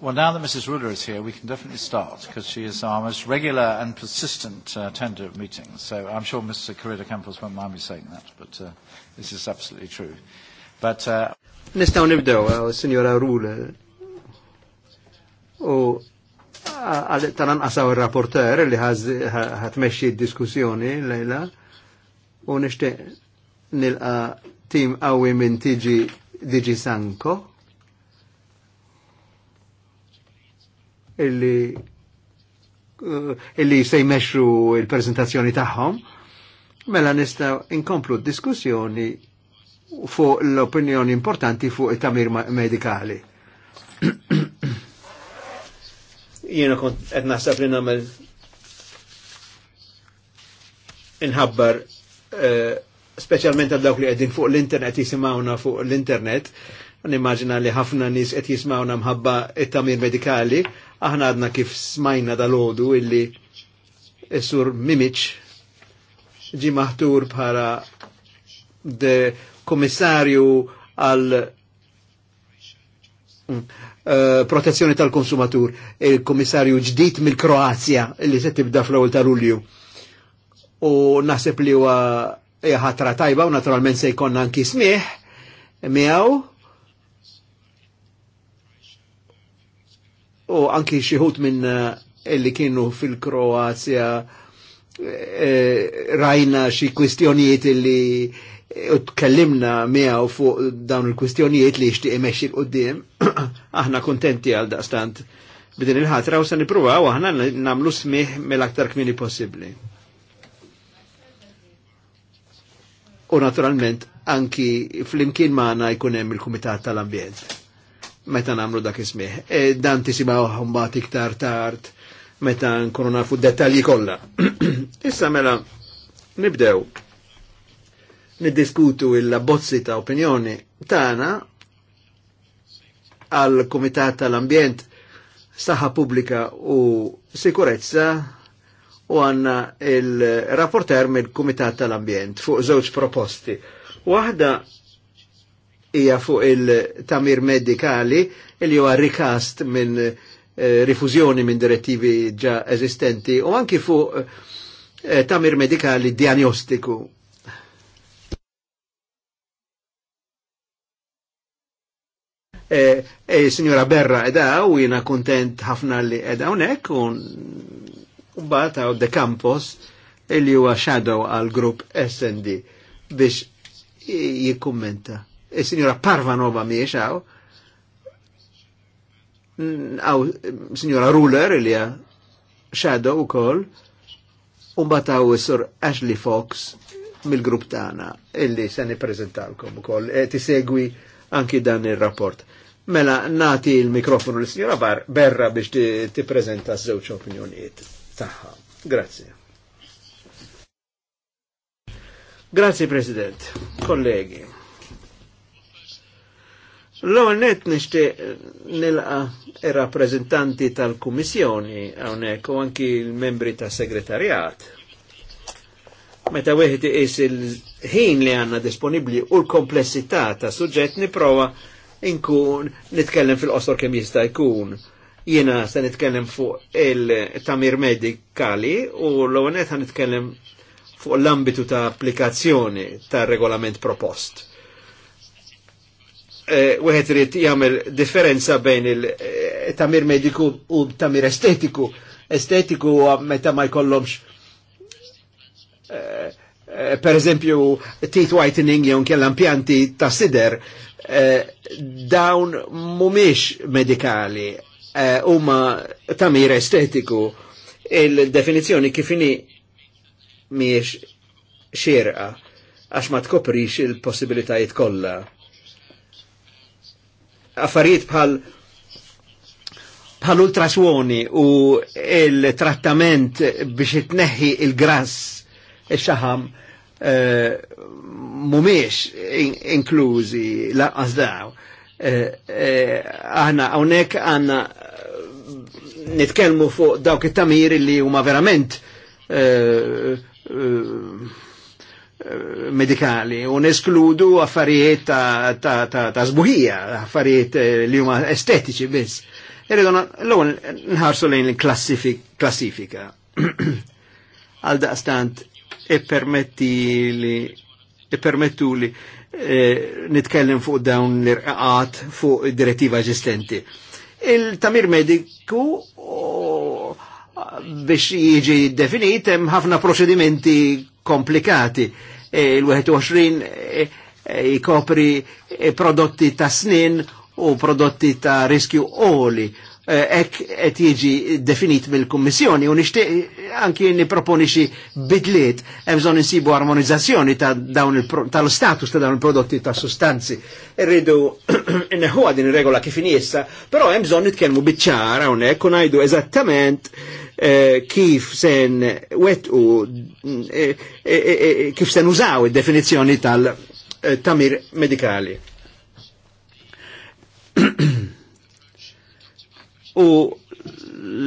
Well, now that Mrs. Ruler is here, we can definitely start, because she is our most regular and persistent uh, attender of meetings. So I'm sure Mr. Corrida Campos won't mind me saying that, but uh, this is absolutely true. But... Uh, nibdew, uh, Signora Ruler. U tal-anqasaw il-rapporter li ħatmexxi d-diskussjoni lejla u nixtieq nilqa tim qawwi minn tiġi Diġi Sanko illi eh, illi se jmexxu il-prezentazzjoni tagħhom, mela nista' inkomplu d-diskussjoni fuq l-opinjoni importanti fuq it-tamir medikali. Jiena kont qed naħseb li nagħmel inħabbar eh, speċjalment għal dawk li qegħdin fuq l-internet jisimgħuna fuq l-internet, nimmaġina li ħafna nies qed jismawna mħabba it-tamir medikali Aħna għadna kif smajna dal-ħodu illi Sur Mimic ġi maħtur bħala de komissarju għal eh, protezzjoni tal-konsumatur, il-komissarju ġdid mill-Kroazja illi se tibda fl-ewwel ta' Lulju. U naħseb li huwa ħatra tajba u naturalment se jkollna anki smih miegħu u anki xieħut minn eh, illi kienu fil-Kroazja e, rajna xi kwistjonijiet illi eh, u tkellimna u fuq dawn il-kwistjonijiet li jixtieq imexxi l qoddim aħna kontenti għal daqstant bidin il-ħatra u se nippruvaw aħna nagħmlu smih mill-aktar kmini possibbli. U naturalment anki fl-imkien maħna jkun hemm il-Kumitat tal-Ambjent meta namlu dak ismih. E dan tisibaw mbagħad iktar tard meta nkunu nafu dettalji kollha. Issa mela nibdew niddiskutu il-bozzi ta' opinjoni tagħna għal Kumitat tal-Ambjent Saħħa Pubblika u Sikurezza u għanna il-rapporter mill-Kumitat tal-Ambjent fuq żewġ proposti. Waħda hija fuq il-tamir medikali il huwa rikast minn eh, rifużjoni minn direttivi ġa eżistenti u anki fuq eh, tamir medikali diagnostiku. E, signora Berra edha u jina kontent ħafna li edha unek un bata u de Campos il huwa shadow għal grupp SND biex jikkummenta il Signora Parvanova miex għaw, għaw Signora Ruler li Shadow u koll, un-bataw sur Ashley Fox mill-grupp tana illi se niprezentalkom u koll, e segwi anki dan il-rapport. Mela, nati il-mikrofonu l signora Bar Berra biex ti prezenta żewġ opinjoniet. taħħa. Grazie. Grazie President, kollegi l għonet net nishti nilqa il-rappresentanti tal-Kummissjoni għonek u anki l-membri ta' segretarjat. Meta wieħed is il-ħin li għanna disponibli u l-komplessità ta' suġġett niprofa inkun nitkellem fil-qosor kemm jista' jkun jiena se nitkellem fuq il-tamir medikali u l-għonet għan nitkellem fuq l-ambitu ta' applikazzjoni ta' regolament propost. Eh, wieħed irid jagħmel differenza bejn il-tamir eh, mediku u tamir estetiku. Estetiku meta ma jkollhomx eh, per eżempju teeth whitening jew kell impjanti ta' sider dawn mumiex medikali huma tamir estetiku il-definizjoni kifini miex xirqa għax ma tkoprix il-possibilitajiet kollha affarijiet bħal bħal ultraswoni u il-trattament biex itneħħi il-grass il-xaħam uh, eh, mumiex in inklużi laqqas daw. Eh, uh, aħna hawnhekk għandna eh, nitkellmu fuq dawk it-tamir li huma verament Eh, medikali u neskludu affarijiet ta', ta, ta, ta zbuħija, affarijiet eh, li huma estetiċi biss. Irridu l-ewwel nħarsu lejn klassifika. Għal daqstant ippermetti li eh, nitkellem fuq dawn l-irqaqat fuq direttiva eżistenti. Il-tamir mediku biex jiġi definit hemm ħafna proċedimenti komplikati. E, il-21 e, e, jkopri prodotti ta' snin u prodotti ta' riskju oli Eh, ek qed jiġi definit mill kommissjoni u nixtieq anki proponi xi bidliet hemm insibu armonizzazzjoni ta' dawn tal-status ta' dawn il-prodotti ta' sustanzi. Irridu inneħu din regola kif issa, però hemm bżonn nitkellmu biċċara ċar hawnhekk u ngħidu eżattament eh, kif sen wetqu eh, kif sen użaw id-definizzjoni tal-tamir medikali. u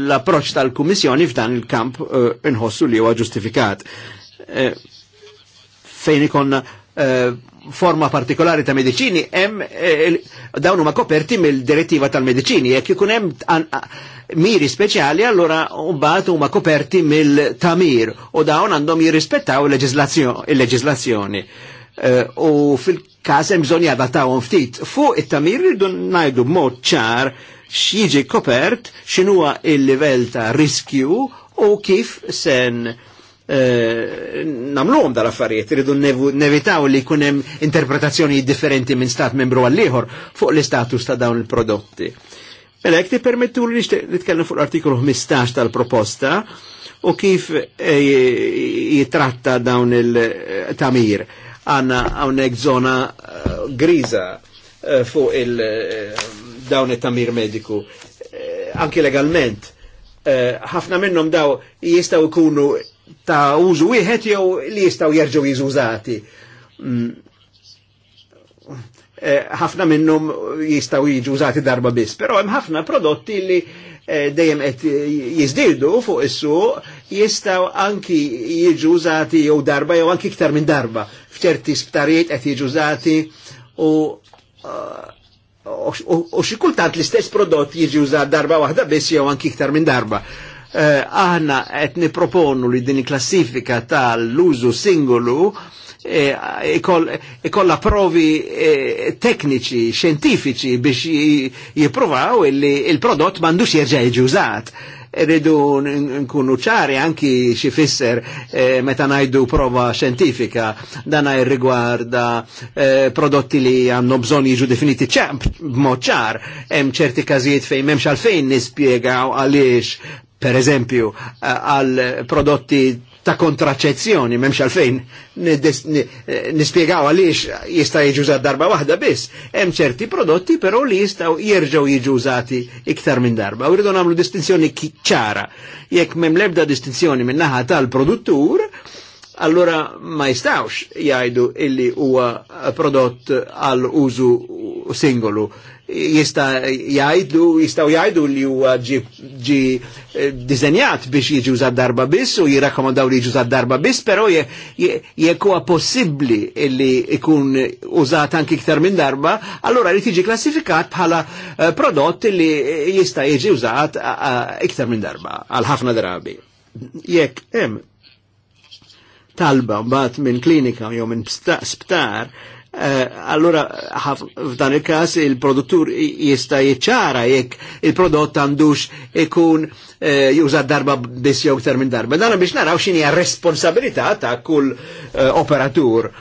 l-approċ tal-Kummissjoni f'dan il-kamp uh, inħossu li huwa ġustifikat. Uh, fejn ikon uh, eh, forma partikolari ta' medicini, hemm dawn huma koperti mill-direttiva tal mediċini jekk ikun hemm miri speċjali, allora mbagħad huma koperti mill-tamir u dawn għandhom jirrispettaw il-leġislazzjoni. Uh, u fil-każ hemm bżonn jadattawhom ftit. Fuq it-tamir rridu ngħidu b'mod ċar x'jiġi kopert, x'inhuwa il-livell ta' riskju u kif sen eh, namluhom dal-affarijiet, irridu nevitaw li jkun hemm interpretazzjoni differenti minn stat membru għall ieħor fuq l-istatus ta' dawn il-prodotti. Mela, ti permettu li nitkellem fuq l-artikolu 15 tal-proposta u kif eh, jitratta dawn il-tamir. Eh, Għanna għonek zona eh, griza fuq il- dawn it-tamir mediku, eh, anki legalment. Eh, ħafna minnhom daw jistgħu jkunu ta' użu wieħed jew li jistgħu jerġgħu jiżużati. Mm. Eh, ħafna minnhom jistgħu jiġu użati darba biss, però hemm ħafna prodotti li dejjem qed jiżdiedu fuq is-suq jistgħu anki jiġu użati jew darba jew anki iktar minn darba. F'ċerti sptarijiet qed jiġu użati u u xikultant l-istess prodott jiġi użat darba waħda biss jew anki iktar minn darba. Eh, aħna qed niproponu li din klassifika tal-użu singolu eh, ikolla provi eh, tekniċi, xjentifiċi biex jiprovaw illi il-prodott mandux jerġa' jiġi użat rridu nkunu ċari anki xifisser eh, meta najdu prova xentifika dana jirrigwarda eh, prodotti li għannu bżon jiġu definiti b'mod ċar hemm ċerti kazijiet fejn memx għalfejn nispjegaw għaliex per eżempju eh, għal prodotti ta' kontraċezzjoni, memx għalfejn eh, nispiegaw għaliex jista' jiġużat darba waħda biss. Hemm ċerti prodotti però li jistgħu jerġgħu jiġużati iktar minn darba. U rridu nagħmlu distinzjoni ċara. Jekk m'hemm ebda distinzjoni minn naħa tal-produttur, allora ma jistawx jajdu illi huwa prodott għal użu singolu. Jista jajdu, jistaw jajdu li huwa ġi eh, dizenjat biex jiġi użad darba biss u jirrakkomandaw li jiġi użad darba biss, però jekk huwa possibbli illi ikun użat anki iktar minn darba, allora li tiġi klassifikat bħala eh, prodott li eh, jista jiġi użat iktar minn darba għal ħafna drabi. Jekk hemm talba mbagħad minn klinika jew minn sptar, eh, allura f'dan il-każ il-produttur jista' jiċċara jekk il-prodott għandux ikun eh, juża darba biss jew iktar minn darba. Dan biex naraw x'inhi responsabilità ta' kull eh, operatur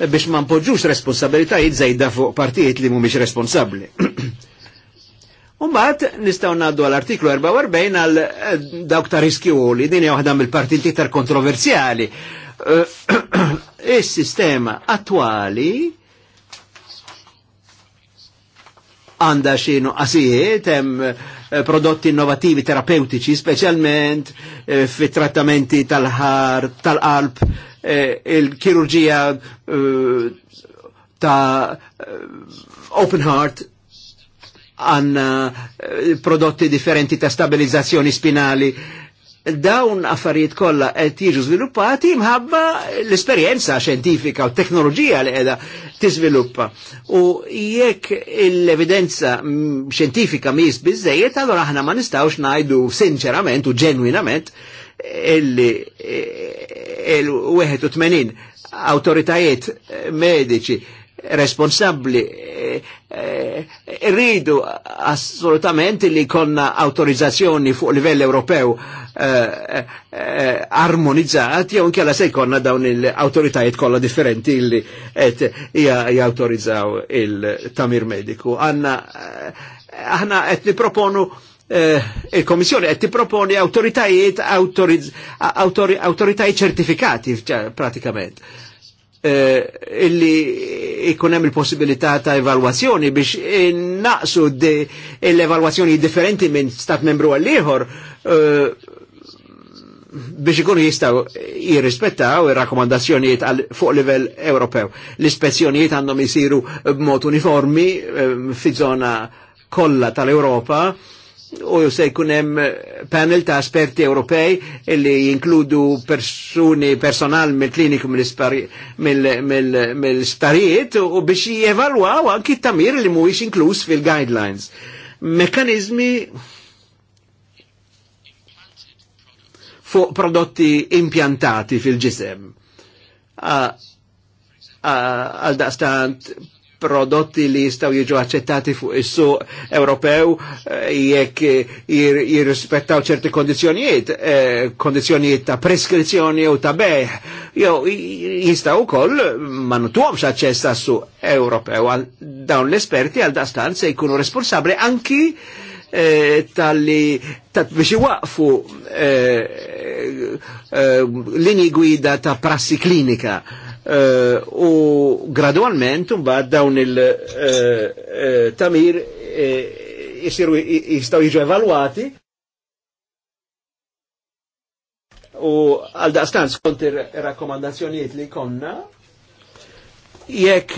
biex ma npoġġux responsabilitajiet żejda fuq partijiet li mhumiex responsabbli. Umbat, nistaw naddu għal-artiklu 44 għal dawk ta' riskju li din waħda mill partijiet kontroversjali Eh, il sistema attuali għanda xinu għasijiet, hemm eh, prodotti innovativi terapeutiċi, specialment eh, fit trattamenti tal-ħar, tal-qalb, eh, il kirurgija ta' open heart għanna prodotti differenti ta' stabilizzazzjoni spinali dawn affarijiet kollha qed jiġu żviluppati mħabba l-esperjenza xjentifika u teknoloġija li qiegħda tiżviluppa. U jekk l-evidenza xjentifika mhijiex biżejjed, allura aħna ma nistgħux ngħidu sinċerament u ġenwinament illi eh, il-81 autoritajiet mediċi responsabli eh, eh, rridu e, assolutament li konna autorizzazzjoni fuq livell Ewropew eh, armonizzati armonizzat jew se jkollna dawn il-autoritajiet kollha differenti li qed jawtorizzaw il-tamir mediku. Għandna aħna qed niproponu il-Komissjoni qed tipproponi autoritajiet autoritajiet ċertifikati praticamente. Eh, illi ikunem il-possibilità ta' evalwazzjoni biex eh, naqsu l-evalwazzjoni differenti minn stat membru għall-ieħor eh, biex ikunu jistaw jirrispettaw il-rakkomandazzjonijiet fuq livell Ewropew. L-ispezzjonijiet għandhom jisiru b'mod uniformi fi zona kollha tal-Europa u se jkunem panel ta' esperti Ewropej illi jinkludu persuni personal mill-kliniku mill-sparijiet u biex jevalwaw anki tamir li mhuwiex inkluż fil-guidelines. Mekanizmi fuq prodotti impjantati fil-ġisem. Għal daqstant prodotti li jistaw jiġu accettati fuq is-suq Ewropew eh, jekk eh, jirrispettaw ċerti kondizjonijiet, eh, kondizjonijiet ta' preskrizzjoni u ta' beħ, jew jistaw ukoll ma nutuhomx aċċess tas su Ewropew għal dawn l-esperti għal dastan se jkunu responsabbli anki tal-li biex iwaqfu linji gwida ta' prassi klinika Eh, u gradualment mbagħad dawn il-tamir eh, eh, jisiru jistaw jiġu evalwati u għal daqstan skont ir-rakkomandazzjonijiet li konna jekk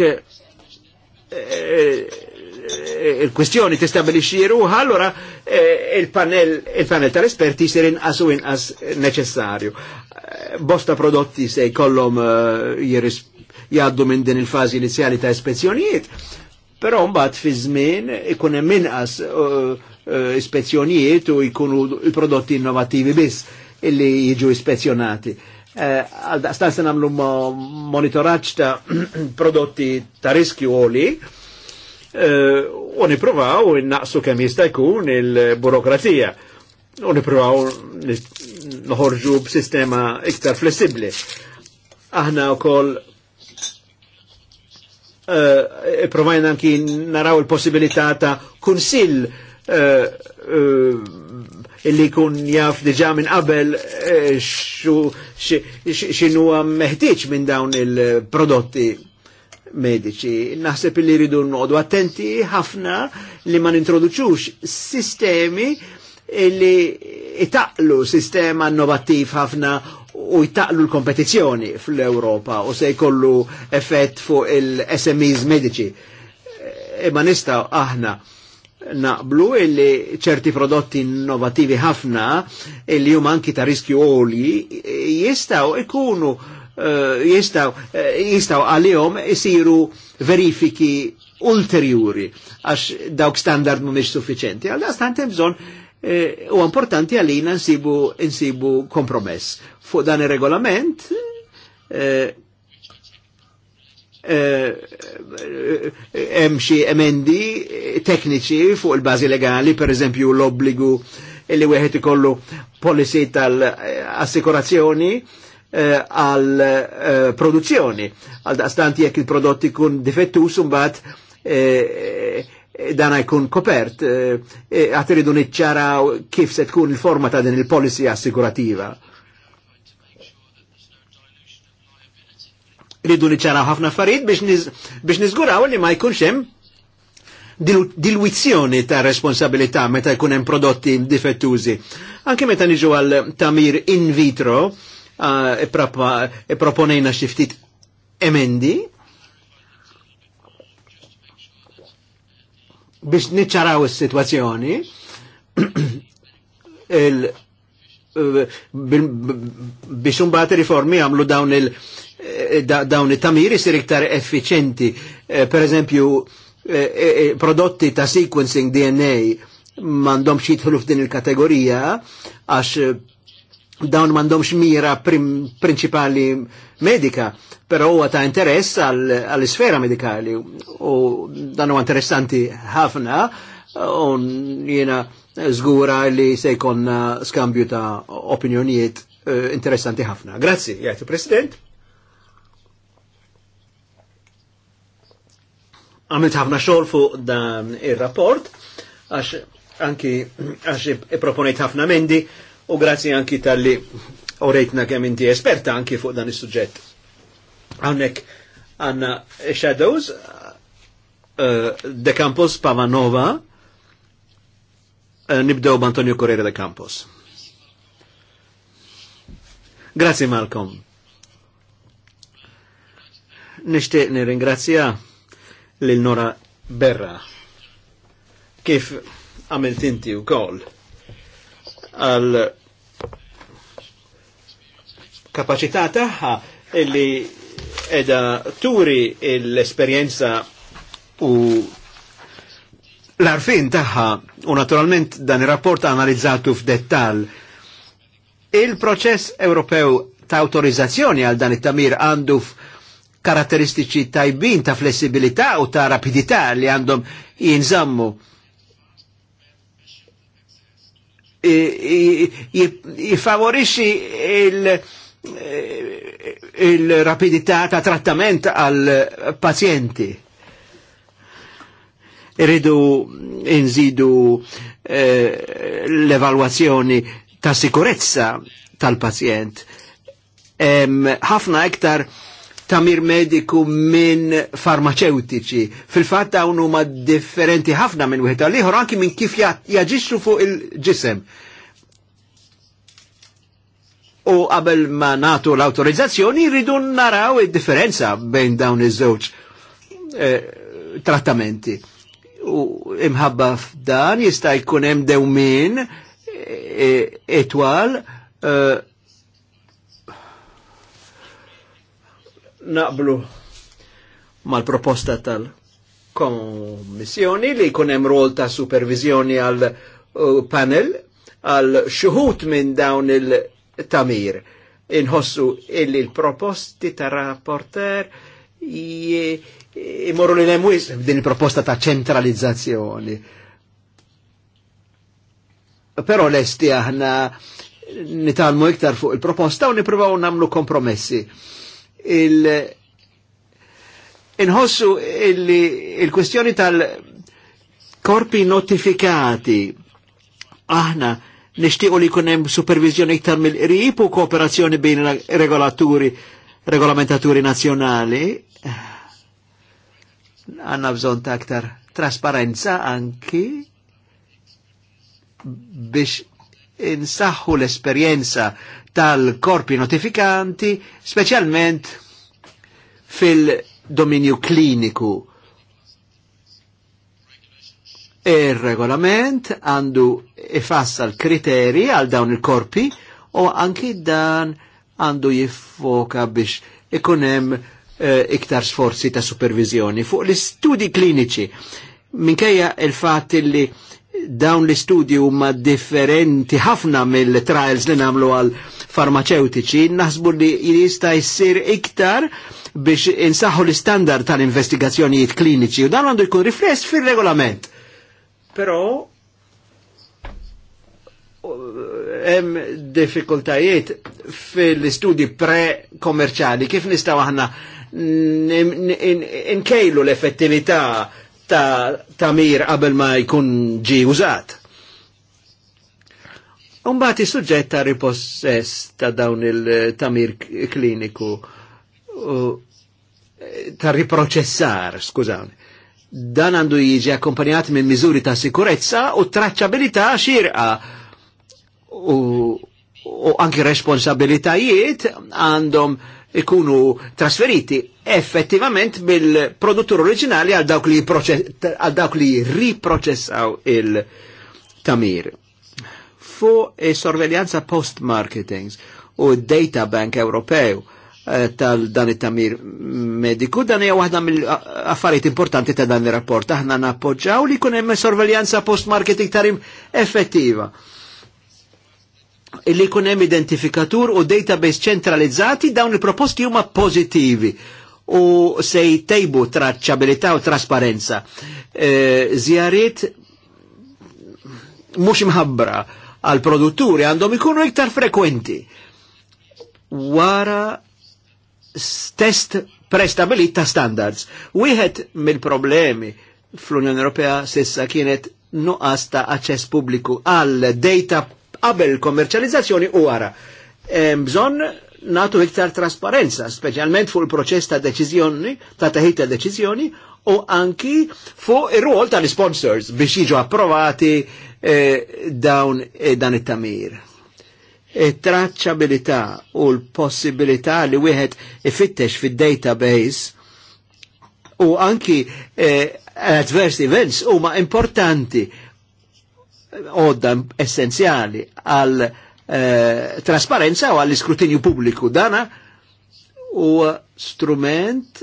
Eh, il-kwestjoni tistabilixxi ruħa, allora eh, il-panel tal-esperti jisir inqas u inqas neċessarju. Eh, bosta prodotti se jkollhom jgħaddu minn din il fazi inizjali ta' ispezzjonijiet, però mbagħad fi żmien ikun hemm inqas ispezzjonijiet u jkunu prodotti innovativi biss illi jiġu ispezzjonati għal daqstan se namlu monitoraċ ta' prodotti ta' riskju għoli Eh, u niprovaw innaqsu kem jista' jkun il-burokrazija u niprovaw noħorġu b'sistema iktar flessibli. Aħna wkoll uh, provajna anki naraw il-possibilità ta' kunsil eh, illi kun jaf diġa minn qabel xinu għam meħtieġ minn dawn il-prodotti mediċi. Naħseb li rridu nodu attenti ħafna li ma nintroduċux sistemi li itaqlu sistema innovattiv ħafna u jtaqlu l-kompetizjoni fl-Europa u se jkollu effett fuq il-SMEs mediċi. Imma e aħna naqblu illi ċerti prodotti innovativi ħafna illi huma anki ta' riskju għoli jistaw ikunu Eh, jistaw eh, jistaw għal-jom jisiru verifiki ulterjuri għax dawk standard mumiex suffiċenti. Għal da stant hemm eh, u importanti għalina nsibu nsibu kompromess. Fuq dan il regolament hemm xi emendi tekniċi fuq il-bażi legali, per eżempju l-obbligu li wieħed ikollu policy tal-assikurazzjoni Eh, għal eh, produzzjoni. Għal daqstant jekk il prodotti kun difettus mbagħad eh, dana jkun kopert. Għat iridu niċċara kif se tkun il-forma ta' din il polisi assikurativa. Ridu nitċara ħafna farid biex nizguraw li ma jkun xem dilwizzjoni ta' responsabilità meta jkun hemm prodotti difettużi. Anke meta niġu għal tamir in vitro, E e proponejna xiftit emendi biex niċċaraw is-sitwazzjoni biex imbagħad riformi għamlu dawn il eh, dawn il-tamiri isir iktar effiċenti. Eh, per eżempju, eh, prodotti ta' sequencing DNA m'għandhomx jidħlu f'din il-kategorija għax dawn mandomx mira principali medika, pero huwa ta' interess għall-sfera medikali u dan huwa interessanti ħafna u jiena zgura li se jkollna skambju ta' opinjonijiet eh, interessanti ħafna. Grazzi, jgħati President. Għamilt ħafna xogħol fuq dan ir-rapport għax anki għax i-proponiet ħafna mendi u grazzi anki tal-li orejtna kem inti esperta anki fuq dan il-sujġet. Hawnhekk għanna Shadows, uh, De Campos Pavanova, uh, nibdew b'Antonio Correra De Campos. Grazzi Malcolm. Nishtiq nirringrazzja lil Nora Berra kif għamilt inti u koll għal kapacità tagħha illi edha turi l-esperjenza u l-arfin tagħha u naturalment dan ir-rapport analizzatu f'dettall. Il-proċess Ewropew ta' autorizzazzjoni għal dan it-tamir għandu karatteristiċi tajbin ta' flessibilità u ta' rapidità li għandhom jinżammu jifavorixi il- il-rapidità ta' trattament għal pazjenti. Irridu inżidu eh, l-evalwazzjoni ta' sikurezza tal-pazjent. Ħafna iktar tamir mediku minn farmaceutiċi. fil ta' unu huma differenti ħafna minn wieħed għal ieħor anki minn kif jaġixxu fuq il-ġisem. U qabel ma natu l-autorizzazzjoni jridu naraw id-differenza bejn dawn iż-żewġ eh, trattamenti. U imħabba f'dan jista' jkun hemm dewmin eh, etwal eh, naqblu mal-proposta tal-Kommissjoni li jkun hemm rol ta' supervizjoni għal uh, panel għal xuhut minn dawn il-tamir. Inħossu illi l-proposti ta' rapporter imorru li nemwis din il-proposta ta' ċentralizzazzjoni. Pero lesti aħna nitalmu iktar fuq il-proposta u niprovaw namlu kompromessi il inħossu il-kwestjoni tal-korpi notifikati aħna nishtiqu li kunem supervizjoni iktar mill-qrib u kooperazzjoni bejn regolaturi regolamentaturi nazjonali għanna bżon ta' aktar trasparenza anki biex insaħħu l-esperienza tal-korpi notifikanti, specialment fil-dominju kliniku. Il-regolament għandu ifassa l-kriteri għal dawn il-korpi u anki dan għandu jiffoka biex ikunem uh, iktar sforzi ta' supervizjoni fuq l-istudi kliniċi. Minkejja il-fat li dawn l istudi huma differenti ħafna mill-trials li namlu għal farmaceutiċi naħsbu li jista jissir iktar biex insaħħu l-istandard tal-investigazzjonijiet kliniċi u dan għandu jkun rifless fil-regolament. Però hemm diffikultajiet fil-istudji pre-kommerċali kif nistgħu aħna nkejlu l-effettività ta' tamir qabel ma jkun ġi użat. Umbat suġġett ta' ripossess ta' dawn il-tamir kliniku ta' riproċessar, skużawni. Dan għandu jiġi akkompanjat minn miżuri ta' sikurezza u traċċabilità xirqa u, u anki responsabilitajiet għandhom ikunu trasferiti effettivament bil-produttur oriġinali għal dawk li riproċessaw il-tamir fuq is-sorveljanza e post marketing u data bank Ewropew eh, tal-dan it-tamir mediku, dan hija waħda mill-affarijiet importanti ta' dan ir-rapport. Aħna nappoġġaw li jkun hemm sorveljanza post-marketing tarim effettiva. Illi jkun hemm identifikatur u database ċentralizzati dawn il-proposti huma pożittivi u se jtejbu traċċabilità u trasparenza. Eh, zjarit mhux imħabbra għal produtturi għandhom ikunu iktar frekwenti wara test prestabilit ta' standards. Wieħed mill-problemi fl-Unjoni Ewropea sissa kienet nuqqas ta' aċċess pubbliku għal data qabel komerċjalizzazzjoni u wara. Bżonn natu iktar trasparenza, specialment fuq il-proċess ta' deċizjoni, ta' taħit ta' deċizjoni, u anki fuq il-ruol ta' sponsors biex jiġu approvati eh, dawn eh, dan it-tamir. E Traċċabilità u l-possibilità li wieħed ifittex fid-database u anki eh, adverse events huma importanti għodda essenzjali għal Eh, trasparenza u għall-iskrutinju pubbliku. Dana u strument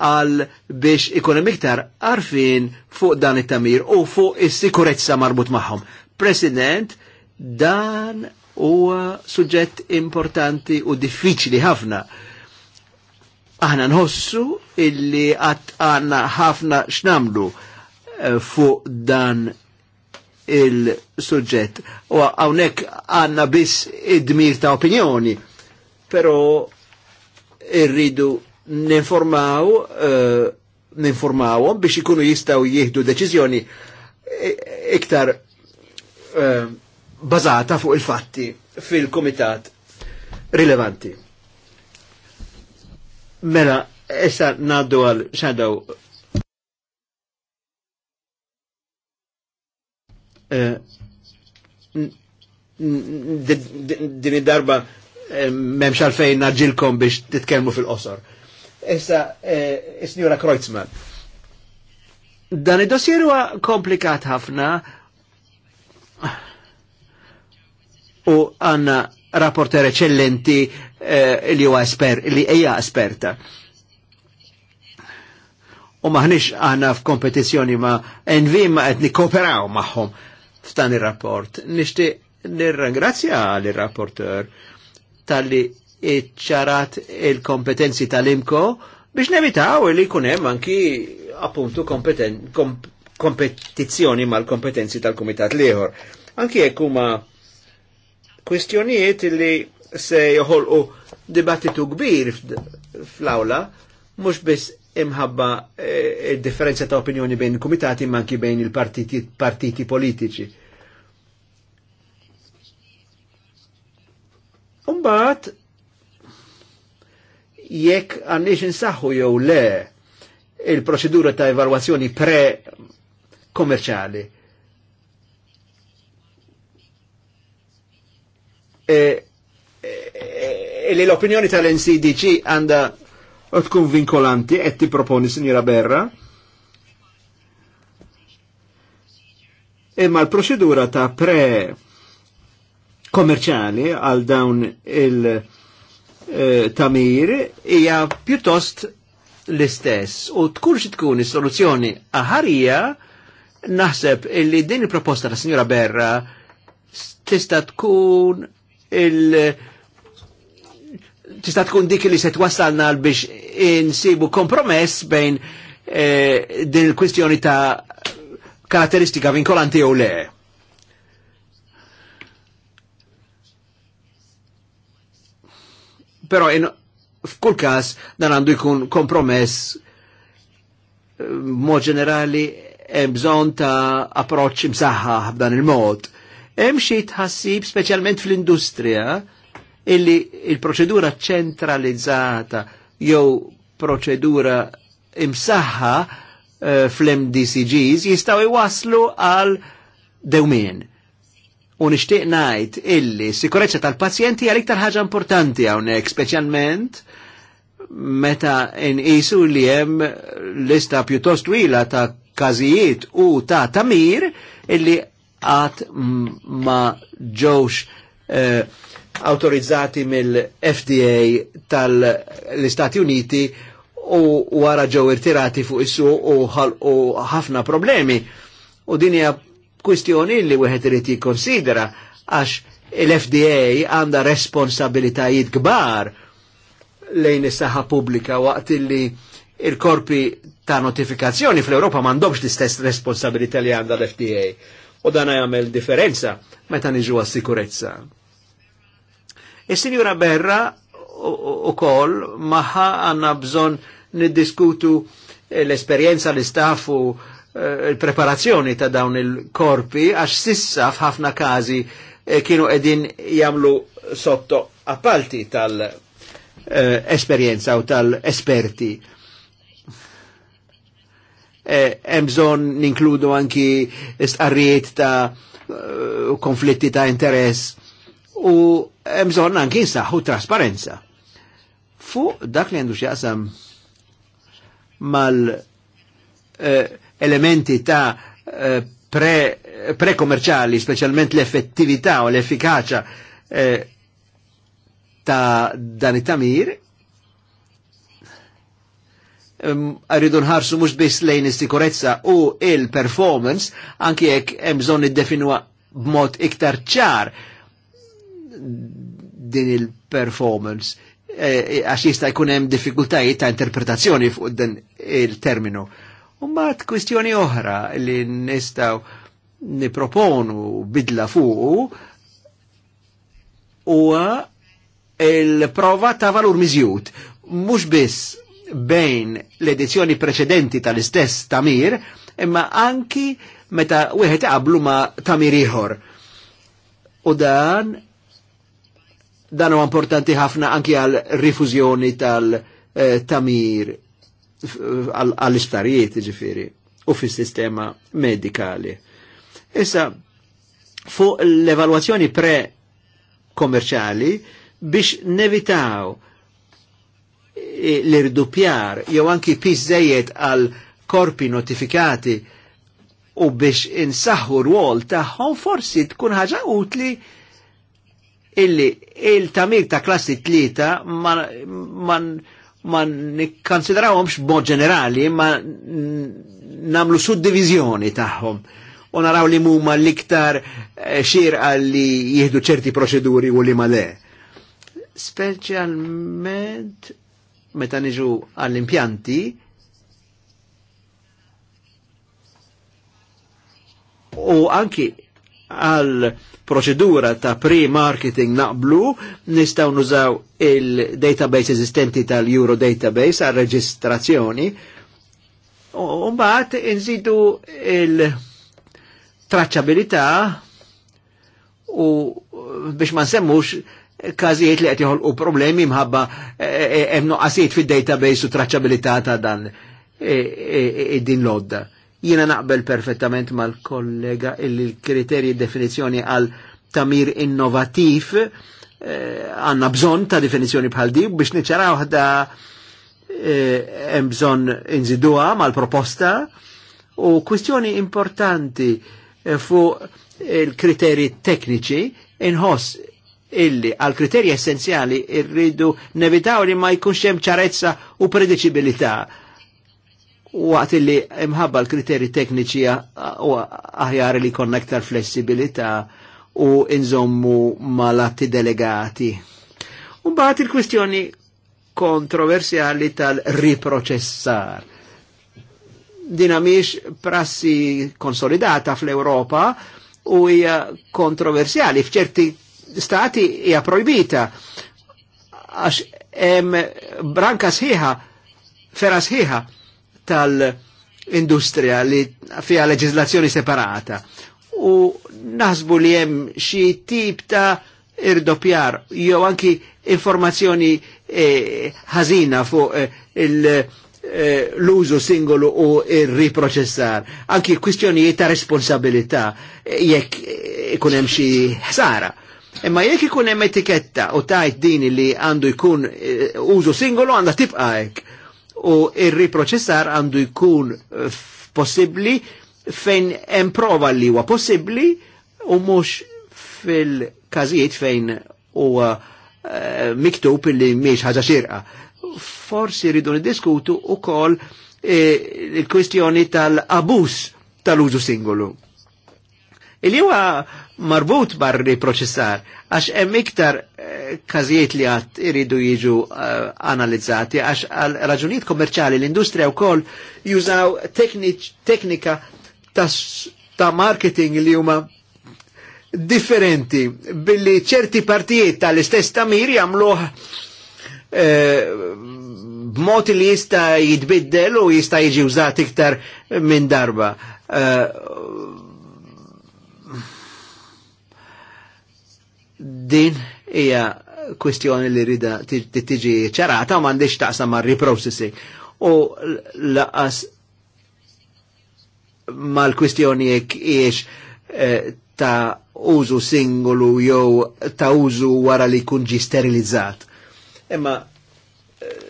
għal biex ikonem iktar arfin fuq dan it-tamir u fuq is-sikurezza marbut magħhom. President, dan huwa suġġett importanti u diffiċli ħafna. Aħna nħossu illi għat għanna ħafna x'namlu eh, fuq dan il sujġet U għawnek għanna biss id-dmir ta' opinjoni, pero irridu ninformaw, uh, biex ikunu jistaw jieħdu deċiżjoni eh, iktar eh, bazata fuq il-fatti fil-komitat rilevanti. Mela, essa naddu għal shadow Eh, din id-darba eh, memx għalfejn naġilkom biex titkelmu fil-qosor. Issa, eh, s njura Kreuzmann. Dan id-dossier huwa komplikat ħafna u għanna rapporter eccellenti li huwa esper, li hija esperta. U maħniex għanna f'kompetizzjoni ma' NV ma' qed nikkooperaw magħhom. Ma f'dan ir-rapport. Nixtieq nirrangrazzja lir-rapporteur tal-li iċċarat il-kompetenzi tal-imko biex nevitaw li jkun hemm anki appuntu kom kompetizzjoni mal-kompetenzi tal-kumitat liħor. Anki jekk huma kwistjonijiet li se joħolqu dibattitu kbir fl-awla, mhux biss imħabba eh, eh, differenza ta' opinjoni bejn il-komitati ma' anki bejn il-partiti politiċi. Umbat, jek għannix nsaħu jew le il-proċedura ta' evalwazzjoni pre-kommerċali. E, e, e, e l-opinjoni tal-NCDC għanda tkun vinkolanti qed tipproponi sinjera Berra. Imma l-proċedura ta' pre komerċjali għal dawn il-tamir eh, hija pjuttost l-istess u tkun xi tkun is-soluzzjoni aħarija naħseb illi din il-proposta ta' Sinjora Berra tista' tkun il- tista' tkun dik li se twassalna biex insibu kompromess bejn eh, din il-kwistjoni ta' karatteristika vinkolanti u le. Però f'kull każ dan għandu jkun kompromess eh, mod ġenerali hemm bżonn ta' approċċ imsaħħaħ b'dan il-mod. Hemm xi tħassib speċjalment fl-industrija illi il-proċedura ċentralizzata jew proċedura imsaħħa eh, fl-MDCGs jistaw iwaslu għal dewmien. U nishtiq najt illi sikurezza tal-pazjenti għal iktar ħaġa importanti hawnhekk specialment meta nqisu li hemm lista pjuttost twila ta' każijiet u ta' tamir illi għat ma ġewx eh, autorizzati mill-FDA tal-Istati Uniti u wara ġew irtirati fuq issu u ħafna problemi. U din hija kwistjoni li wieħed irid jikkonsidera għax il-FDA għandha responsabilitajiet kbar lejn is-saħħa pubblika waqt li il-korpi ta' notifikazzjoni fl-Europa m'għandhomx l-istess responsabilità li għandha l-FDA. U dan jagħmel differenza meta niġu għas-sikurezza. Is-Sinjura Berra u kol maħħa għanna bżon niddiskutu eh, l-esperienza l-istaff u eh, l-preparazzjoni ta' dawn il-korpi għax sissa f'ħafna kazi eh, kienu edin jamlu sotto appalti tal-esperienza u tal-esperti. Hemm bżonn ninkludu anki istqarrijiet ta' konflitti ta' interess u bżonn anki nsaħħu trasparenza. Fuq dak li għandu x'jaqsam mal-elementi eh, ta' eh, pre komerċali pre specialment l-effettività u l-effikacia eh, ta' dan it-tamir, rridu um, nħarsu mux biss lejn is-sikurezza u il-performance, anki jekk hemm bżonn iddefinwa b'mod iktar ċar Eh, din il-performance eh, eh, għax jista' jkun hemm diffikultajiet ta' interpretazzjoni fuq dan il-terminu. Umbat kwistjoni oħra li nistaw niproponu bidla fuq huwa il-prova ta' valur miżjud. Mhux biss bejn l-edizzjoni preċedenti tal-istess tamir, imma anki meta wieħed qablu ma tamir ieħor. U dan Dan huwa importanti ħafna anki għal rifużjoni tal-tamir eh, għall-istarijiet ġifiri u fis-sistema medikali. Issa, fuq l-evaluazzjoni pre-kommerċali biex nevitaw eh, l-irdupjar jew anki pizzejiet għal korpi notifikati u biex insaħħu rwol tagħhom forsi tkun ħaġa utli illi il-tamir ta' klassi tlieta ma, ma, ma nikkonsidrawhomx b'mod ġenerali, ma namlu suddivizjoni tagħhom. U naraw li mumma l-iktar eh, xirqa li jihdu ċerti proċeduri u li ma le. Speċjalment meta niġu għall-impjanti, u anki għal proċedura ta' pre-marketing naqblu, nistaw nużaw il-database esistenti tal-Euro database għal reġistrazzjoni, u mbagħad inżidu il-traċċabilità u biex ma nsemmux kazijiet li qed joħolqu problemi mħabba e, e, e, hemm noqqasijiet fid-database u traċċabilità ta' dan din lodda. Jiena naqbel perfettament mal-kollega illi l-kriterji definizjoni għal tamir innovativ eh, għanna eh, bżon ta' definizjoni bħal di biex niċċaraw ħadda eh, hemm bżon inżiduha mal-proposta u kwistjoni importanti eh, fuq il kriterji tekniċi inħoss illi għal kriterji essenzjali irridu nevitaw li ma jkunx hemm ċarezza u prediċibilità waqt li imħabba l-kriteri tekniċi aħjar li konna aktar flessibilità u inżommu mal-atti delegati. Umbaħt il-kwistjoni kontroversjali tal-riproċessar. Dinamiex prassi konsolidata fl-Europa u hija kontroversjali f'ċerti stati hija projbita għax hemm branka sħiħa fera sħiħa tal industria li fija leġizlazzjoni separata u naħsbu li hemm xi tip ta' irdopjar jew anki informazzjoni ħazina eh, fuq eh, eh, l-użu singolu u riproċessar. Anki kwistjonijiet ta' responsabilità eh, jekk eh, ikun hemm xi ħsara. Imma jekk ikun hemm etiketta u tajt din li għandu jkun użu singolu għandha tibqa' hekk u il riproċessar għandu jkun eh, possibli fejn emprova li huwa possibbli u mhux fil-każijiet fejn huwa uh, miktub li mhix ħaġa xirqa. Forsi rridu niddiskutu ukoll eh, il-kwistjoni tal-abus tal-użu singolu il huwa marbut barri proċessar, għax hemm iktar eh, każijiet li għat iridu jiġu eh, analizzati, għax għal raġunijiet kommerċali l-industrija wkoll jużaw teknika ta' marketing li huma differenti billi ċerti partijiet tal-istess tamir jagħmluh eh, b'mod li jista' jitbiddel u jista' jiġi użat iktar minn darba. Uh, Din hija kwestjoni li rida tiġi ċarata u m'għandix taqsam ma' reprocessing. U laqas mal-kwistjoni jekk iex eh, ta' użu singolu jew ta' użu wara li kunġi ġi sterilizzat. Imma eh,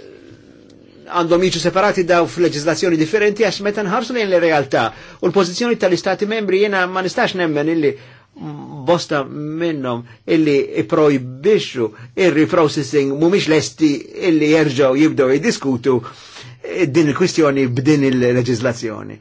għandhom jiġu separati daw f'leġislazzjoni differenti għax meta nħarsu lejn l-realtà u l-pożizzjoni tal-istati membri jiena ma nistax nemmen illi bosta minnom illi projbixxu il-reprocessing mumiex lesti illi jerġaw jibdew jiddiskutu eh, din il-kwistjoni b'din il-leġizlazzjoni.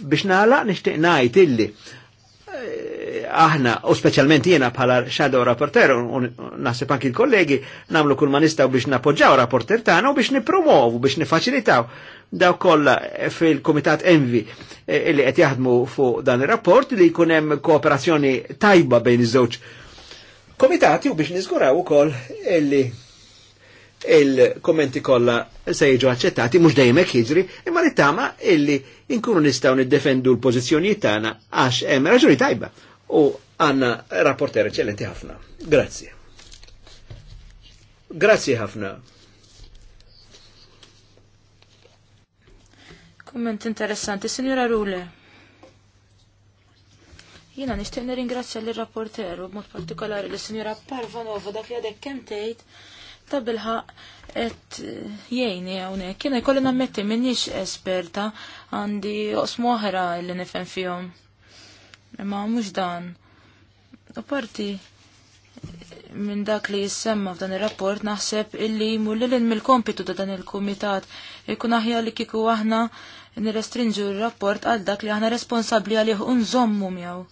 Biex naħla nixtieq ngħid illi eh, aħna, u specialment jena bħala shadow rapporter, u nasib anki l-kollegi, namlu kull ma nistaw biex napoġġaw rapporter tagħna u biex nipromovu, biex nifaċilitaw daw kollha fil-Kumitat Envi eh, li qed jaħdmu fuq dan ir-rapport li jkun hemm kooperazzjoni tajba bejn iż-żewġ komitati u biex niżguraw ukoll illi il-kommenti kollha se jiġu aċċettati mhux dejjem hekk jiġri, imma nittama illi inkunu nistgħu niddefendu l-pożizzjonijiet tagħna għax hemm raġuni tajba u għanna rapporter eċċellenti ħafna. Grazzi. Grazzi ħafna. Kumment interessanti, Sinjora Rule. Jina nishtiq nirringrazzja l rapporteru b'mod partikolari li signora Parvanova dak li għadek kemm tgħid ta' bilħa qed jgħini hawnhekk. Jiena jkolli nammetti minnix esperta għandi osmu oħra li nifem fihom. Imma mhux dan. U parti minn dak li jissemma f'dan ir-rapport naħseb illi mullilin mill-kompitu ta' dan il-kumitat ikun aħjar li kieku aħna nirrestrinġu r-rapport għal dak li aħna responsabbli għalih unżommu mjaw.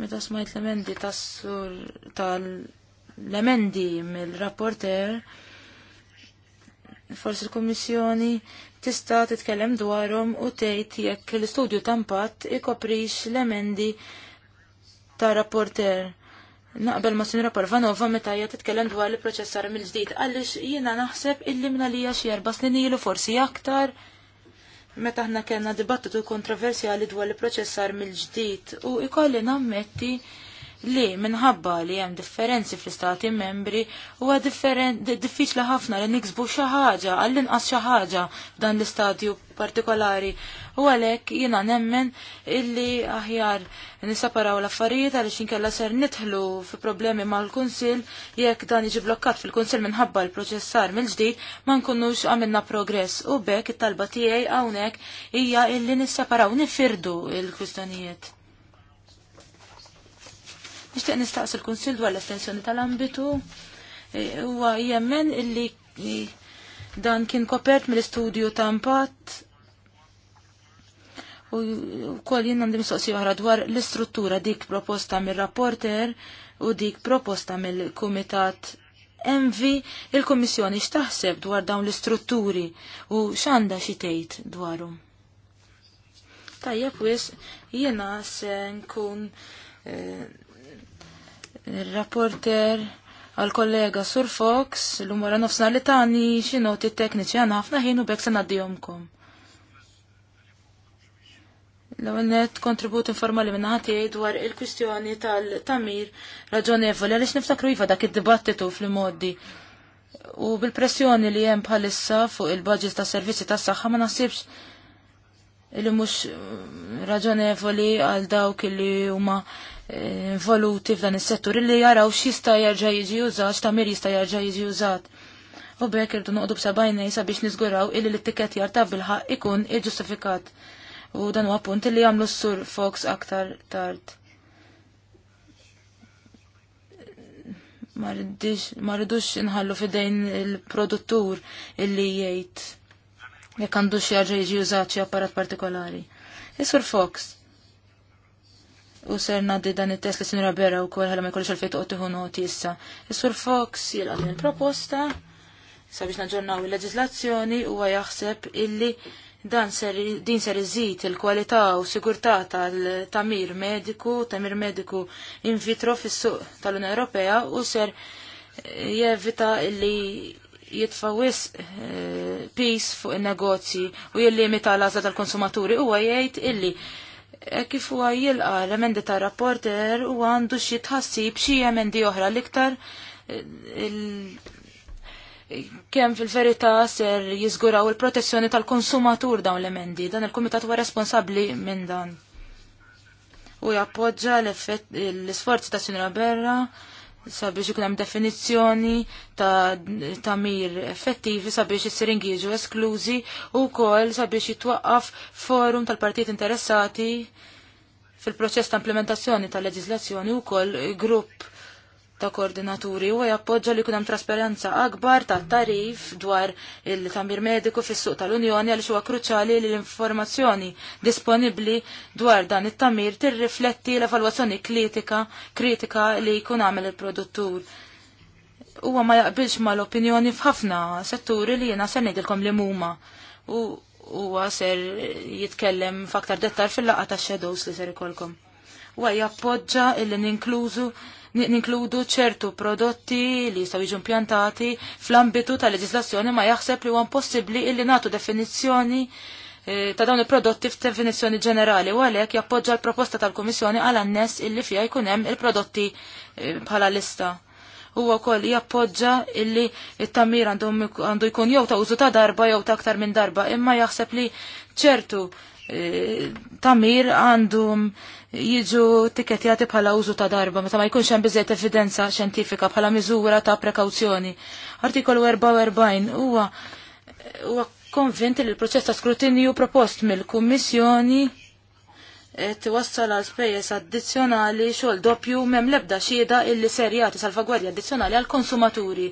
Meta smajt l-emendi tas-sur tal-emendi mill-rapporter, forsi l-Kummissjoni tista' titkellem dwarhom u tgħid jekk l-istudju ta' impatt ikoprix l-emendi ta' rapporter. Naqbel ma' Sinra Parvanova meta hija titkellem dwar li proċessar mill-ġdid għaliex jiena naħseb illi minna li xi erba' snin ilu forsi aktar meta ħna kena dibattitu kontroversjali dwar il proċessar mill-ġdid u ikolli nammetti li minħabba li hemm differenzi fl-istati membri huwa diffiċli ħafna li niksbu xi ħaġa għall-inqas xi ħaġa f'dan l-istadju partikolari. U għalhekk jiena nemmen illi aħjar nisaparaw l-affarijiet għaliex inkella ser nidħlu fi problemi mal-Kunsill jekk dan jiġi blokkat fil-Kunsill minħabba l-proċessar mill-ġdid ma nkunux għamilna progress u bekk it-talba tiegħi hawnhekk hija illi nissaparaw nifirdu il-kwistjonijiet. Nixtieq nistaqsi il kunsill dwar l-estensjoni tal-ambitu e, huwa jemmen illi dan kien kopert mill-istudju ta' impatt u kol jien għandi mistoqsija oħra dwar l-istruttura dik proposta mill-rapporter u dik proposta mill-kumitat MV il-Komissjoni x'taħseb dwar dawn l-istrutturi u x'għandha xi tgħid dwarhom. Tajjeb wis jiena se nkun eh, il-rapporter għal-kollega Sur Fox, l umora nofsna li tani xinoti tekniċi għana ħafna ħinu bek sen għaddijomkom. L-għonet kontribut informali minna ħati dwar il-kwistjoni tal-tamir raġonevoli għalix niftakru jifa dak id-dibattitu fl-moddi. U bil-pressjoni li jem bħalissa fuq il-budget ta' servizzi ta' saħħa ma nasibx li mux raġonevoli għal dawk li huma involuti f'dan is-settur illi jaraw x'jista' jerġa' jiġi użat, x'tamir jista' jerġa' jiġi użat. U bekk irdu noqdu b'sebajnej sabiex niżguraw illi l-ittiket ta' bilħaq ikun iġġustifikat. U dan huwa punt illi jagħmlu s-sur Fox aktar tard. Ma rridux inħallu fidejn il-produttur illi jgħid jekk għandux jarġa' jiġi użat xi apparat partikolari. Is-sur Fox U ser naddi dan il-test li sinura bera u kol ħala ma jkollix għalfejn toqgħod tieħu noti issa. Is-Sur Fox jilqa' din il-proposta sabiex naġġornaw il leġizlazzjoni huwa jaħseb illi dan din ser iżid il-kwalità u sigurtà tal-tamir mediku, tamir mediku in vitro fis-suq tal-Unjoni Ewropea u ser eh, jevita illi jitfawis uh, eh, peace fuq in-negozji u jillimita l-għażla tal-konsumaturi huwa jgħid illi E kif huwa jilqa l-emendi ta' rapporter u għandu xi tħassib xi emendi oħra l-iktar eh, kemm fil-verità ser jiżguraw il-protezzjoni tal-konsumatur dawn l-emendi. Dan il-kumitat huwa responsabbli minn dan. U jappoġġa l-isforzi ta' Sinra Berra sabiex ikun hemm definizzjoni ta' mir effettivi sabiex is-siringi esklużi u wkoll sabiex jitwaqqaf forum tal-partit interessati fil-proċess ta' implementazzjoni tal-leġislazzjoni u grupp ta' koordinaturi u jappoġġa li kunem trasparenza akbar ta' tarif dwar il-tamir mediku fis-suq tal-Unjoni għal huwa kruċali li l-informazzjoni disponibbli dwar dan it-tamir tirrifletti l-evalwazzjoni kritika kritika li jkun għamel il-produttur huwa ma jaqbilx ma l-opinjoni f'ħafna setturi li jena ser ngħidilkom li huma. U huwa ser jitkellem f'aktar dettar fil-laqgħa ta' shadows li ser ikolkom. Huwa jappoġġa illi ninklużu ninkludu ċertu prodotti li jistgħu jiġu impjantati fl-ambitu ta' leġislazzjoni ma jaħseb li huwa possibbli illi nagħtu definizzjoni eh, ta' dawn il-prodotti f'definizzjoni ġenerali u għalhekk jappoġġa l-proposta tal-Kummissjoni għal annes illi fija jkun hemm il-prodotti eh, bħala lista. Huwa wkoll jappoġġa illi it-tammir għandu jkun jew ta' użu ta' darba jew ta' aktar minn darba, imma jaħseb li ċertu tamir għandhom jiġu tikketjati bħala użu ta' darba meta ma jkunx hemm biżejt evidenza xjentifika bħala miżura ta' prekawzjoni. Artikolu 44 huwa huwa konvinti li l-proċess ta' skrutinju propost mill-Kummissjoni qed wassal għal spejjeż addizzjonali xogħol doppju m'hemm l-ebda xhieda illi ser jagħti salvagwardja addizzjonali għall konsumaturi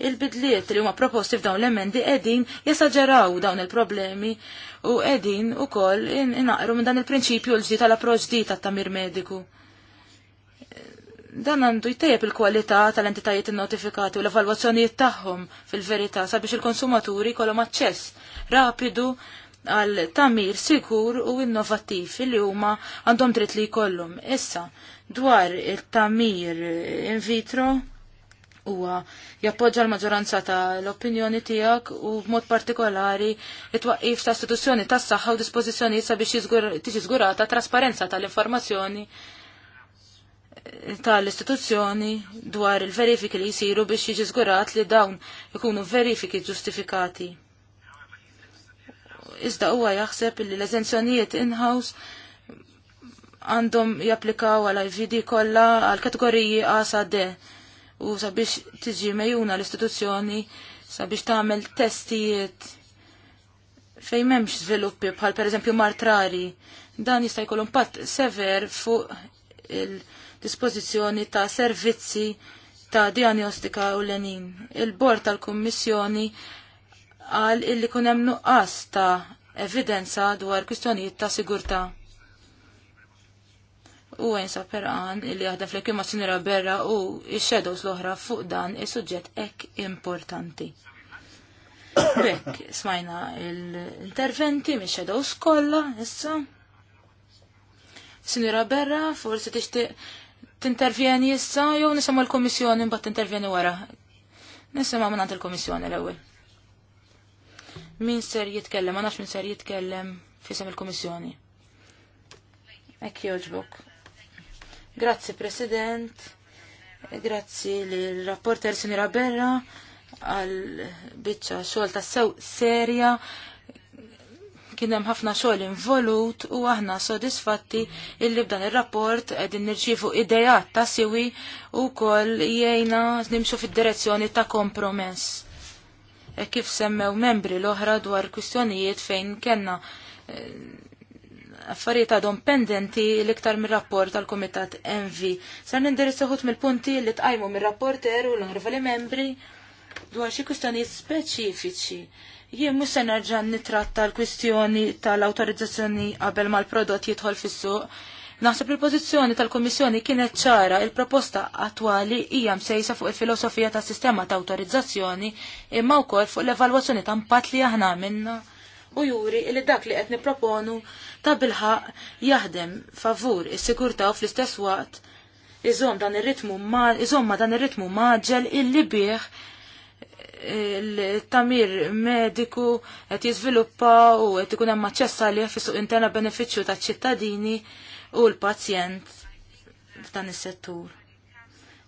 il-bidliet li huma proposti f'dawn l-emendi qegħdin jesaġeraw dawn il-problemi u qegħdin ukoll inaqru minn dan il-prinċipju l-ġdid tal-approċċ ġdid tat-tamir mediku. Dan għandu jtejjeb il-kwalità tal-entitajiet innotifikati u l-evalwazzjonijiet tagħhom fil-verità sabiex il-konsumaturi jkollhom aċċess rapidu għal tamir sigur u innovattiv li huma għandhom dritt li jkollhom. Issa, dwar il-tamir in vitro, huwa jappoġġa l-maġġoranza tal-opinjoni tiegħek u b'mod partikolari it-twaqqif ta' istituzzjoni tas saħħa u dispożizzjonijiet sabiex tiġi żgurata trasparenza tal-informazzjoni eh, tal-istituzzjoni dwar il-verifiki li jisiru biex jiġi żgurat li dawn ikunu verifiki ġustifikati. Iżda huwa jaħseb li l-eżenzjonijiet in-house għandhom japplikaw għal IVD kollha għal kategoriji A sa D u sabiex tiġi mejuna l-istituzzjoni sabiex tagħmel testijiet fejn m'hemmx żviluppi bħal pereżempju martrari dan jista' jkollu impatt sever fuq il-dispożizzjoni ta' servizzi ta' diagnostika u lenin. Il-bord tal-Kummissjoni għal illi kun hemm nuqqas ta' evidenza dwar kwistjonijiet ta' sigurtà u għensa peran li għahda fl ma sinira berra u il-shadows l ohra fuq dan il-sujġet ek importanti. Bekk, smajna l-interventi mi shadows kolla, issa. Sinira berra, forse tixtieq tintervjeni issa, jew nisimgħu l mbatt mbagħad intervjeni wara. Nisimgħu minn l kummissjoni l-ewwel. Min ser jitkellem, ma nafx min ser jitkellem fisem il-Kummissjoni. Ek jogħġbuk. Grazzi President, grazzi l-rapporter Sunira Berra għal bicċa xol ta' sew serja kien hemm ħafna xogħol involut u aħna sodisfatti illi b'dan ir-rapport qegħdin nirċivu idejat ta' siwi u wkoll jiejna nimxu fid-direzzjoni ta' kompromess. E kif semmew membri l-oħra dwar kwistjonijiet fejn kellna eh, affarijiet għadhom pendenti l-iktar mir-rapport tal-Kumitat MV. Sar nindirizz uħut mill-punti li tqajmu mir-rapporter u l li membri dwar xi kwistjonijiet speċifiċi. Jien mhux se nerġa' nitratta l-kwistjoni tal-awtorizzazzjoni qabel mal-prodott jidħol fis-suq. Naħseb il-pożizzjoni tal-Kummissjoni kienet ċara il-proposta attwali hija msejsa fuq il-filosofija tas-sistema ta' awtorizzazzjoni imma wkoll fuq l-evalwazzjoni ta' impatt li aħna minna u juri li dak li qed nipproponu ta' bilħaq jaħdem favur is-sigurtà u fl-istess waqt iżomm dan ir-ritmu ma dan ir-ritmu maġel illi bih eh, il-tamir mediku qed jiżviluppa u qed ikun hemm aċċess għalih fis-suq interna benefiċċju taċ-ċittadini u l-pazjent f'dan is-settur.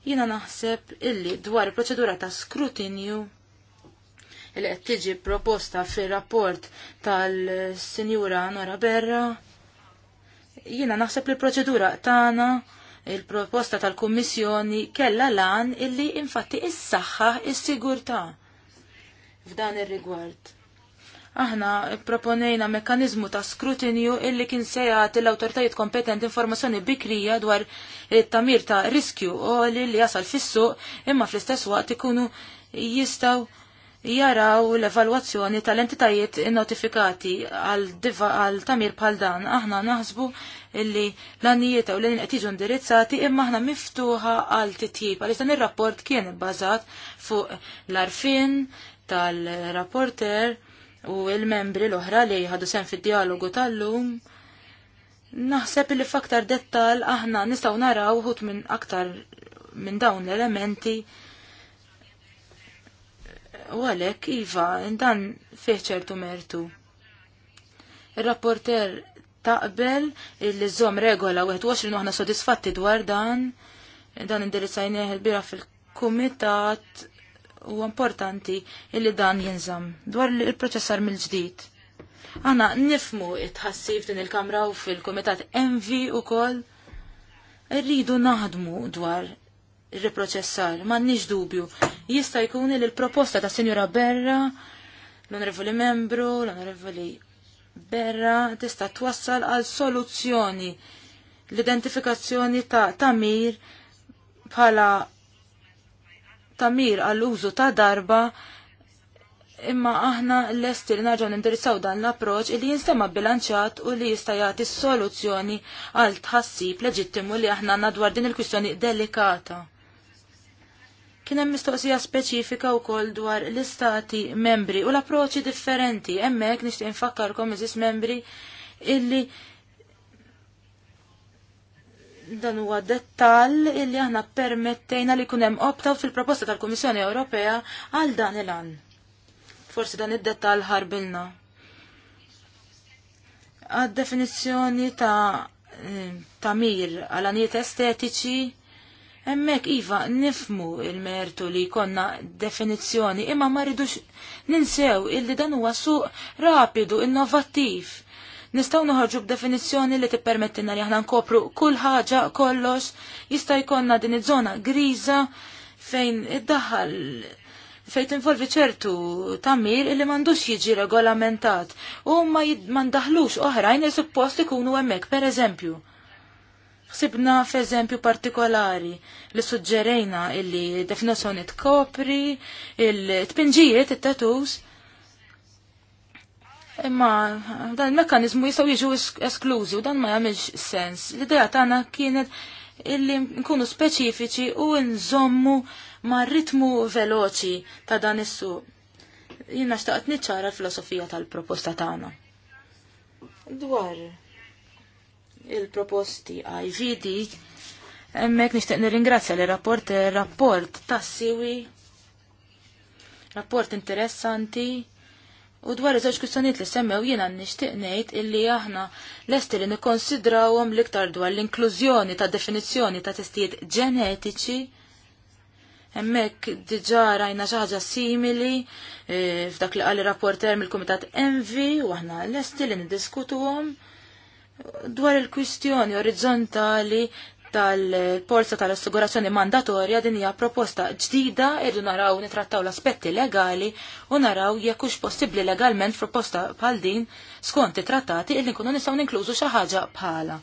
Jiena naħseb illi dwar il-proċedura ta' skrutinju li qed tiġi proposta fir-rapport tal-Sinjura Nora Berra. Jiena naħseb li l-proċedura tagħna il-proposta tal-Kummissjoni kella lan illi infatti issaħħa is-sigurtà f'dan ir-rigward. Aħna proponejna mekkanizmu ta' skrutinju illi kien sejat l-autoritajiet kompetenti informazzjoni bikrija dwar it-tamir ta' riskju u li li jasal fissu imma fl-istess waqt ikunu jistaw jaraw l-evalwazzjoni tal-entitajiet notifikati għal tamir bħal dan. Aħna naħsbu illi l-annijiet u l-għin qed jiġu indirizzati imma aħna miftuħa għal titjib għaliex dan ir-rapport kien ibbażat fuq l-arfin tal-rapporter u il-membri l-oħra li jħadu sen fid-dialogu tal-lum. Naħseb li f'aktar dettal aħna nistgħu naraw ħut minn aktar minn dawn l-elementi U għalek, Iva, dan feċertu mertu. Il-rapporter taqbel il żom regola li uħna sodisfatti dwar dan, dan indirizzajnieh il-bira fil-kumitat u importanti li dan jinżam dwar il-proċessar mill-ġdid. Għana nifmu it-ħassib din il-kamra u fil-komitat MV u koll. Rridu naħdmu dwar riproċessar, m'għandniex dubju. Jista' jkun li l-proposta ta' sinjora Berra, l-Onorevoli Membru, l-Onorevoli Berra tista' twassal għal soluzzjoni l-identifikazzjoni ta' tamir bħala tamir għall użu ta' darba imma aħna l estil naġaw nindirizzaw dan l-approċ li jinstema bilanċat u li jista' jagħti soluzzjoni għal tħassib leġittimu li aħna għandna dwar din il-kwistjoni delikata. Kien hemm mistoqsija speċifika wkoll dwar l-istati membri u l-approċċi differenti. Hemmhekk nixtieq infakkarkom iżis membri illi dan huwa dettall illi aħna permettejna li jkun hemm optaw fil-proposta tal-Kummissjoni Ewropea għal dan il-għan. Forsi dan id-dettall ħarbilna għad definizzjoni ta' eh, tamir għal anijiet estetiċi Emmek, Iva, nifmu il-mertu li konna definizjoni, imma ma rridux ninsew illi dan huwa suq rapidu, innovattiv. Nistaw noħorġu b'definizzjoni li tippermettina li aħna nkopru kull ħaġa kollox, jista' jkollna din iż-żona griża fejn id-daħal fejn tinvolvi ċertu tamir illi m'għandux jiġi regolamentat u ma mandaħlux oħrajn il suppost ikunu hemmhekk, pereżempju. Sibna f'eżempju partikolari li suġġerejna illi definizjoni tkopri, il-tpinġijiet, il-tatus. Imma dan il mekanizmu jistaw jiġu esklużi u dan ma jagħmilx sens. L-idea tagħna kienet illi nkunu speċifiċi u nżommu ma' ritmu veloċi ta' dan is-suq. xtaqt niċċara l-filosofija tal-proposta tagħna. Dwar il-proposti IVD. Emmek nishtiq nirringrazzja li rapport rapport tassiwi, rapport interessanti, u dwar iż-żewġ kwistjonijiet li semmew jiena nixtieq ngħid illi aħna lesti li nikkonsidrawhom l-iktar dwar l-inklużjoni ta' definizzjoni ta' testijiet ġenetiċi Hemmhekk diġà rajna xi ħaġa simili eh, f'dak li qal rapporter mill-Kumitat Envi u aħna lesti li niddiskutuhom dwar il-kwistjoni orizzontali tal polsa tal-assigurazzjoni mandatorja din hija proposta ġdida irdu naraw nitrattaw l-aspetti legali u naraw jekk hux possibbli legalment proposta bħal din skont it-trattati illi nkunu nistgħu ninklużu xi ħaġa bħala.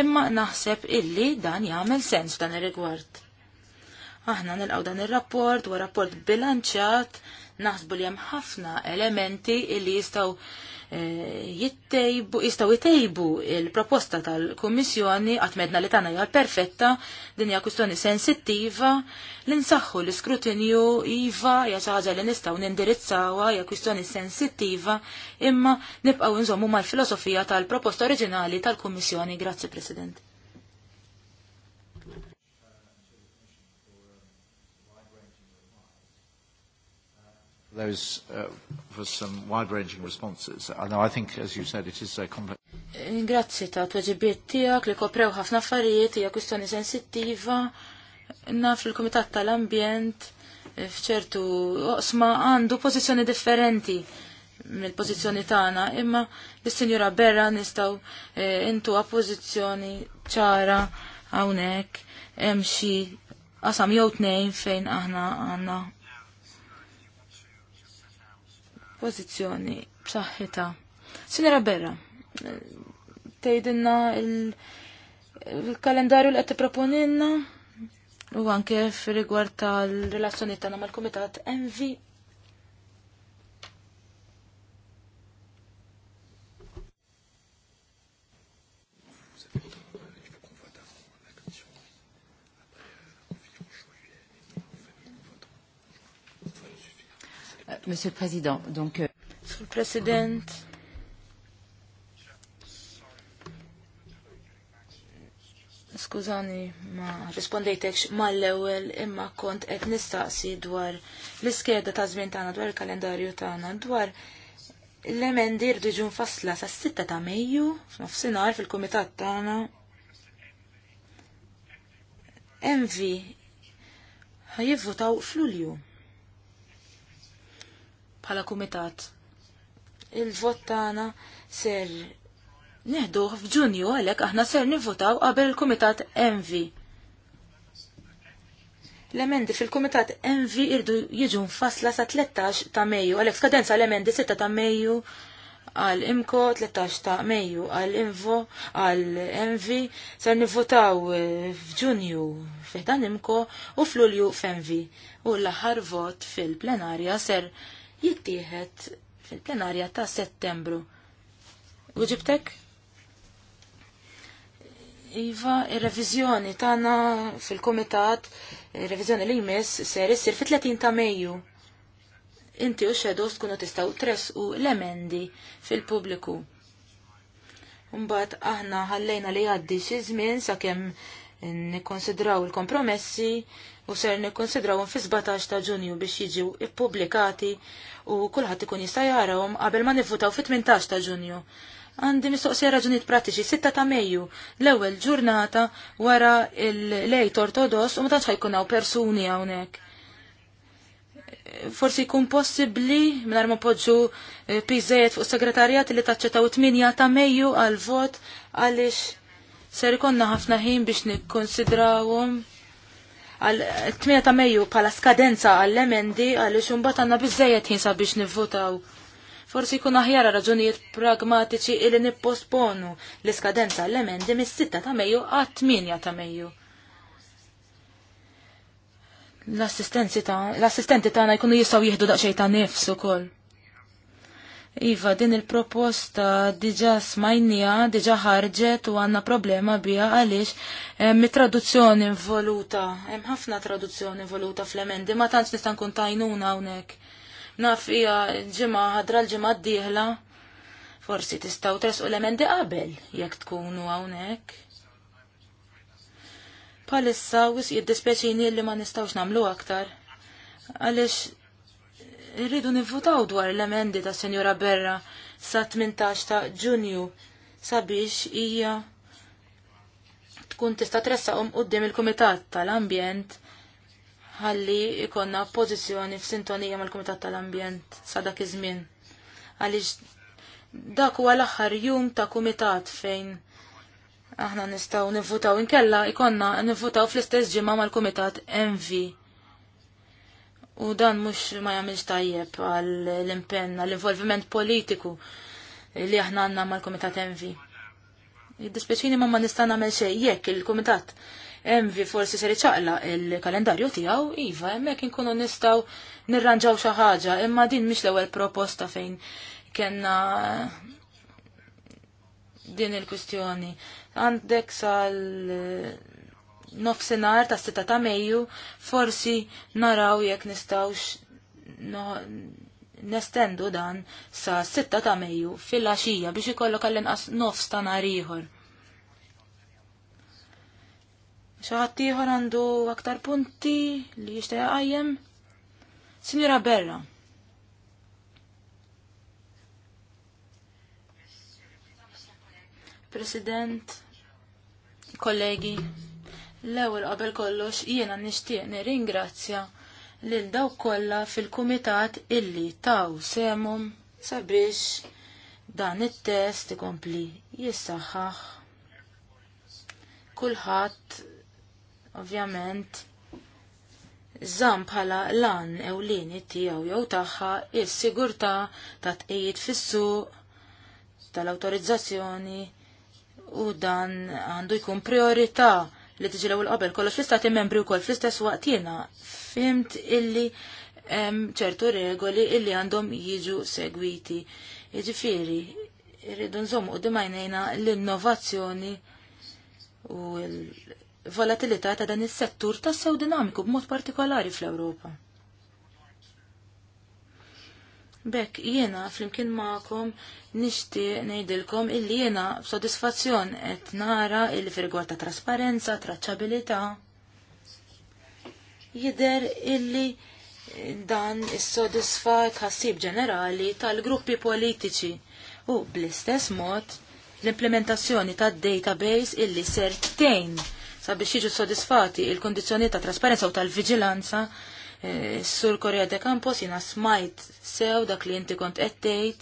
Imma naħseb illi dan jagħmel sens dan ir-rigward. Aħna nilqgħu dan ir-rapport u rapport bilanċjat naħsbu li hemm ħafna elementi illi jistgħu Eh, jittejbu, jistaw jittejbu il-proposta tal-Kommissjoni għatmedna li tana hija perfetta, din hija kwistjoni sensittiva, li nsaħħu l-iskrutinju iva hija li nistgħu nindirizzawha hija kwistjoni sensittiva, imma nibqgħu nżommu l filosofija tal-proposta oriġinali tal-Kummissjoni. Grazzi President. those uh, for some wide-ranging responses. And I think, as you said, it is a complex... Ingrazzi ta' tweġibiet tiegħek li koprew ħafna affarijiet hija kwistjoni sensittiva. Naf il-Kumitat tal-Ambjent f'ċertu oqsma għandu pożizzjoni differenti mill-pożizzjoni tagħna, imma l sinjura Berra nistgħu eh, intuha pożizzjoni ċara hawnhekk hemm xi qasam jew tnejn fejn aħna għandna pożizzjoni b'saħħitha. Sinera Berra, tgħidilna il-kalendarju li qed tipproponilna u anke f'rigward tal-relazzjoni tagħna mal-Kumitat Envi. Monsieur le Président. Donc, euh... Monsieur le Président. Skużani, ma rispondejtekx mal-ewel imma kont qed nistaqsi dwar l-iskeda ta' żmien tagħna dwar il-kalendarju tagħna dwar l-emendi rdu ġun fasla sa' sitta ta' Mejju f'nofsinhar fil-kumitat tagħna. Envi ħajivvotaw fl-Ulju bħala kumitat. Il-vot tagħna ser neħduh f'Ġunju għalhekk aħna ser nivvotaw qabel il-Kumitat Envi. L-emendi fil-Kumitat Envi irdu jiġu nfasla sa 13 ta' Mejju, għalhekk f'kadenza l-emendi 6 ta' Mejju għal imko 13 ta' Mejju, għal invo, għal MV ser nivvotaw eh, f'Ġunju f'dan imko u f'Lulju f'MV U l-aħħar vot fil-plenarja ser jittieħed fil-plenarja ta' settembru. Uġibtek? Iva, il-revizjoni tagħna fil-komitat, il-revizjoni li jmiss ser issir fit-30 ta' Mejju. Inti u xedu tkunu tistaw tresqu l-emendi fil-pubbliku. Umbat aħna ħallejna li għaddi xi żmien sakemm nikkonsidraw il-kompromessi u ser nikkonsidrawhom fi 17 ta' Ġunju biex jiġu ippubblikati u kulħadd ikun jista' jarahom qabel ma nivvutaw fi 18 ta' Ġunju għandi mistoqsija raġunijiet pratiċi. Sitta ta' Mejju, l-ewwel ġurnata wara l-lejt ortodoss u ma tantx ħajkun hawn persuni hawnhekk. Forsi jkun possibbli mingħajr ma poġġu eh, piżejjed fuq segretarjat li taċċettaw 8 ta' Mejju għal vot għaliex Ser ikonna ħafna ħin biex nikkonsidrawhom għal 8 ta' Mejju bħala skadenza għall emendi għaliex imbagħad għandna biżejjed ħin sabiex nivvotaw. Forsi jkun aħjar raġunijiet pragmatiċi illi nipposponu l-iskadenza għall emendi mis-6 ta' Mejju għat 8 ta' Mejju. L-assistenti tagħna jkunu jistgħu jieħdu daqsxejn ta' nifs ukoll. Iva, din il-proposta diġa smajnija, diġa ħarġet u għanna problema bija għalix eh, mit-traduzzjoni voluta. hemm ħafna traduzzjoni voluta fl-emendi, ma tantx nistan kun tajnuna hawnhekk. Naf hija ġimgħa ħadra l-ġimgħa d-dieħla, forsi tistgħu tresqu l-emendi qabel jekk tkunu hawnhekk. Palissa wis jiddispeċini li ma nistgħux nagħmlu aktar. Għaliex Irridu nivvutaw dwar l-emendi ta' Senjora Berra sa' 18 ta' Ġunju sabiex hija tkun tista' tressaqhom qudiem il-Kumitat tal-Ambjent ħalli ikonna pożizzjoni f'sintonija mal-Kumitat tal-Ambjent sa' dak iż-żmien. Għaliex dak huwa l-aħħar jum ta' kumitat fejn aħna nistgħu nivvutaw inkella ikonna nivvutaw fl-istess ġimgħa mal-Kumitat MV. U dan mux ma jamilx tajjeb għall-impenn, għall-involviment politiku li aħna għanna mal-Komitat Envi. Id-dispeċini ma ma nista' nagħmel xej jekk il-Komitat Envi forsi seri ċaqla il-kalendarju tiegħu, iva hemmhekk inkunu nistgħu nirranġaw xi ħaġa, imma din mux l-ewwel proposta fejn kellna din il-kwistjoni. Għandek sal nofsinhar ta' sita ta' Mejju forsi naraw jekk nistgħux no, nestendu dan sa' sitta ta' Mejju fil-għaxija biex ikollok għall as nofs ta' nhar ieħor. ieħor għandu aktar punti li jishtaja għajem? Sinjura Berra. President, kollegi, L-ewwel qabel kollox jiena nixtieq nirringrazzja lil dawk kollha fil-kumitat illi taw semhom sabiex dan it-test ikompli jissaħħaħ. Kulħadd ovvjament żamm bħala lan ewlieni tiegħu jew tagħha is-sigurtà ta' tqiegħed fis-suq tal-awtorizzazzjoni u dan għandu jkun priorità' li tiġi l-ewwel qabel kollox fl-istati membri wkoll fl-istess waqt jiena fimt illi hemm ċertu regoli illi għandhom jiġu segwiti. Jiġifieri, irridu nżommu qudiem għajnejna l-innovazzjoni u l-volatilità ta' dan is-settur tassew dinamiku b'mod partikolari fl-Ewropa. Bekk jiena flimkien ma'kom nishti ngħidilkom illi jiena b'sodisfazzjon qed nara illi firgwar ta' trasparenza, traċabilita. Jider illi dan is-sodisfa tħassib ġenerali tal-gruppi politiċi u bl-istess mod l-implementazzjoni ta' database illi ser sertejn sabiex jiġu sodisfati il-kondizjoni ta' trasparenza u tal-vigilanza Eh, Sur Korea de Campos jina smajt sew dak li inti kont ettejt,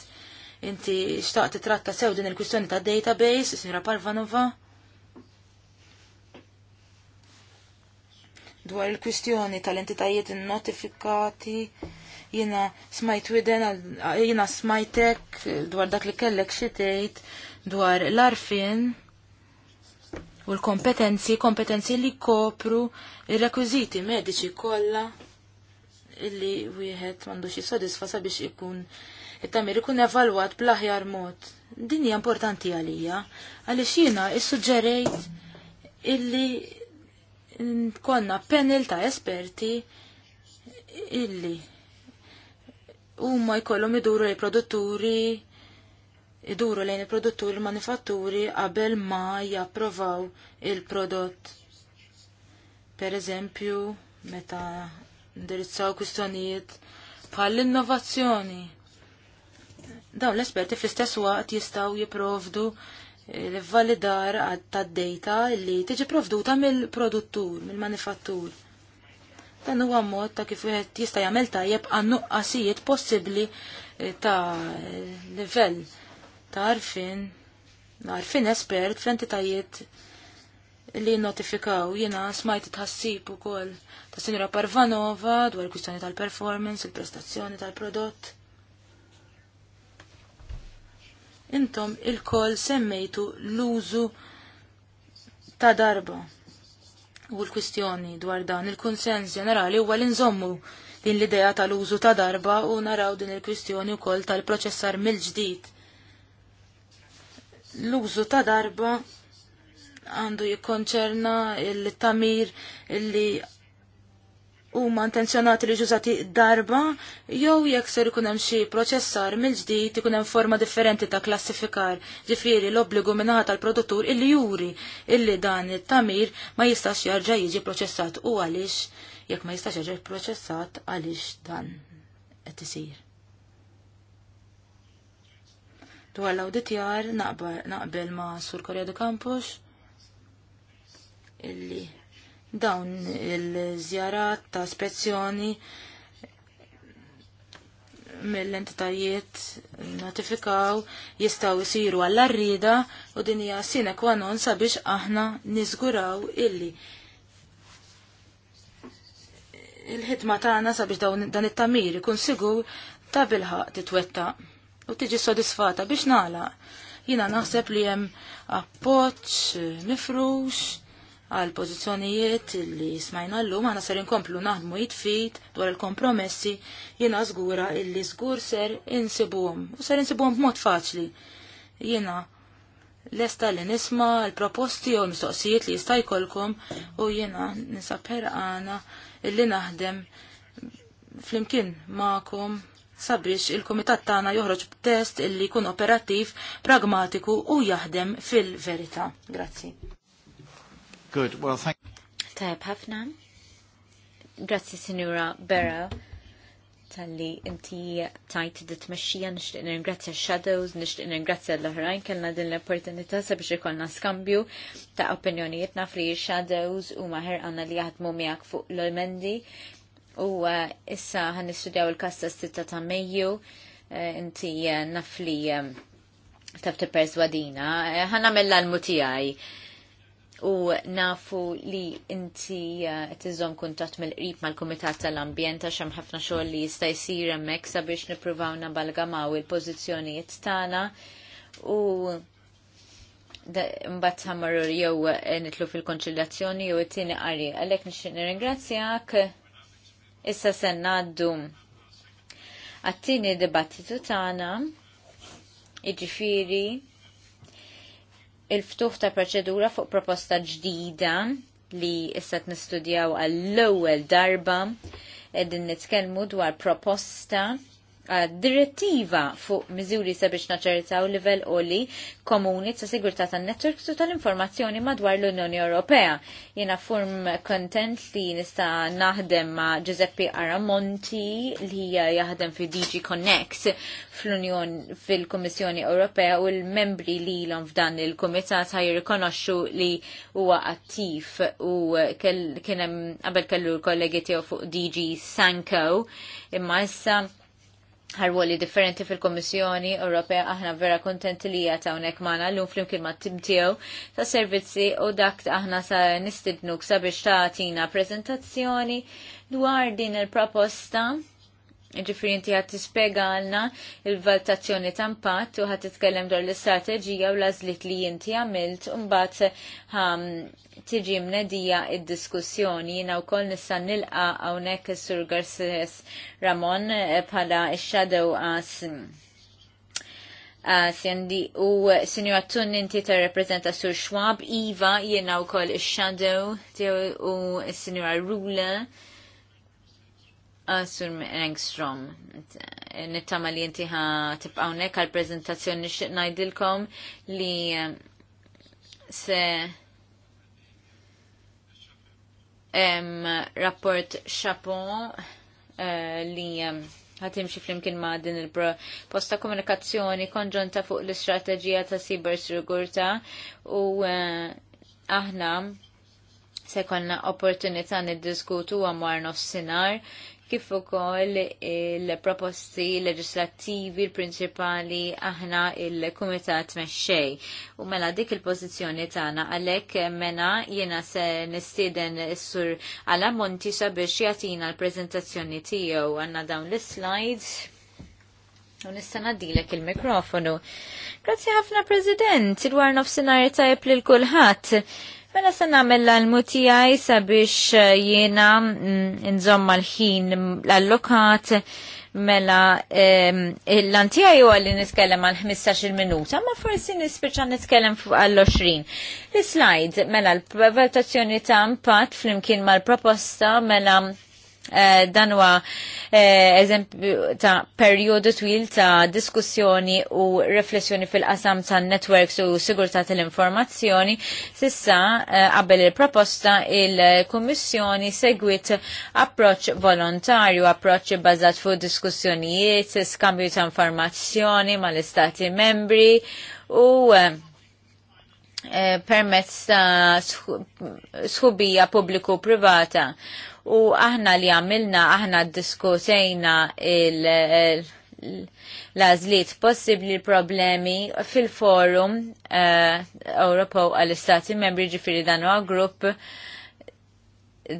inti xtaqt titratta sew din il-kwistjoni ta' database, sinra Parvanova. Dwar il-kwistjoni tal-entitajiet notifikati, jina smajt widen, jina smajtek dwar dak li kellek xitejt, dwar l-arfin u l-kompetenzi, kompetenzi li kopru il-rekwiziti mediċi kolla illi wieħed m'għandux jissodisfa sabiex ikun it-tamir ikun evalwat bl-aħjar mod. Din hija importanti għalija, għaliex jiena issuġġerejt illi konna panel ta' esperti illi huma jkollhom iduru lejn produtturi iduru lejn il-produtturi manifatturi qabel ma japprovaw il-prodott. Per eżempju, meta indirizzaw kwistjonijiet bħal innovazzjoni Dawn l-esperti fl-istess waqt jistaw jipprovdu l-validar eh, tad-data li tiġi provduta mill-produttur, mill-manifattur. Dan huwa mod ta' kif wieħed jista' jagħmel tajjeb għan-nuqqasijiet possibbli eh, ta' livell ta' arfin, arfin espert f'entitajiet li notifikaw jena smajt tħassib u kol ta' Sinjora Parvanova dwar kwistjoni tal-performance, il-prestazzjoni tal-prodott. Intom il-kol semmejtu l-użu ta' darba u l-kwistjoni dwar dan il-konsens ġenerali huwa li nżommu din l-idea tal-użu ta' darba u naraw din il-kwistjoni u kol tal-proċessar mill-ġdid. L-użu ta' darba għandu jikkonċerna il-tamir illi huma intenzjonati li ġużati darba jew jekk ser ikun hemm xi proċessar mill-ġdid ikun hemm forma differenti ta' klassifikar. Ġifieri l-obbligu minnaħa tal-produttur li juri illi dan it-tamir ma jistax jarġa' jiġi proċessat u għaliex jekk ma jistax jarġa' proċessat għaliex dan qed isir. Dwar l-awditjar naqbel ma' Sur Korea du Campus illi dawn il-żjarat ta' spezzjoni mill-entitajiet notifikaw jistaw isiru għall-arrida u din hija sine qua non sabiex aħna niżguraw illi il-ħidma tagħna sabiex dan it-tamir ikun sigur ta' bilħaq titwetta u tiġi sodisfata biex nagħlaq. Jina naħseb li hemm appoġġ mifrux għal pożizzjonijiet li smajna llum aħna ser inkomplu naħdmu jitfit dwar il-kompromessi jiena żgura illi żgur ser insibuhom u ser insibuhom b'mod faċli. Jiena lesta li nisma l-proposti u mistoqsijiet li jista' jkollkom u jiena nisaper għana illi naħdem flimkien maħkom sabiex il-komitat tagħna joħroġ test illi kun operattiv, pragmatiku u jaħdem fil-verità. Grazzi. Good, well, thank Tajab ħafna. Grazzi, Sinjura Bera, tal-li inti tajt dit-mexxija nixtieq ningrazzja shadows nixtieq ningrazzja l-oħrajn kellna din l-opportunità sabiex ikollna skambju ta' opinjonijiet naf li shadows huma ħerqana li jaħdmu miegħek fuq l-emendi u issa ħan nistudjaw il-kasta sitta ta' Mejju eh, inti eh, naf li perswadina. Eh, tipperswadina ħanamel l-almu tiegħi u nafu li inti uh, tizzom kuntat mill-qrib mal-Kumitat tal-Ambjent għax hemm ħafna xogħol li jista' jsir hemmhekk sabiex nippruvaw nabalgamaw il-pożizzjonijiet tagħna u mbagħad ħammaru jew eh, nitlu fil-konċiljazzjoni jew it-tieni qari. Għalhekk nixtieq nirringrazzjak. Issa se ngħaddu għat-tieni dibattitu tagħna. Iġifieri il-ftuħ ta' proċedura fuq proposta ġdida li issa nistudjaw għall-ewwel darba qegħdin nitkellmu dwar proposta Eh, direttiva fuq miżuri sabiex naċertaw livell oli komuni ta' sigurtà tan-networks u tal-informazzjoni madwar l-Unjoni Ewropea. Jiena form kontent li nista' naħdem ma' Giuseppe Aramonti li hija jaħdem fi DG Connect fl-Unjon fil-Kummissjoni Ewropea u l-membri li l f'dan il-Kumitat ħaj jirrikonoxxu li huwa attiv u kien hemm qabel kellu l-kollegi tiegħu fuq DG Sanko imma issa ħarwoli differenti fil-Komissjoni Ewropea aħna vera kontenti li jata unek maħna l-lum flimkien ma' timtijaw ta' servizzi u dak aħna sa' nistibnu sabiex ta' tina prezentazzjoni dwar din il-proposta Ġifiri inti għat tispega għalna il-valutazzjoni ta' impatt u għat titkellem dwar l-istrateġija u lażlit li inti għamilt mbagħad tiġi mnedija id-diskussjoni jina wkoll nista' nilqa hawnhekk is-Sur Garces Ramon eh, bħala x-shadow għas Sendi u sinju għattun inti ta' reprezenta Sur Schwab, Iva jiena wkoll ix-shadow u sinju Rula Ah, Sur Engstrom, nittama li jinti ħa tibqawnek għal-prezentazzjoni nixtieq ngħidilkom li eh, se em, rapport xapon uh, eh, li ħatimxi flimkien ma' din il-posta komunikazzjoni konġonta fuq l-istrateġija ta' Cyber Sigurta u uh, aħna se konna opportunità niddiskutu għamwar nofsinar kif ukoll il-proposti leġislattivi l-prinċipali aħna il-Kumitat Mexxej. U mela dik il-pożizzjoni tagħna għalhekk mena jiena se nistieden is-sur għala Monti sabiex jagħtina l-preżentazzjoni tiegħu għandna dawn l-slides. U nista' nadilek il-mikrofonu. Grazzi ħafna President, il-war nofsinhar tajb lil kulħadd. Mela se nagħmel l-mutijaj sabiex eh, jiena mm, nżomma l-ħin l-allokat mela ehm, l-antijaj u għalli nitkellem għal 15 minuta, ma forsi nispiċa nitkellem għal 20. L-slide, mela l-valutazzjoni ta' impatt flimkien mal-proposta, mela Eh, dan huwa eh, eżempju ta' perjodu twil ta' diskussjoni u riflessjoni fil-qasam ta' networks u sigurtà tal-informazzjoni. Sissa eh, qabel il-proposta il-Kummissjoni segwit approċ volontarju, approċ bażat fuq diskussjonijiet, skambju ta' informazzjoni mal-Istati membri u permezz ta' sħubija pubbliku privata u aħna li għamilna aħna diskutejna il-, lażliet possibli problemi fil-forum uh, eh, u għall-Istati membri ġifiri dan huwa grupp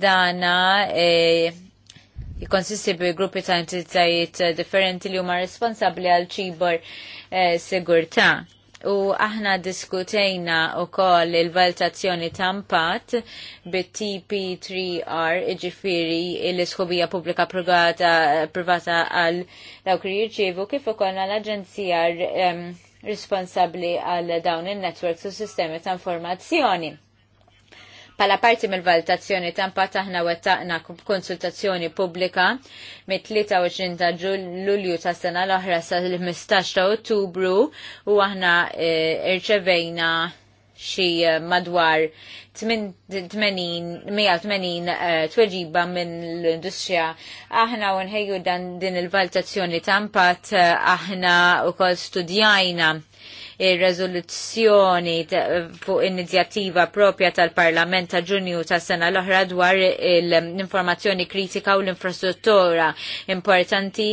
dana e, eh, jikonsisti bi gruppi ta' entitajiet differenti li huma responsabbli għal ċibor e, eh, sigurtà. U aħna diskutejna u koll il valtazzjoni tampat bit-TP3R, iġifiri l sħubija publika privata għal dawk li jirċivu kif ukoll l-Aġenzija ehm, responsabli għal dawn il-networks u sistemi ta' informazzjoni. Pala parti mill-valutazzjoni tampa taħna wettaqna konsultazzjoni pubblika mit-23 ta' Lulju ta' sena l-oħra sa' l-15 ta' Ottubru u aħna eh, irċevejna xi eh, madwar 180 eh, tweġiba minn l-industrija. Aħna unħejju dan din il-valutazzjoni tampat aħna u kol studjajna ir rezoluzzjoni fuq inizjattiva propja tal-Parlament ta' Ġunju ta' sena l-oħra dwar l-informazzjoni kritika u l-infrastruttura importanti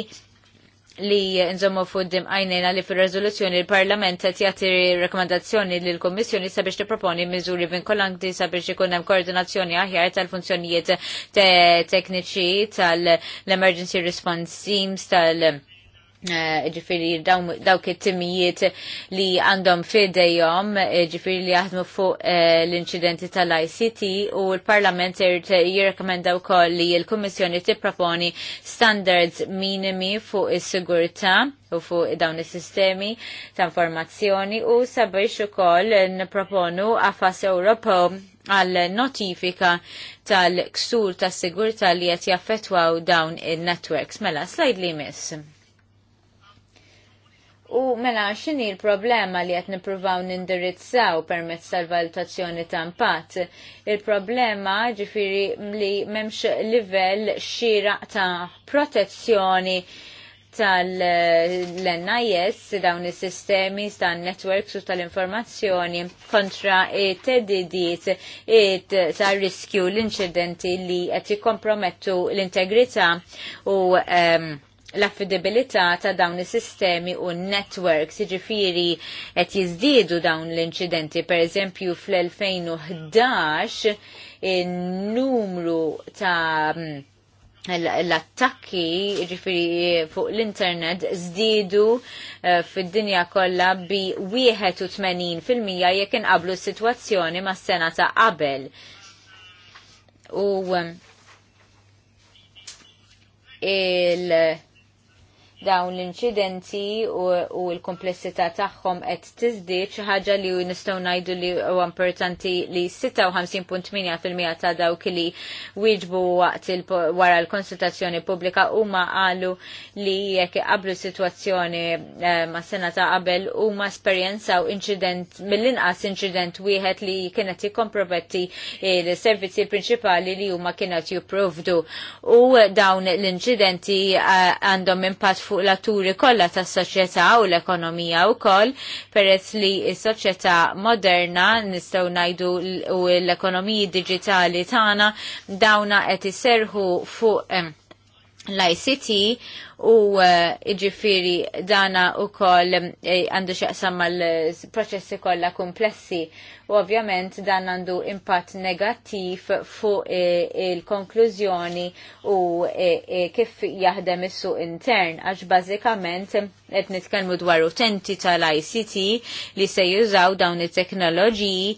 li nżommu fuddim għajnina li fil-rezoluzzjoni il-Parlament qed jagħti rekomendazzjoni lil kummissjoni sabiex tipproponi miżuri vinkolanti sabiex ikun hemm koordinazzjoni aħjar tal-funzjonijiet tekniċi tal-emergency response teams tal-, -tal Eh, ġifiri dawk it-timijiet li għandhom fidejhom eh, ġifiri li jaħdmu fuq eh, l-inċidenti tal-ICT u l-Parlament jirrekomenda wkoll li l-Kummissjoni tipproponi standards minimi fuq is-sigurtà u fuq dawn is-sistemi ta' informazzjoni u sabiex ukoll nipproponu għafas Ewropew għal notifika tal-ksur tas-sigurtà li qed jaffettwaw dawn in networks Mela, slajd li miss. U mela xini l-problema li qed nippruvaw nindirizzaw permezz tal-valutazzjoni ta' impatt. Il-problema ġifiri li m'hemmx livell xira ta' protezzjoni tal-NIS dawn is-sistemi tan networks u tal-informazzjoni kontra it-tedidiet tar riskju l-inċidenti li qed jikkompromettu l-integrità u um, l-affidibilità ta' dawn is-sistemi u n-networks, jiġifieri qed jiżdiedu dawn l-inċidenti. Pereżempju fl-2011 in-numru ta' l-attakki ġifiri fuq l-internet zdidu eh, fid-dinja kollha bi 81% jekk inqablu s-sitwazzjoni ma' sena ta' qabel. U eh, il- dawn l-inċidenti u l-komplessità tagħhom qed tiżdied xi ħaġa li nistgħu ngħidu li huwa importanti li 56.8% ta' dawk li wieġbu waqt wara l-konsultazzjoni pubblika huma qalu li jekk qablu sitwazzjoni eh, ma' sena ta' qabel huma esperjenzaw inċident mill-inqas inċident wieħed li kienet jikkomprometti l-servizzi prinċipali li huma kienet jipprovdu u dawn l-inċidenti eh, għandhom impatt fuq fuq l-atturi kollha tas-soċjetà u l-ekonomija wkoll peress li s-soċjetà moderna nistgħu ngħidu u l-ekonomiji digitali tagħna dawna qed iserħu fuq l-ICT u eh, ġifiri dana u kol eh, għandu xaqsam mal-proċessi eh, kolla komplessi u ovvjament dan għandu impatt negattiv fuq il-konklużjoni u kif jaħdem issu intern għax bażikament qed nitkellmu dwar utenti tal-ICT li se jużaw dawn it-teknoloġiji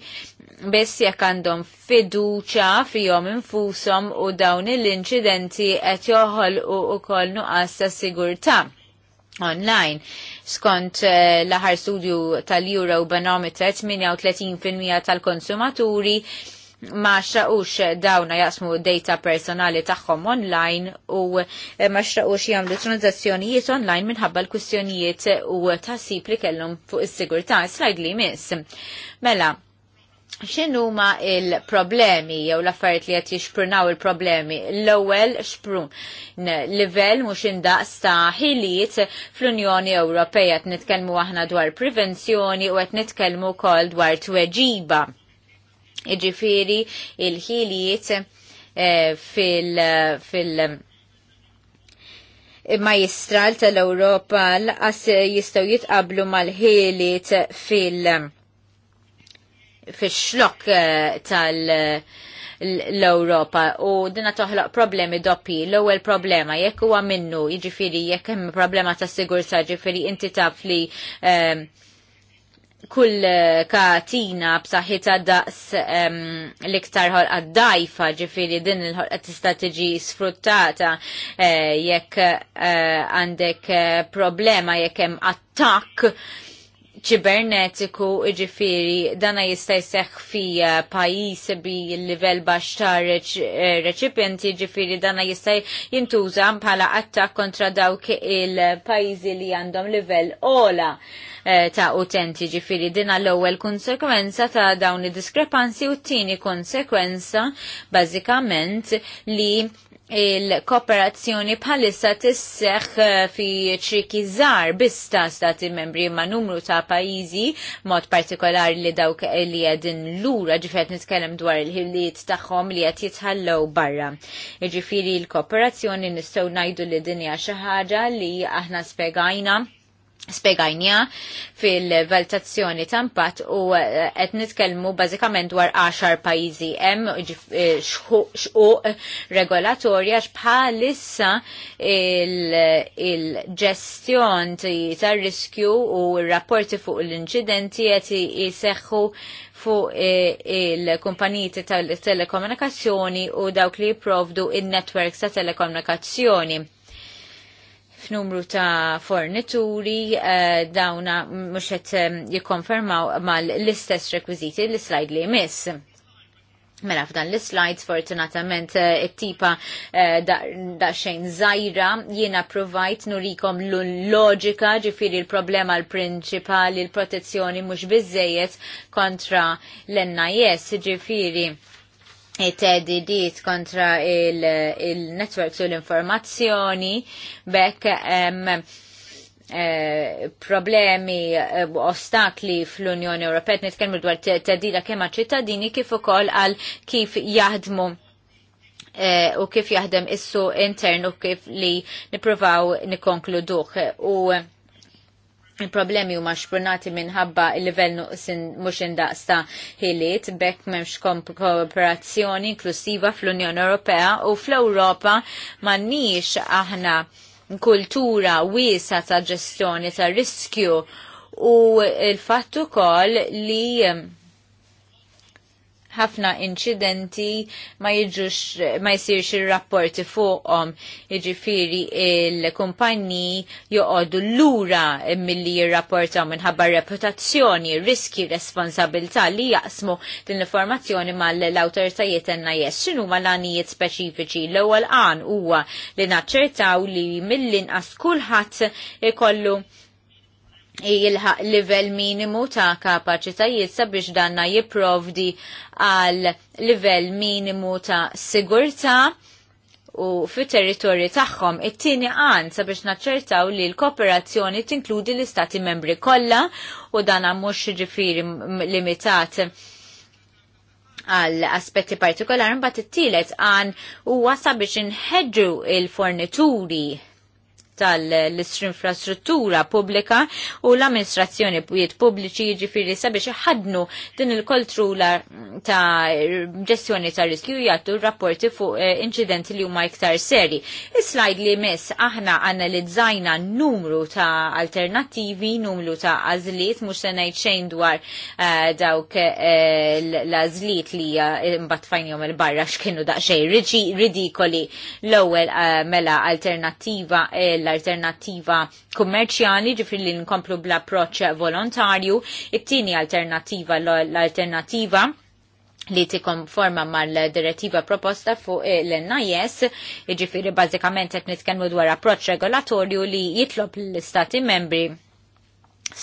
biss jekk għandhom fiduċa fihom infushom u dawn l-inċidenti qed joħolqu wkoll nuqqas ta' sigurtà online. Skont eh, l-aħar studju tal-Euro Banometer, 38% tal-konsumaturi ma xraqux dawna jaqsmu data personali tagħhom online u eh, ma xraqux jagħmlu tranzazzjonijiet online minħabba l-kwistjonijiet u tasib li kellhom fuq is-sigurtà slide li miss. Mela, x'inhuma il-problemi jew l-affarijiet li qed jixprunaw il-problemi. L-ewwel xprun livell mhux indaqs ta' ħiliet fl-Unjoni Ewropea qed nitkellmu aħna dwar prevenzjoni u qed nitkellmu wkoll dwar tweġiba. Iġifieri il-ħiliet eh, fil-, fil majistral tal-Europa l-qas jistaw jitqablu mal-ħiliet fil- fix-xlok eh, tal- eh, l-Europa u dina toħloq problemi doppi. L-ewwel problema jekk huwa minnu, jiġifieri jekk hemm problema ta' sigurtà, jiġifieri inti taf li ehm, kull eh, katina b'saħħitha daqs ehm, l-iktar ħolqa dajfa ġifiri din il-ħolqa tista' tiġi sfruttata jekk għandek problema jekk hemm attakk ċibernetiku iġifiri dana jista' jseħħ fi pajjiż bi l-livell baxx ta' eh, reċipjenti ġifiri dana jista' jintuża bħala attak kontra dawk il-pajjiżi li għandhom livell ola eh, ta' utenti ġifiri dina l-ewwel konsekwenza ta' dawn id-diskrepanzi u t-tieni konsekwenza bażikament li il-kooperazzjoni bħalissa tisseħ eh, fi ċriki zar biss ta' stati membri ma' numru ta' pajjiżi mod partikolar li dawk li għedin lura ġifet nitkellem dwar il-ħiliet tagħhom li qed jitħallew barra. Jiġifieri l-kooperazzjoni nistgħu ngħidu li dinja xi ħaġa li aħna spegajna spiegajnija fil-valutazzjoni ta' impatt u eh, qed nitkellmu bażikament dwar 10 pajjiżi hemm eh, xquq regolatorja bħalissa il-ġestjon il ġestjon tar riskju u r-rapporti fuq l-inċidenti qed jseħħu fuq eh, il-kumpaniji tal-telekomunikazzjoni u dawk li jipprovdu in netwerks ta' telekomunikazzjoni numru ta' fornituri uh, dawna mhux qed eh, jikkonfermaw mal-istess rekwiżiti l-slide li jmiss. Mela f'dan l-slides fortunatament eh, it-tipa da xejn zaħira jiena provajt nurikom l-loġika ġifiri l-problema l-prinċipali l-protezzjoni mhux bizzejet kontra l-NIS ġifiri tedidiet kontra il-networks il u l-informazzjoni bekk um, problemi u eh, ostakli fl-Unjoni Ewropea nitkellmu dwar t tedida kemm ċittadini kif ukoll għal kif jaħdmu eh, u kif jaħdem issu intern u kif li nippruvaw nikonkluduh u il-problemi huma xpurnati minħabba il-livell mhux indaqs ta' ħiliet bekk m'hemmx kooperazzjoni inklusiva fl-Unjoni Ewropea u fl-Ewropa m'għandniex aħna kultura wiesa ta' ġestjoni ta' riskju u l-fatt ukoll li ħafna incidenti ma jiġux ma jsirx ir-rapporti fuqhom. Jiġifieri il kumpanji joqogħdu lura milli jirrapportaw minħabba reputazzjoni, riski, responsabilità li jaqsmu din l-informazzjoni mal-awtoritajiet NIS. X'inhu ma l-għanijiet speċifiċi? L-ewwel qan huwa li naċċertaw li mill-inqas kulħadd ikollu e jilħaq livell minimu ta' kapaċitajiet sabiex danna jipprovdi għal livell minimu ta' sigurta u fit territorju tagħhom it-tieni għan sabiex naċċertaw li l-kooperazzjoni tinkludi l-istati membri kollha u dan mhux ġifieri limitat għal aspetti partikolari mbagħad it-tielet għan huwa sabiex inħeġġu il-fornituri tal-infrastruttura pubblika u l-amministrazzjoni bwiet pubbliċi jiġifieri sabiex iħadnu din il-koltrula ta' ġestjoni ta' riskju jgħattu rapporti fuq eh, incidenti li huma iktar seri. is slide li mess aħna analizzajna numru ta' alternattivi, numru ta' għażliet mhux se ngħid xejn dwar eh, dawk eh, l-għażliet li mbagħad fajnhom il-barra x'kienu daqsxejn ridikoli l-ewwel mela alternattiva l l-alternativa kummerċjali ġifri li nkomplu bl-approċ volontarju, it-tieni alternativa l-alternativa li ti konforma mal-direttiva proposta fuq l-NIS, ġifiri bazzikament qed nitkellmu dwar approċ regolatorju li jitlob l-istati membri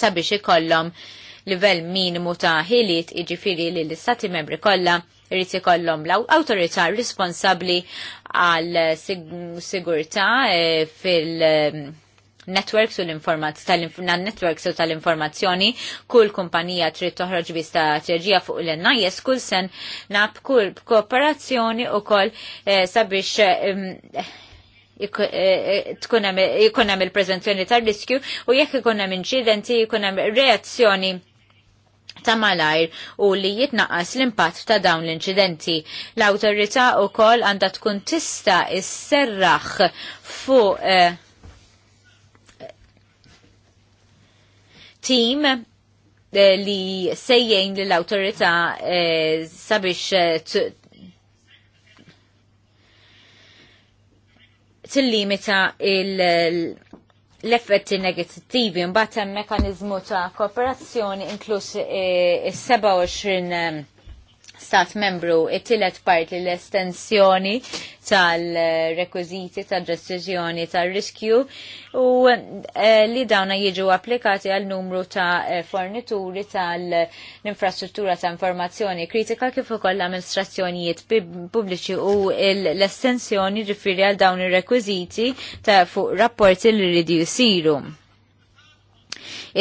sabiex ikollhom livell minimu ta' ħiliet iġifiri li l-istati membri kollha irrit ikollhom l-awtorità responsabbli għal sigurtà eh, fil- ehm, networks u l-networks u tal-informazzjoni, kull kumpanija trid toħroġ bi strateġija fuq l-NIS kull sen nab kull kooperazzjoni u koll eh, sabiex ehm, eh, tkun hemm il-preżenzjoni tar-riskju u jekk ikun hemm inċidenti jkun hemm reazzjoni ta' malajr u li jitnaqas l-impatt ta' dawn l-inċidenti. L-autorità u kol għanda tkun tista' is-serraħ fuq eh, tim eh, li sejjejn l-autorità eh, sabiex eh, tillimita il l-effetti negattivi mbagħad hemm mekkaniżmu ta' kooperazzjoni inkluż eh, is-27 stat membru it-tielet part li l-estensjoni tal-rekwiziti tal-ġestizjoni tal-riskju u eh, li dawna jiġu applikati għal numru ta' eh, fornituri tal-infrastruttura ta' informazzjoni kritika kif ukoll l-amministrazzjonijiet pubbliċi u l-estensjoni ġifieri għal dawn ir-rekwiziti ta' fuq rapporti li rridu jisiru.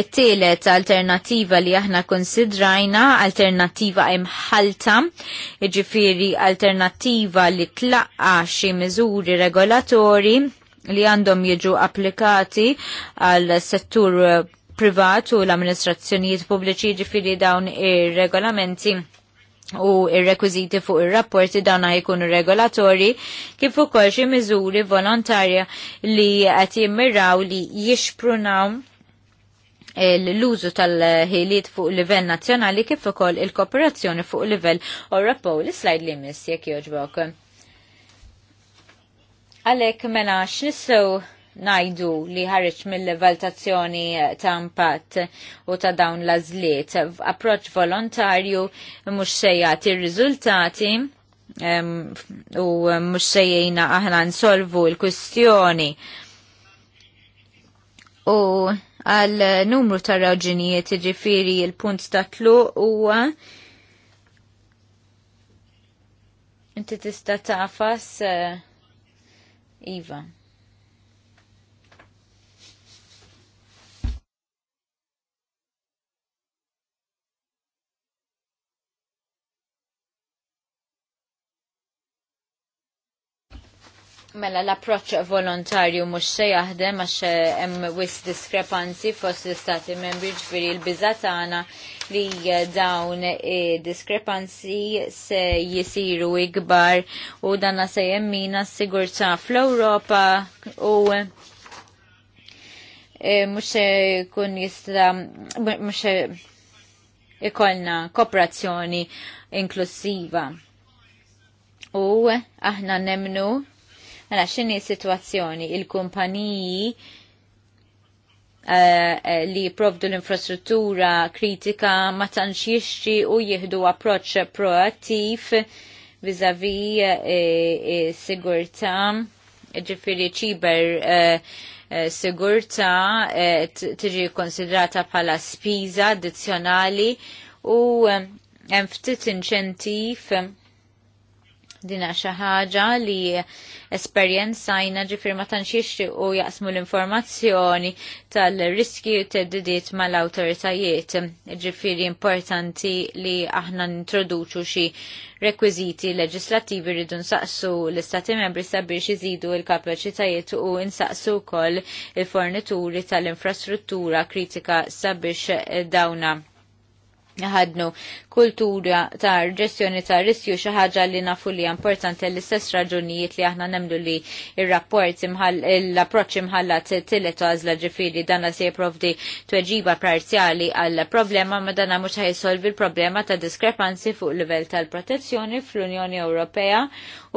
It-tielet alternativa li aħna konsidrajna alternativa imħalta, iġifiri alternativa li tlaqqa xi miżuri regolatori li għandhom jiġu applikati għal settur privat u l-amministrazzjonijiet pubbliċi ġifiri dawn ir-regolamenti u ir-rekwiziti fuq ir-rapporti dawna jkunu regolatori kif ukoll xi miżuri volontarja li qed jimmiraw li jixprunaw l-użu tal-ħiliet fuq livell nazzjonali kif ukoll il-kooperazzjoni fuq livell Ewropew. L-slide li miss jekk jogħġbok. Għalhekk mela x'nistgħu najdu li ħareġ mill-valutazzjoni ta' impatt u ta' dawn l-azliet. approċċ volontarju mhux se r-riżultati u mhux sejjina aħna nsolvu l-kwistjoni. U għal numru ta' raġunijiet ġifiri il-punt ta' tlu huwa inti tista' tafas eh, Iva. Mela l-approċ volontarju mhux se jaħdem għax eh, hemm wis diskrepanzi fost l-istati membri ġifieri l-biża' tagħna li eh, dawn eh, diskrepanzi se jisiru ikbar u danna se jemmina s-sigurtà fl-Ewropa u mhux se jkun jista' mhux ikolna kooperazzjoni inklusiva. U aħna nemnu Mela x'inhi situazzjoni, sitwazzjoni il-kumpaniji Uh, li jiprovdu l-infrastruttura kritika ma tantx jixtri u jieħdu approċċ proattiv vizavi e, eh, e, sigurta ġifiri ċiber sigurta tiġi konsidrata bħala spiza addizzjonali u hemm ftit inċentiv dina xi ħaġa li esperjenzajna ġifir ma tantx u jaqsmu l-informazzjoni tal-riski u teddidiet mal-awtoritajiet. ġifir importanti li aħna nintroduċu xi rekwiżiti leġislattivi rridu nsaqsu l-istati membri sabiex iżidu l-kapaċitajiet u nsaqsu wkoll il-fornituri tal-infrastruttura kritika sabiex dawna ħadnu kultura ta' ġestjoni ta' riskju xi ħaġa li nafu li importanti l-istess raġunijiet li aħna nemlu li ir-rapport l-approċċ imħallat tillet għażla ġifieri dana se jipprovdi tweġiba parzjali għal problema ma dana mhux ħajsolvi l-problema ta' diskrepanzi fuq livell tal-protezzjoni fl-Unjoni Ewropea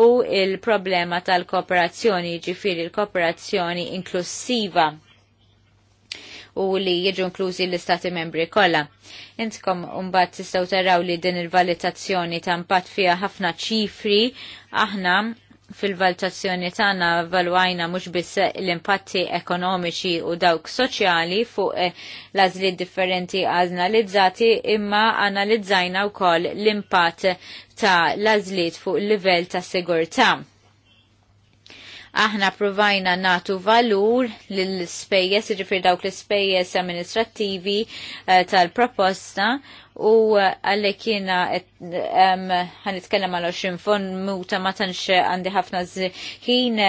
u l problema tal-kooperazzjoni ġifieri l-kooperazzjoni inklusiva u li jiġu inklużi l-istati membri kollha. Intkom mbagħad tistaw taraw li din il-valutazzjoni ta' impatt fiha ħafna ċifri aħna fil-valutazzjoni tagħna valwajna mhux biss l-impatti ekonomiċi u dawk soċjali fuq eh, l-għażli differenti analizzati imma analizzajna wkoll l-impatt ta' l-għażliet fuq il livell ta' sigurtà. Aħna provajna natu valur l-spejjes, ġifir dawk l-spejjes amministrativi eh, tal-proposta u eh, għallek għan eh, itkellem għal 20 fon muta ma tanx għandi ħafna zħin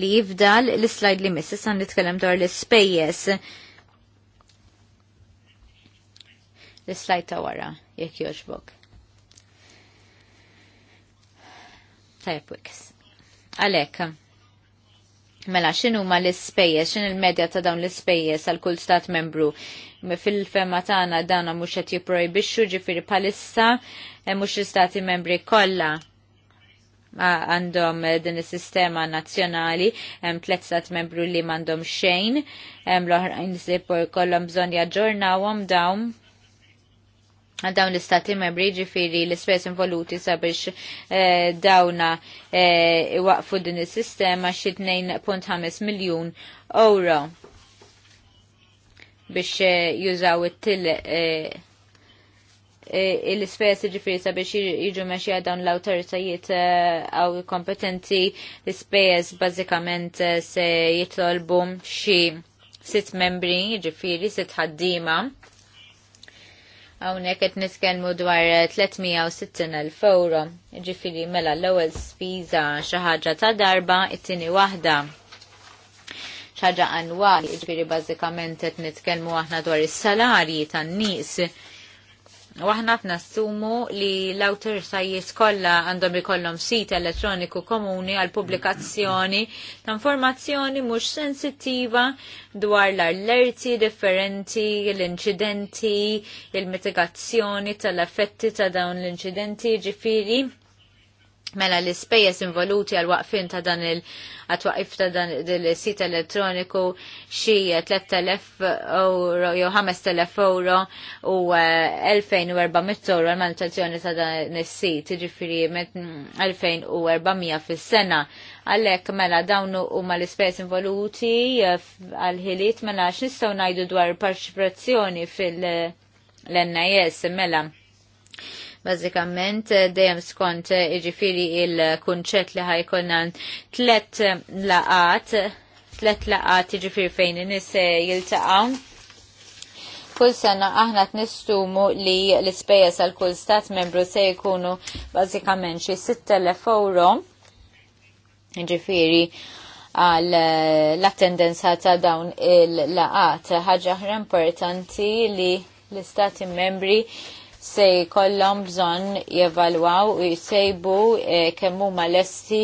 li jifdal l slide li missis għan itkellem dwar l-spejjes. l slide ta' wara, jek joġbok. Tajab wiks. Għalek, mela xinu ma l-spejjes, xin il-medja ta' dawn l-spejjes għal kull stat membru fil-fema tagħna dawna mhux qed jipprojbixxu ġifiri palissa eh, mhux l Stati membri kollha għandhom eh, din is-sistema nazzjonali hemm tlet stat membru li m'għandhom xejn, hemm l-oħrajn se jkollhom bżonn jaġġornawhom dawn dawn l-istati membri ġifiri l-ispess involuti sabiex eh, dawna eh, waqfu din il-sistema xi 2.5 miljon euro biex eh, jużaw it-til l-ispess ġifiri sabiex jiġu meċi dawn l-autoritajiet għaw kompetenti l-ispess bazzikament se jitolbu xi sit membri ġifiri sit ħaddima Hawnhekk qed niskenmu dwar 360,000 euro. Ġifieri mela l-ewwel spiża xi ħaġa ta' darba, it-tieni waħda ħaġa annwali, ġifieri bażikament qed nitkellmu aħna dwar is-salarji tan-nies U aħna nassumu li l-awtoritajiet kollha għandhom ikollhom sit elettroniku komuni għal pubblikazzjoni ta' informazzjoni mhux sensittiva dwar l-allerti differenti, l-inċidenti, il-mitigazzjoni tal-effetti ta' dawn l-inċidenti ġifiri Mela l-ispejjeż involuti għal waqfin ta' dan il għatwaqif ta' dan il-sit elettroniku xi 3000 euro jew 5000 euro u 2400 eh, euro l manutazzjoni ta' dan is-sit, jiġifieri 2400 fis-sena. Għalhekk mela dawn huma l-ispejjeż involuti eh, għal ħiliet mela x'nistgħu ngħidu dwar parċiprazzjoni fil-NIS mela. Bazzikament eh, dejjem skont eh, iġifiri il-kunċett li ħajkonna tlet laqat, tlet laqat iġifiri fejn nis eh, jiltaqaw kull sena aħna t-nistumu li l-ispejjeż għal kull stat membru se jkunu bażikament xi 6000 euro. iġifiri għal l-attendenza ta' dawn il-laqat. Ħaġa ħra importanti li l-istati membri se jkollhom bżonn jevalwaw u jsejbu e, kemm huma lesti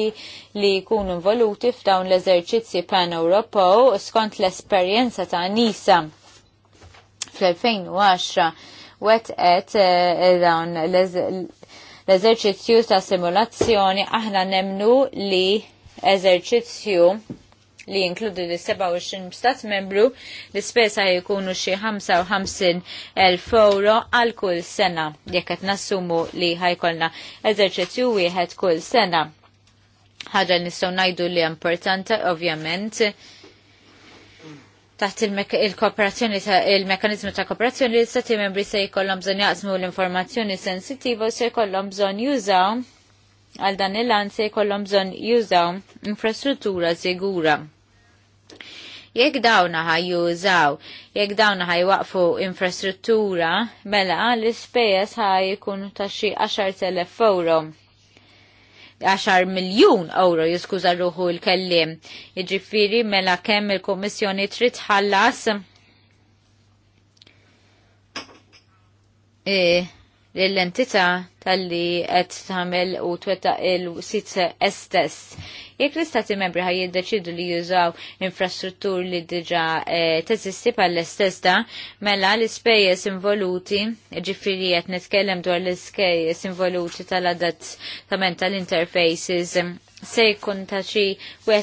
li jkunu involuti f'dawn l-eżerċizzji pan-Ewropew skont l-esperjenza ta' Nisa fl-2010 wetqet e, e, dawn l-eżerċizzju ta' simulazzjoni aħna nemnu li eżerċizzju li jinkludi li 27 stat membru l jikunu jkunu xi el euro għal kull sena jekk qed nassumu li ħajkolna eżerċizzju wieħed kull sena. Ħaġa nistgħu ngħidu li importanti ovvjament taħt il-kooperazzjoni il-mekanizmu ta' kooperazzjoni li stati membri se jkollhom bżonn jaqsmu l-informazzjoni sensittiva u se jkollhom bżonn jużaw għal dan il-lan se jkollhom bżonn jużaw infrastruttura sigura. Jekk dawna ħajjużaw, jekk dawna ħajwaqfu infrastruttura, mela l-ispejjeż ħajkun ta' xi 10,000 euro. 10 miljun euro jiskuża ruħu l-kellim. Jiġifieri mela kemm il-Kummissjoni trid tħallas e, l-entità tal-li qed tagħmel u twettaq il-sit estess Jekk l-istati membri ħaj jiddeċidu li jużaw infrastruttur li diġa eh, teżisti pal-istess da, mela l-ispejjeż involuti, ġifiri jett nitkellem dwar l-ispejjeż involuti tal ta' tal-interfaces se jkun ta' xi 1.5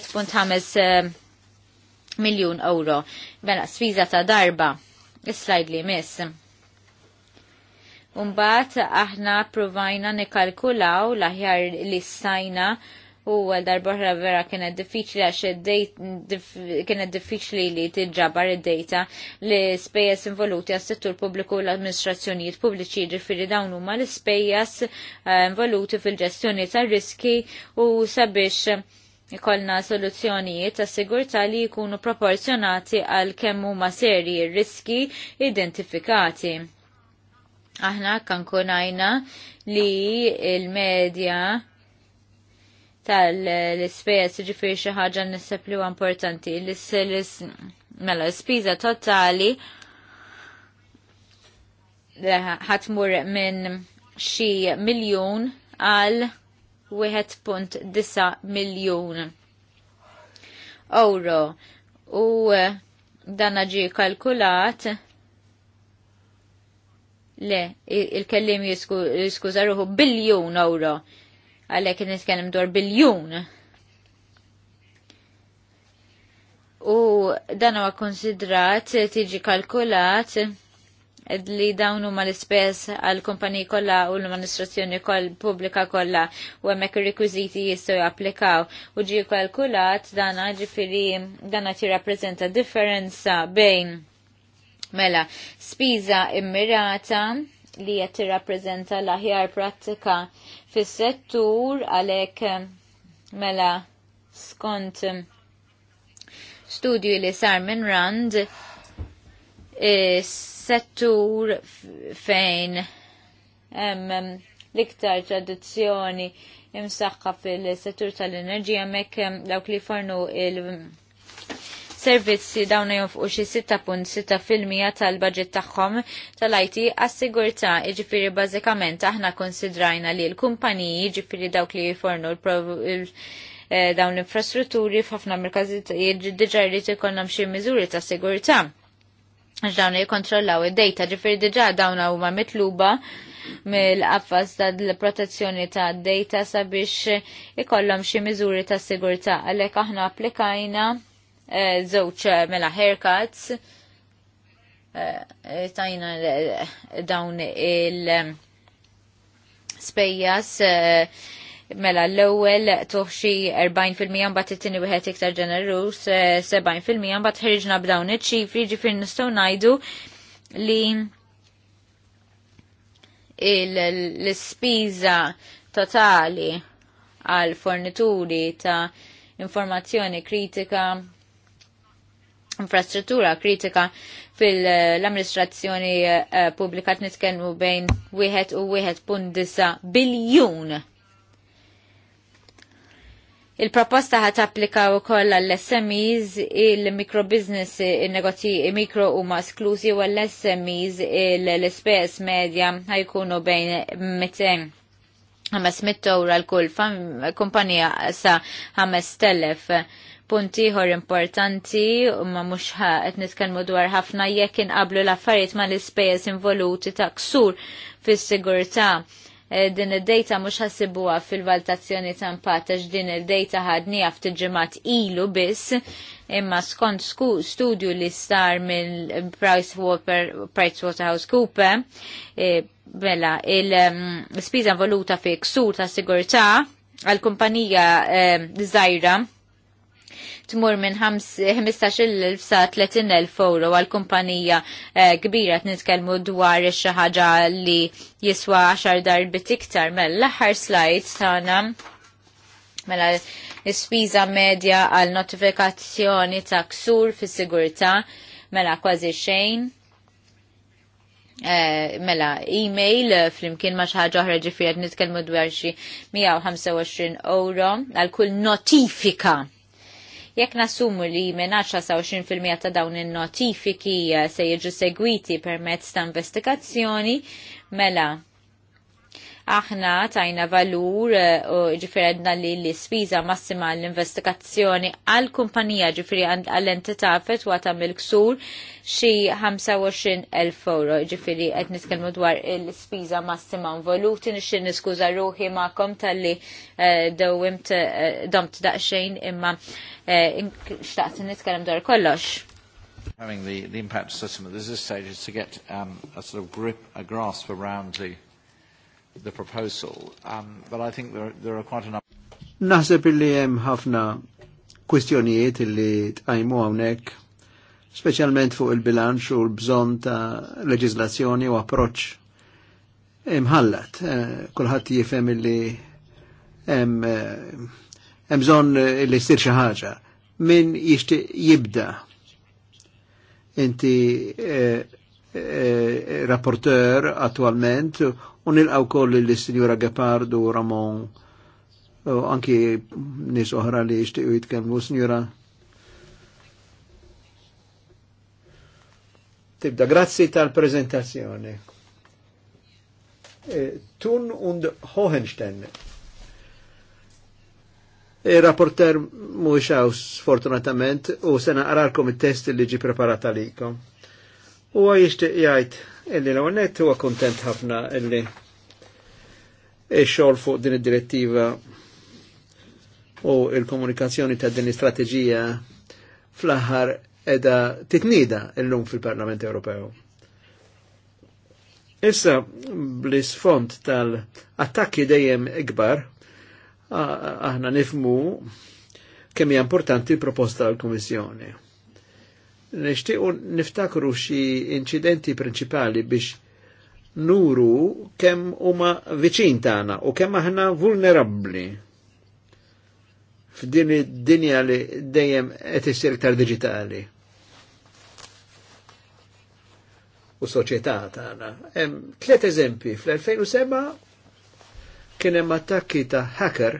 eh, miljun euro. Mela sfiża ta' darba. Is-slide li miss. Umbat aħna provajna nikalkulaw laħjar li sajna u għal darbohra vera kienet diffiċli għax kienet diffiċli li t-ġabar id-data li spejjeż involuti għas settur pubbliku u l-amministrazzjonijiet pubbliċi ġifiri dawn huma l-spejjeż eh, involuti fil-ġestjoni tar-riski u sabiex kolna soluzzjonijiet ta' sigurtà li jkunu proporzjonati għal kemmu huma serji riski identifikati. Aħna kankunajna li il-medja tal-ispejjeż ġifieri xi ħaġa niseb li huwa importanti. Mela l-ispiża totali ħatmur minn xi miljun għal 1.9 miljun euro u eh, dan ġi kalkulat le il-kellim jiskużaruhu biljun euro għalhekk nitkellem dwar biljun. U dan huwa konsidrat tiġi kalkulat li dawn huma l-ispess għal kumpaniji kollha u l-amministrazzjoni koll pubblika kollha u hemmhekk ir-rekwiżiti jistgħu japplikaw u ġie kalkulat dan ġifieri dan qed jirrappreżenta differenza bejn mela spiża immirata li qed tirrappreżenta l-aħjar prattika fis-settur għalhekk mela skont studju li sar minn Rand settur fejn hemm l-iktar tradizzjoni imsaħħa fil-settur tal-enerġija mek dawk li fornu il- servizzi dawna jonfqu xi 6.6% tal-budget tagħhom tal-IT għas-sigurtà, jiġifieri bażikament aħna konsidrajna li l-kumpaniji jiġifieri dawk li jifornu l eh, dawn l-infrastrutturi f'ħafna mill-każijiet diġà jrid ikollhom xi miżuri ta' sigurtà. Għax dawn jikkontrollaw id-dejta, ġifieri diġà dawn huma mitluba mill ta' l protezzjoni ta' data sabiex ikollhom xi miżuri ta' sigurtà għalhekk aħna applikajna żewġ eh, eh, mela haircuts eh, tajna dawn il spejjas mela l-ewwel toħxi 40% mbagħad it-tieni wieħed iktar ġenerus 70% mbagħad ħriġna b'dawn iċ-ċifri ġifier nistgħu ngħidu li l-ispiża totali għal fornituri ta' informazzjoni kritika infrastruttura kritika fil-amministrazzjoni uh, eh, pubblika nitkellmu bejn wieħed u wieħed punt biljun. Il-proposta ħat applika u koll għall-SMEs, il-microbusiness, il-negozji mikro u masklusi u għall-SMEs l-spes medja ħajkunu bejn 200 500 euro l-kull kumpanija sa 5000 punti ħor importanti u ma mux ħaqet nitkelmu dwar ħafna jekk inqablu l-affarijiet ma l-ispejjeż involuti ta' ksur fis-sigurtà. E, din id-dejta mhux ħassibuha fil valtazzjoni ta' impatt għax din id-dejta ħadni ftit ġimgħat ilu biss imma skont studju li star mill PricewaterhouseCoopers cooper bella il-spiża mm, voluta fi ksur ta' sigurtà għal kumpanija e, tmur minn 15.000 sa 30.000 euro għal kumpanija eh, kbira t-nitkelmu dwar xi ħaġa li jiswa 10 darbit iktar mell-aħħar slides tagħna mela ispiża medja għal notifikazzjoni ta' ksur fis-sigurtà mela kważi xejn. Eh, mela e-mail flimkien ma xaħġa oħra għad nitkellmu dwar xi 125 euro għal kull notifika Jekk nassumu li minn 10 20% ta' dawn in-notifiki eh, se jiġu segwiti permezz ta' investigazzjoni, mela Aħna tajna valur eh, u ġifiri għedna li l-spiża massima l-investigazzjoni għal-kumpanija ġifiri għall-entità fetwata mill-ksur xi 25,000 euro. Ġifiri għed nitkellmu dwar l spiza massima un-voluti nixin niskuza ruħi ma'kom tal-li eh, dawimt eh, domt daqxejn imma xtaqt nitkellem dwar kollox having the, the impact assessment at this stage is to get um, a sort of grip, a grasp around the the proposal, um, but I think there, there are quite a number. Naħseb illi hemm ħafna kwistjonijiet illi tqajmu hawnhekk, speċjalment fuq il-bilanċ u l-bżonn ta' leġislazzjoni u approċċ imħallat. Eh, kulħadd jifhem illi hemm eh, hemm bżonn illi jsir xi ħaġa. Min jixtieq jibda inti eh, rapporteur attualment unilqaw nilqaw koll l-Sinjura Gepardu, Ramon u anki nis oħra li jishtiqu jitkellmu Sinjura. Tibda, grazzi tal-prezentazzjoni. Eh, Tun und Hohenstein. Il-rapporter eh, e, mux sfortunatament u sena għararkom il-test li ġi preparata likom. U għajiex jgħajt illi l-għonet huwa kontent ħafna illi xol fuq din id-direttiva u il-komunikazzjoni ta' din l-istrateġija fl-aħħar edha titnida l-lum fil-Parlament Ewropew. Issa bl-isfond tal-attakki dejjem ikbar, aħna nifmu kemm hija importanti l-proposta tal-Kummissjoni. Nishtiqu niftakru xi incidenti principali biex nuru kemm huma viċin tagħna u kemm aħna vulnerabbli f'din id-dinja li dejjem qed issir iktar diġitali. U soċjetà tagħna. Hemm tliet eżempji fl-2007 kien hemm attakki ta' hacker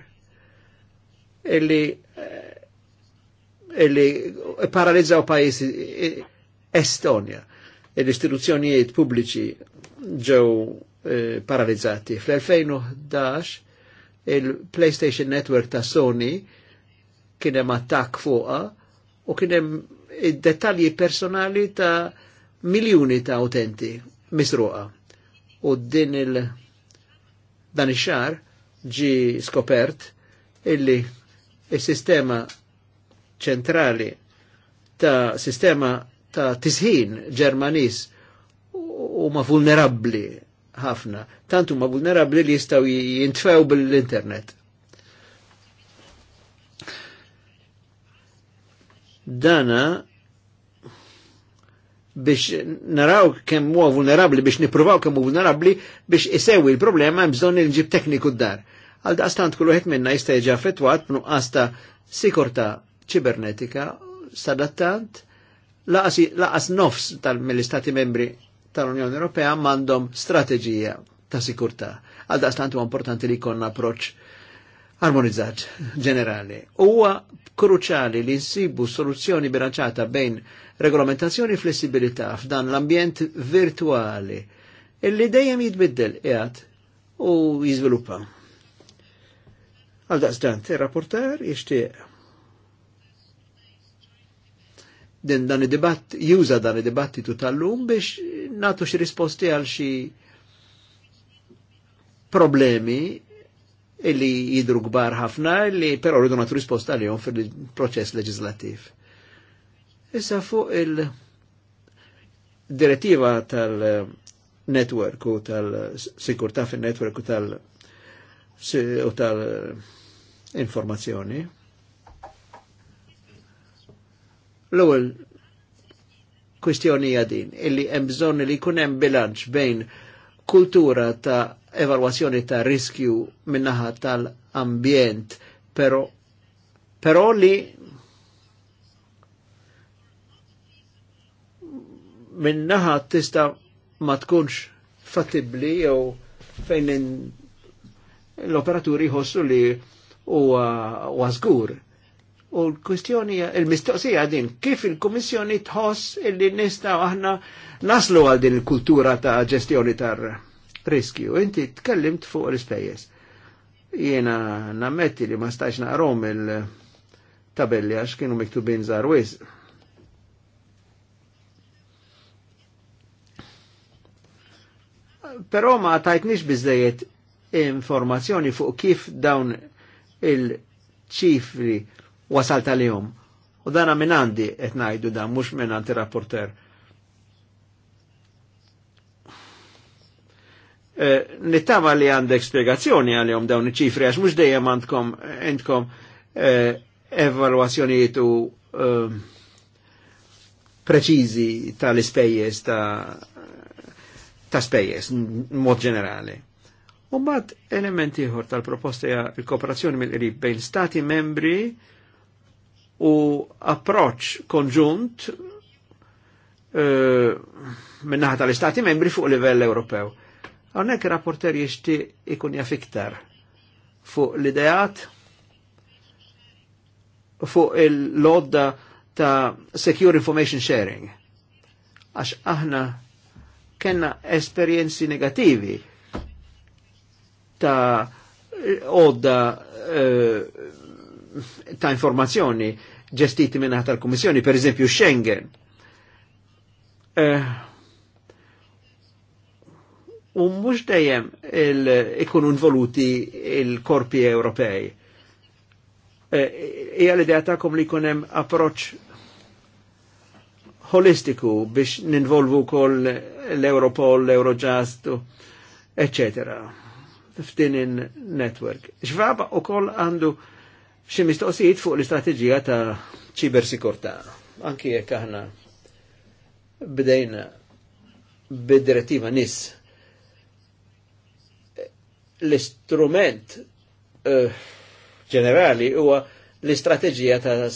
illi eh, li paralizzaw pajjiżi Estonia. L-istituzzjonijiet pubbliċi ġew eh, paralizzati. Fl-2011 il-PlayStation Network ta' Sony kien hemm attakk fuqha u kien hemm dettalji personali ta' miljuni ta' utenti misruqa. U din il dan ix-xar ġi skopert illi il-sistema ċentrali ta' sistema ta' tisħin ġermanis u ma' vulnerabli ħafna. Tantu ma' vulnerabli li jistaw jintfew bil-internet. Dana biex naraw kemm huwa vulnerabli, biex nippruvaw kemm huwa vulnerabli biex isewi l-problema hemm bżonn il tekniku d-dar. Għal daqstant kull wieħed minna jista' jiġi affettwat b'nuqqas ta' sikurta ċibernetika sadattant laqas, nofs tal-mill-Istati membri tal-Unjoni Ewropea mandom strateġija ta' sikurtà. Għal daqstant huwa importanti li jkollna approċċ armonizzat ġenerali. Huwa kruċali li nsibu soluzzjoni bilanċata bejn regolamentazzjoni e flessibilità f'dan l-ambjent virtuali illi dejjem jitbiddel qiegħed u jiżviluppa. Għaldaqstant, ir-rapporter jixtieq din dan id-dibatt, juża dan id-dibattitu tal-lum biex natu xi risposti għal xi problemi illi jidru gbar ħafna li però rridu natu risposta għalihom fil-proċess leġislattiv. Issa fuq il-direttiva tal-network u tal-sikurta fil-network u tal-informazzjoni. tal tal informazzjoni L-ewwel hija din, illi hemm bżonn li jkun hemm bilanċ bejn kultura ta' evalwazzjoni ta' riskju minnaħa tal-ambjent, però però li minnaħa tista' ma tkunx fattibbli jew fejn l-operaturi jħossu li huwa żgur. Uh, U l-kwistjoni, il-mistoqsija din, kif il-Komissjoni tħoss illi nistaw aħna naslu għal din il-kultura ta' ġestjoni tar riskju. Inti tkellimt fuq l-ispejjeż. Jiena nammetti li ma stax naqrom il-tabelli għax kienu miktubin żar Pero Però ma tajtnix bizdejiet informazzjoni fuq kif dawn il-ċifri wasalt għalihom. U dana minn għandi qed ngħidu dan mhux minn għandi rapporter. Eh, nittama li għandek spiegazzjoni għalihom dawn iċ-ċifri għax mhux dejjem għandkom għandkom eh, evalwazzjonijiet u eh, preċiżi tal-ispejjeż ta' ta' spejjeż mod ġenerali. Umbat elementi ieħor tal-proposta hija l-kooperazzjoni mill-qrib bejn stati membri u approċ konġunt uh, eh, minnaħat tal-Istati membri fuq livell Ewropew. Għonek rapporter jishti ikun jafiktar fuq l-ideat, fuq il-lodda ta' Secure Information Sharing. Għax aħna kena esperienzi negativi ta' odda uh, ta' informazzjoni ġestiti minna tal-Kummissjoni, per eżempju Schengen. Uh, u mux dejjem ikunu involuti il-korpi Ewropej. Eh, Ija l-idea ta'kom li kunem approċ holistiku biex ninvolvu kol l-Europol, l-Eurojust, eccetera f'din in-network. Xvaba u għandu xi mistoqsijiet fuq l-istrateġija ta' sikurta. Anki jekk aħna bdejna bid-direttiva nis l-istrument eh, ġenerali uh, huwa l-istrateġija ta'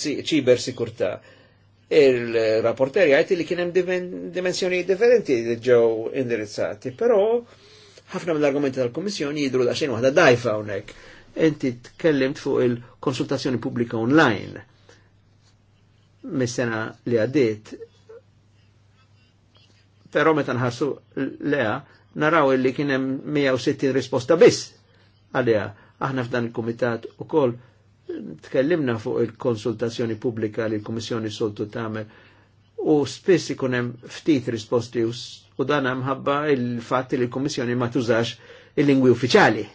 sikurta. il rapporteri għajti li kien hemm dimensjoni differenti li ġew indirizzati, però ħafna mill-argumenti tal komissjoni jidru xejn waħda dajfa hawnhekk Inti tkellimt fuq il-konsultazzjoni pubblika online. Mis-sena li għaddiet, però meta nħarsu leha naraw illi kien hemm 160 risposta biss għaliha. Aħna f'dan il-kumitat ukoll tkellimna fuq il-konsultazzjoni pubblika li l-Kummissjoni soltu tagħmel u spiss ikun hemm ftit risposti u dan hemm il-fatt li l-Kummissjoni ma tużax il-lingwi uffiċjali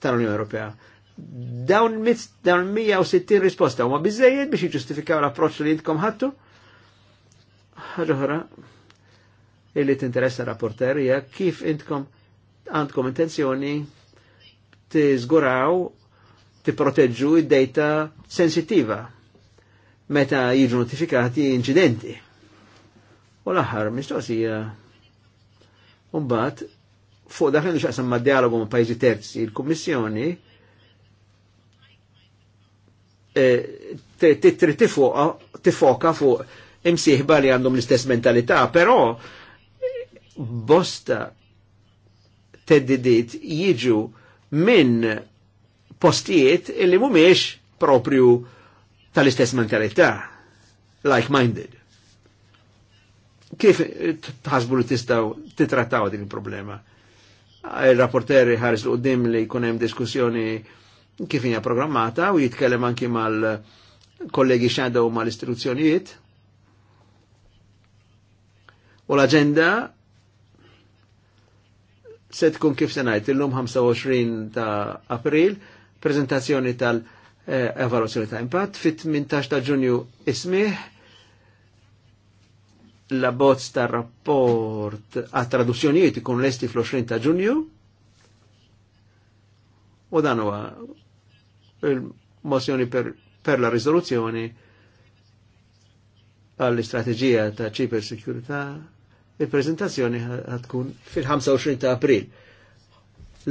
tal-Unjoni Ewropea. Dawn, dawn 160 risposta huma biżejjed biex jiġustifikaw l-approċċ li jidkom ħadtu? Ħaġa illi tinteressa rapporter hija kif intkom għandkom intenzjoni tiżguraw tipproteġġu id-data sensittiva meta jiġu notifikati incidenti. U l-aħħar mistoqsija Umbat, fuq dak li xaqsam ma' dialogu ma' pajzi terzi, il-Kummissjoni Eh, tifoka fuq imsieħba li għandhom l-istess mentalità, però bosta teddidit jiġu minn postijiet illi mumiex propju tal-istess mentalità, like-minded. Kif tħasbu li tistaw titrattaw din il-problema? Il-rapporteri ħares l-qoddim li jkun hemm diskussjoni kif hija programmata u jitkellem anki mal-kollegi u mal-istituzzjonijiet. U l-agenda se tkun kif se ngħid illum 25 ta' April, prezentazzjoni tal-evaluazzjoni ta' impatt fit-18 ta' Ġunju ismiħ, la bozz ta' rapport a traduzzjonijiet ikun lesti fl-20 ta' Ġunju. U dan huwa il-mozzjoni per, per la risoluzzjoni għall-istrateġija ta' ċiper sikurità, il-prezentazzjoni għatkun fil-25 ta' april.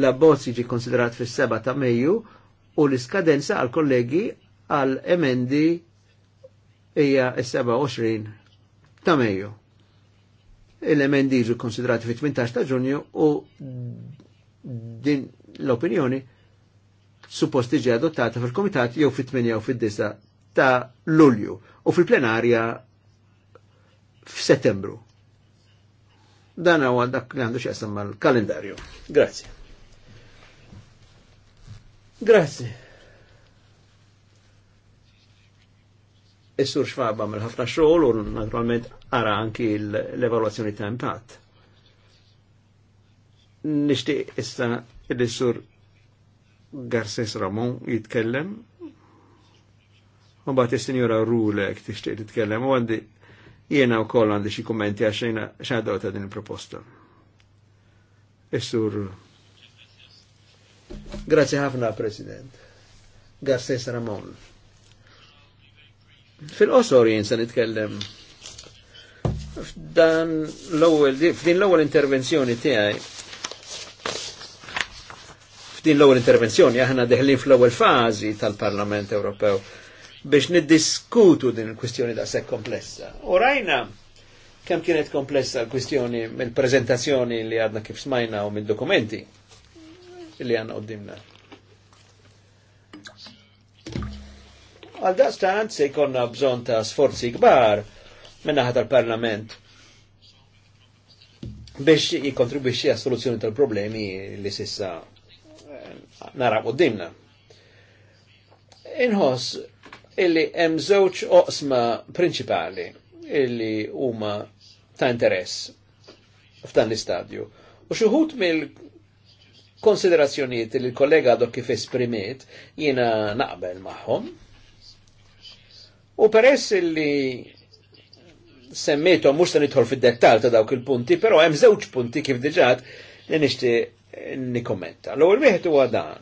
La bozzi ġi konsiderat fil-7 ta' Mejju u l-iskadenza għal kollegi għal emendi hija s-27 ta' Mejju. Il-emendi ġi konsiderati fil-18 ta' Ġunju u din l-opinjoni suppost iġi adottata fil-Komitat jew fit-8 jew fit-9 ta' Lulju u fil-plenarja f'Settembru. Dan huwa dak li għandu x'jaqsam mal-kalendarju. Grazzi. Grazzi. Is-sur xfaba mill-ħafna xogħol u naturalment ara anki l-evalwazzjoni ta' impatt. Nixtieq issa il sur Garces Ramon jitkellem, u bat il-Sinjora Rule tixtieq titkellem, u għandi jiena u koll għandi xie kommenti għaxina xadaw ta' din il-proposta. Issur. sur Grazie ħafna, President. Garces Ramon. Fil-qosor jien se nitkellem f'dan l-ewwel f'din l-ewwel intervenzjoni tiegħi f'din l-ewwel intervenzjoni aħna deħlin fl-ewwel fażi tal-Parlament Ewropew biex niddiskutu din il-kwistjoni da' sekk komplessa. U rajna kemm kienet komplessa l-kwistjoni mill-prezentazzjoni li għadna kif smajna u minn dokumenti li għanna qoddimna. Għal daqstant se jkonna bżon ta' sforzi kbar minnaħa tal-Parlament biex jikontribwixxi għas soluzzjoni tal-problemi li sissa naraw qoddimna. Inħoss illi hemm żewġ oqsma prinċipali illi huma ta' interess f'dan l-istadju. U xuħut mill konsiderazzjonijiet li l-kollega dok kif esprimiet jina naqbel maħħom. U peress illi semmietu mux ta' nidħol fid-dettal ta' dawk il-punti, pero hemm żewġ punti kif diġat li nixti nikommenta. L-ewwel wieħed huwa dan.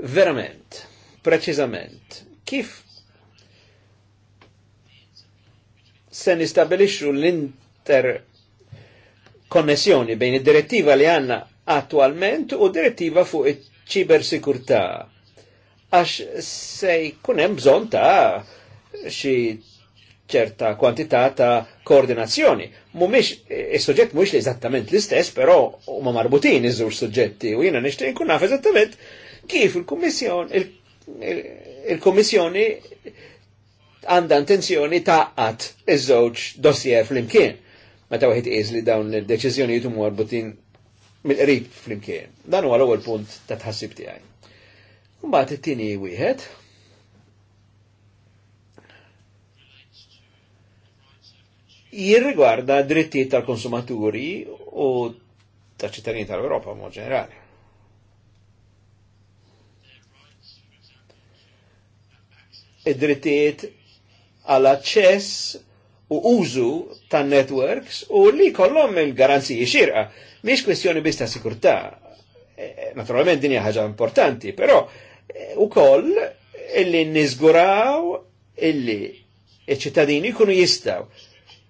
Verament, preċiżament, kif se nistabilixxu l-interkonnessjoni bejn id-direttiva li għanna attualment u direttiva fuq iċ-ċibersikurtà. Għax se jkun hemm bżonn ta' xi ċerta kwantità ta' koordinazzjoni. Mumiex, eh, il-soġġett mux li eżattament l-istess, però huma marbutin iż-żur soġġetti u jiena nixtieq nkun naf eżattament kif il-Kummissjoni il-Kummissjoni għandha għat iż-żewġ dossier flimkien. Meta wieħed qis li dawn id-deċiżjonijiet huma marbutin mill-qrib flimkien. Dan huwa l-ewwel punt ta' tħassib tiegħi. Mbagħad it-tieni wieħed jirrigwarda drittijiet tal-konsumaturi u ta' ċittadini tal-Europa mod ġenerali. Id-drittijiet għal aċċess u użu ta' networks u li kollom il-garanziji xirqa. Miex kwestjoni bista ta' sikurtà. E, e, naturalment din ħaġa importanti, però e, koll illi nizguraw illi il ċittadini kunu jistaw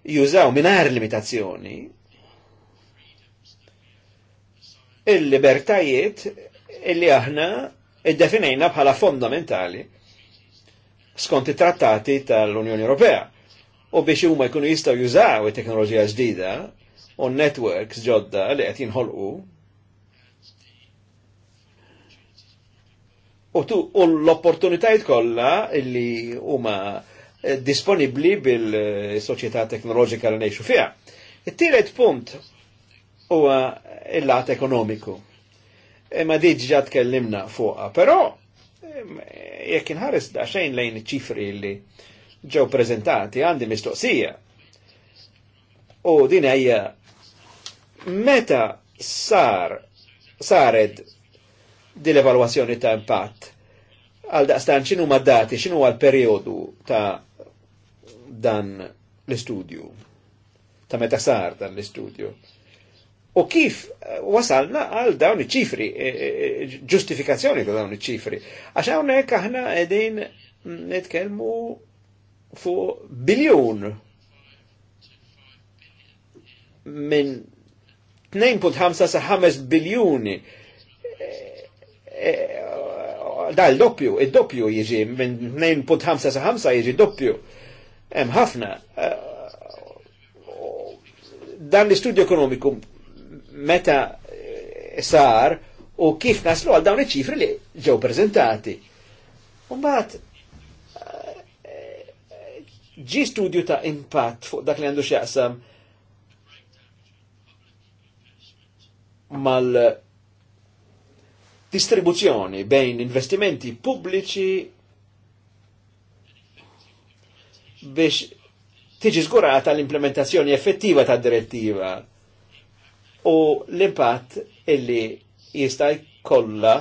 jużaw minar limitazzjoni il-libertajiet illi aħna id iddefinejna bħala fondamentali skont it-trattati tal-Unjoni Ewropea. U biex huma jkunu jistgħu jużaw it-teknoloġija ġdida u networks ġodda li qed jinħolqu u tu u l-opportunitajiet kollha illi huma Eh, disponibli bil-soċjetà teknoloġika li nejxu fija. It-tielet punt huwa il-lat ekonomiku. Ma e diġ tkellimna fuqha, però jekk inħares da xejn lejn ċifri li ġew prezentati għandi mistoqsija. U din hija meta sar saret din l-evalwazzjoni ta' impatt għal daqstan xinu maddati, dati, xinu għal periodu ta' dan l-istudju, ta' meta sar dan l-istudju. U kif wasalna għal dawn iċ-ċifri, e, e, e, ġustifikazzjoni ta' dawn iċ-ċifri. Għax hawnhekk aħna qegħdin nitkellmu fuq biljun minn 2.5 sa 5 biljuni. Da l-doppju, il doppju jieġi minn 2.5 sa 5 jieġi doppju. Hemm ħafna. Eh, dan l-istudju ekonomiku meta eh, sar u kif naslu għal dawn iċ-ċifri li ġew preżentati. Umbat, eh, ġi studju ta' impatt fuq dak li għandu xjaqsam mal distribuzzjoni bejn investimenti pubbliċi biex tiġi zgurata l-implementazzjoni effettiva ta' direttiva u l-impatt illi jistaj kolla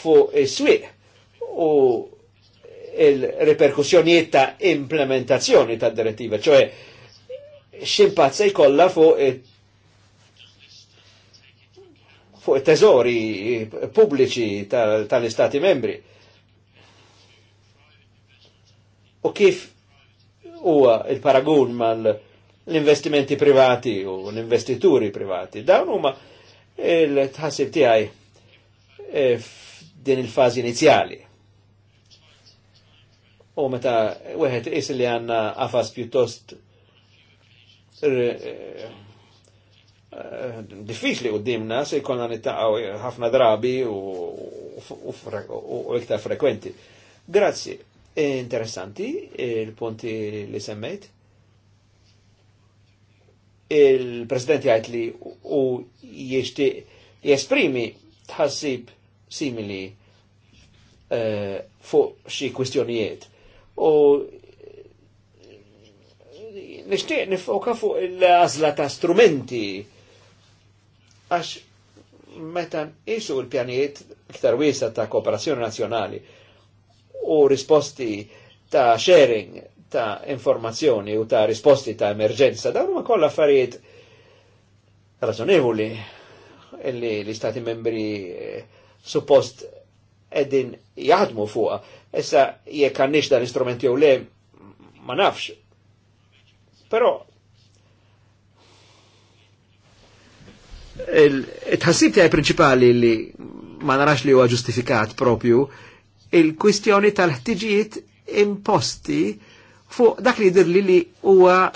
fuq is-swieq u il-reperkussjonijiet ta' implementazzjoni ta' direttiva, ċoħe ximpat se jkolla fuq fuq tesori pubbliċi tal-istati membri. u kif huwa il-paragun mal-investimenti privati u l-investituri privati. Dawn huma il-tħassib tiegħi e, din il-fażi inizjali. U meta wieħed is li għandna qafas pjuttost e, e, diffiċli qudiemna se jkollna nittaqgħu ħafna drabi u iktar frekwenti. Grazzi. Interessanti il-punti li semmejt. Il-President jgħid li u jiexti jesprimi tħassib simili uh, fuq xie kwistjonijiet. U nixtieq nifoka fuq l-azla ta' strumenti għax metan isu l-pjanijiet ktar wisa ta' kooperazzjoni nazzjonali u risposti ta' sharing ta' informazzjoni u ta' risposti ta' emerġenza, Da huma kollha affarijiet Razzonevoli li l-istati membri eh, suppost edin jaħdmu fuqa. Issa jekk għandix dan l-istrument jew le, ma nafx. Però il-tħassib tiegħi prinċipali li ma narax li huwa ġustifikat propju il-kwistjoni tal-ħtiġijiet imposti fuq dak li dirli li huwa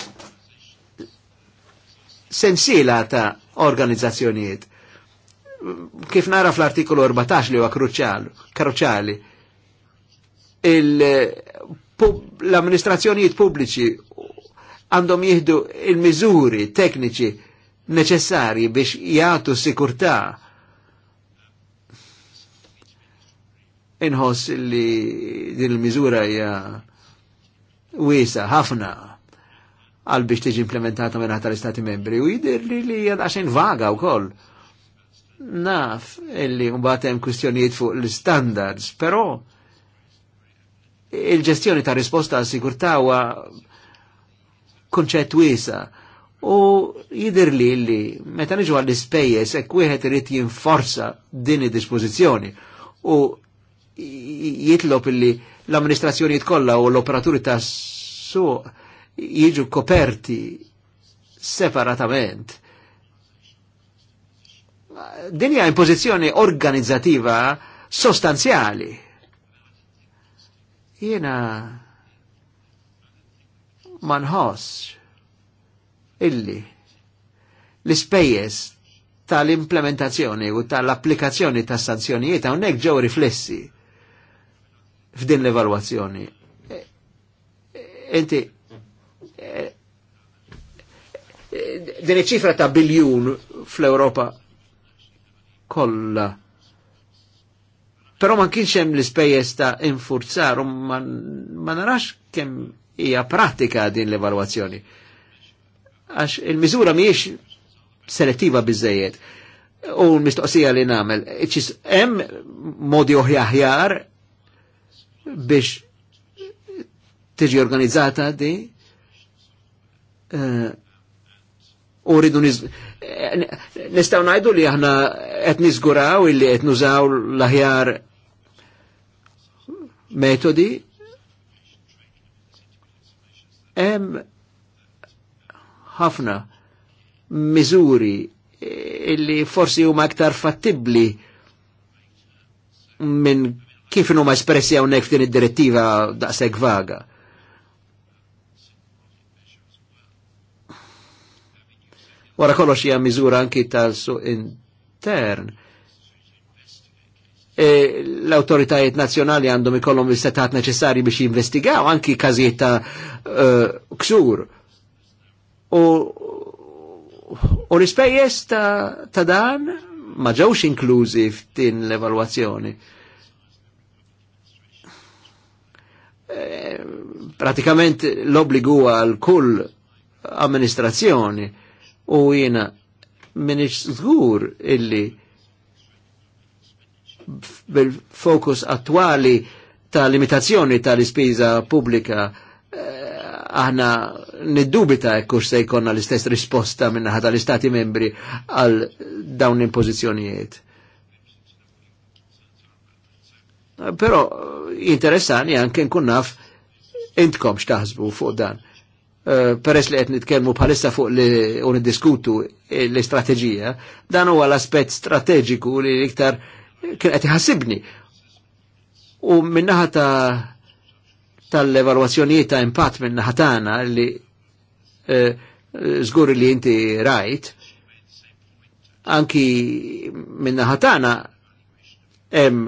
sensila ta' organizzazzjonijiet. Kif nara fl-artikolu 14 li huwa kruċali, l-amministrazzjonijiet pubbliċi għandhom jihdu il-miżuri tekniċi necessari biex jgħatu sikurtà inħoss li din il mizura hija wiesa ħafna għal biex tiġi implementata minn l istati membri u jidir li li għaxin vaga u koll. Naf illi mbatem kustjonijiet fuq l-standards, però il-ġestjoni ta' risposta għal sigurtà huwa konċett wiesa u jidir li li meta niġu għall ispejjeż hekk wieħed irid jinforza din id-dispożizzjoni u jitlob illi l-amministrazzjoni kollha u l-operaturi ta' su jiġu koperti separatament. Din hija pozizjoni organizzativa sostanzjali. Jena manħos illi l spejjes tal-implementazzjoni u tal-applikazzjoni tas sanzjonijiet hawnhekk ġew riflessi f'din l-evalwazzjoni. E, Inti e, e, din ċifra ta' biljun fl-Europa kollha. Però ma kienx hemm l-ispejjeż ta' infurzar u ma narax kemm hija pratika din l-evalwazzjoni. Għax il-miżura mhijiex selettiva biżejjed. U l-mistoqsija li nagħmel, hemm modi oħjaħjar biex tiġi organizzata di eh, u rridu eh, nistaw najdu li aħna qed niżguraw illi qed nużaw l-aħjar metodi hemm ħafna miżuri illi forsi huma aktar fattibbli minn kif huma espressi hawnhekk f'din id-direttiva daqseg vaga. Wara kollox hija miżura anki tal su intern. E, l-autoritajiet nazzjonali għandhom ikollhom l-istatat neċessarji biex jinvestigaw anki każijiet ta' uh, ksur. U, u l-ispejjeż ta, ta' dan ma ġewx inklużi f'din l-evalwazzjoni. Eh, pratikament l obligu għal kull amministrazzjoni u jina minix zgur illi bil-fokus attuali ta' limitazzjoni ta' l-ispiża pubblika eh, aħna niddubita ekkux se jkonna l-istess risposta minnaħa tal-istati membri għal dawn l-impożizzjonijiet. Però interessani anke nkun naf intkom xtaħsbu fuq dan. Eh, peress li qed nitkellmu bħalissa fuq li u niddiskutu l-istrateġija, dan huwa l-aspett strateġiku li iktar kien qed iħassibni. U minnaħa ta' tal-evalwazzjonijiet ta' impatt minnaħa tagħna li eh, żgur li inti rajt, anki minnaħa tagħna hemm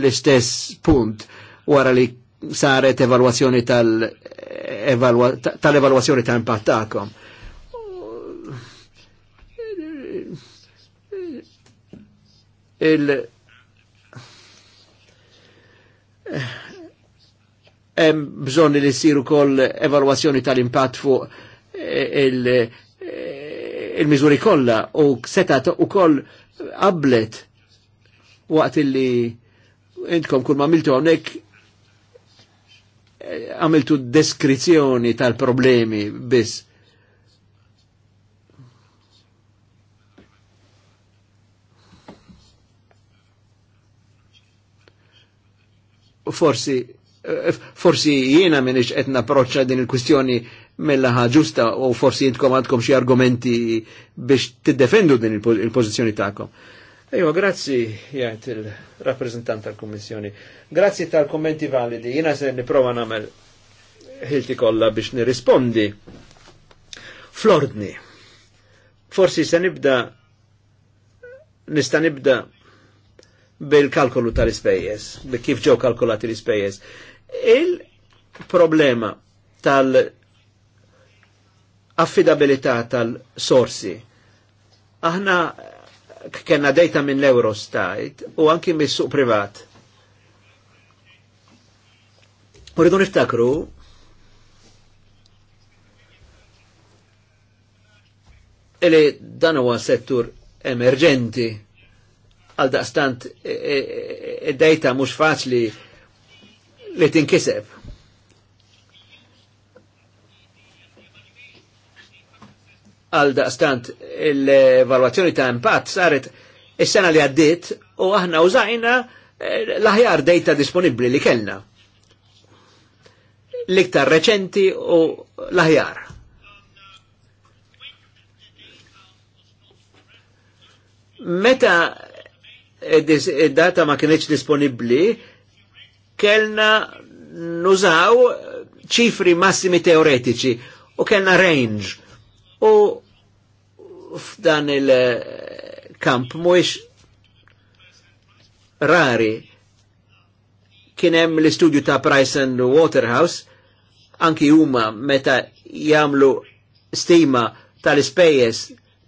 l-istess punt wara li saret evaluazzjoni tal evaluazzjoni tal impatt tagħkom. il hemm bżonn li ssiru ukoll evalwazzjoni tal-impatt fuq il-miżuri kollha u setat ukoll qablet waqt illi intkom kull ma għamiltu għonek eh, għamiltu deskrizzjoni tal-problemi biss. Forsi, eh, forsi jiena minix qed naproċċa din il-kwistjoni mill-laħa ġusta u forsi jintkom għandkom xi argumenti biex tiddefendu din il-pożizzjoni tagħkom. Ejwa, grazzi, jgħajt il-rappresentant tal-Kommissjoni. Grazzi tal-kommenti validi. Jina se niprofa namel ħilti kolla biex nirrispondi. Flordni. Forsi se nibda, nista nibda bil-kalkolu tal-ispejjes, bil kif ġew kalkulati l-ispejjes. Il-problema tal-affidabilità tal-sorsi. Aħna kena dejta minn l-Eurostat u anki minn suq privat. U rridu niftakru illi dan huwa settur emerġenti għal daqstant id-dejta e, e, e, mhux faċli li tinkiseb. Għal daqstant l-evaluazzjoni ta' impatt saret is-sena li għaddit u aħna użajna eh, l-aħjar data disponibli li kellna. L-iktar reċenti u l-aħjar. Meta id-data ma kienieċ disponibli, kellna nużaw ċifri massimi teoretiċi u kellna range u f'dan il-kamp mhuwiex rari kien hemm l-istudju ta' Price and Waterhouse anki huma meta jagħmlu stima tal-ispejjeż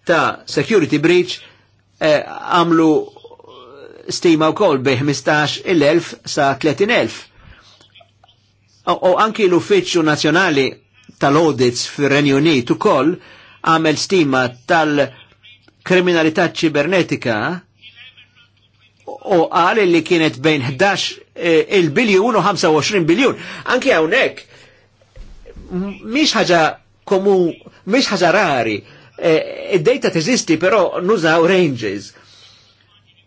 ta' security breach e, għamlu eh, stima u kol il 15.000 sa' 30.000. U anki l-Uffiċċju Nazzjonali tal-Audits fir-Renju Unit ukoll koll għamel stima tal-kriminalità ċibernetika u għal li kienet bejn 11 e, il-biljun u 25 biljun. Anki għawnek, miex ħaġa komu, miex ħaġa rari. Id-data e, teżisti però nużaw ranges.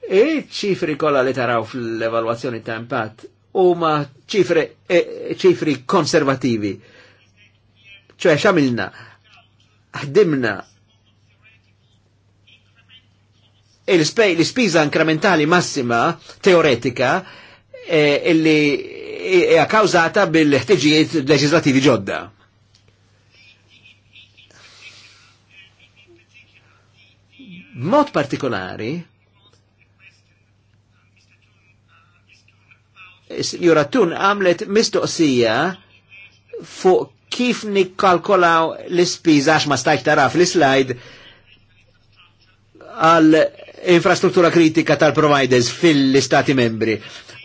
E ċifri kolla li taraw fl evaluazzjoni ta' impatt huma e, ċifri konservativi. ċoħe xamilna, ħdimna l-spiża inkrementali massima teoretika eh, illi hija kawżata bil-ħtiġijiet leġislativi ġodda. Mod partikolari, Jura Tun għamlet mistoqsija fuq kif nikkalkolaw l-ispiża għax ma stajt taraf l slide għal infrastruttura kritika tal-providers fil-istati membri.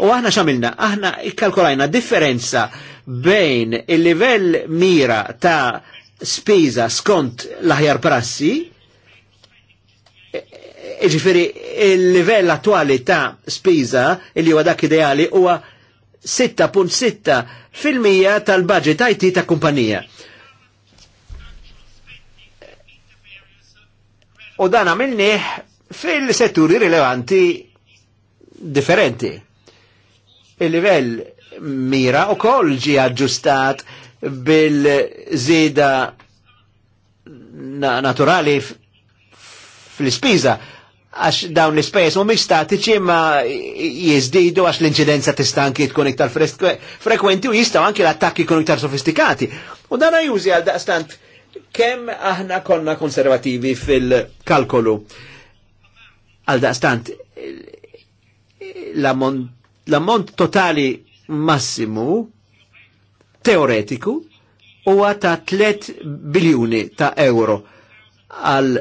U aħna xamilna, aħna ikkalkolajna differenza bejn il-livell mira ta' spiza skont l-aħjar prassi, iġifiri e-, e-, e-, il-livell attuali ta' spiża, il-li huwa dak ideali, huwa 6.6 fil-mija tal-budget IT ta' kumpanija. U dan għamilniħ fil-setturi rilevanti differenti. Il-livell mira u koll ġi aġġustat bil-zida naturali fl-ispiża għax dawn l-ispejjeż mhumiex statiċi ma jiżdiedu għax l-inċidenza tista' anki tkun iktar frekwenti u jistgħu anki l-attakki jkunu iktar sofistikati. U dan jużi għal daqstant kemm aħna konna konservativi fil-kalkolu. Għal daqstant l-ammont totali massimu teoretiku huwa ta' 3 biljuni ta' euro għal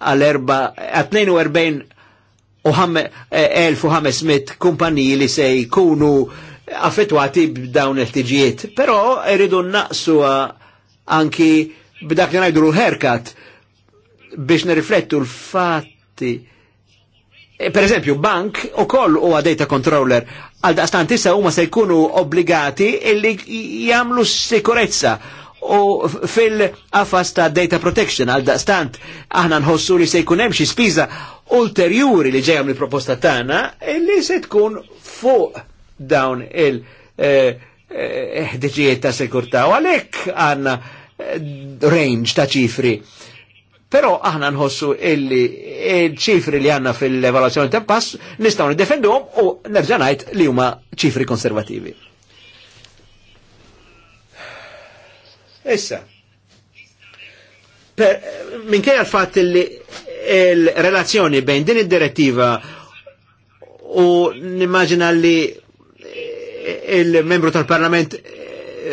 għal-42.500 erba' e, kumpaniji li se jkunu affettwati b'dawn il-tiġijiet. Però rridu naqsu anki b'dak li najdru l-herkat biex nirriflettu l-fatti. E, per eżempju, bank u koll u data controller għal daqstant issa huma se jkunu obbligati illi s sikurezza u fil-qafas ta' data protection għal daqstant aħna nħossu li se jkun hemm xi spiża ulterjuri li ġejja mill-proposta tagħna li se tkun fuq dawn il-ħdiġijiet eh, eh, ta' sekurtà u għalhekk għandna eh, range ta' ċifri. Però aħna nħossu illi ċifri li għanna fil-evaluazzjoni ta' pass nistgħu nidefenduhom u nerġa' ngħid li huma ċifri konservativi. Issa, minkejja għal-fat li il-relazzjoni bejn din id-direttiva u nimmaġina li il-membru tal-parlament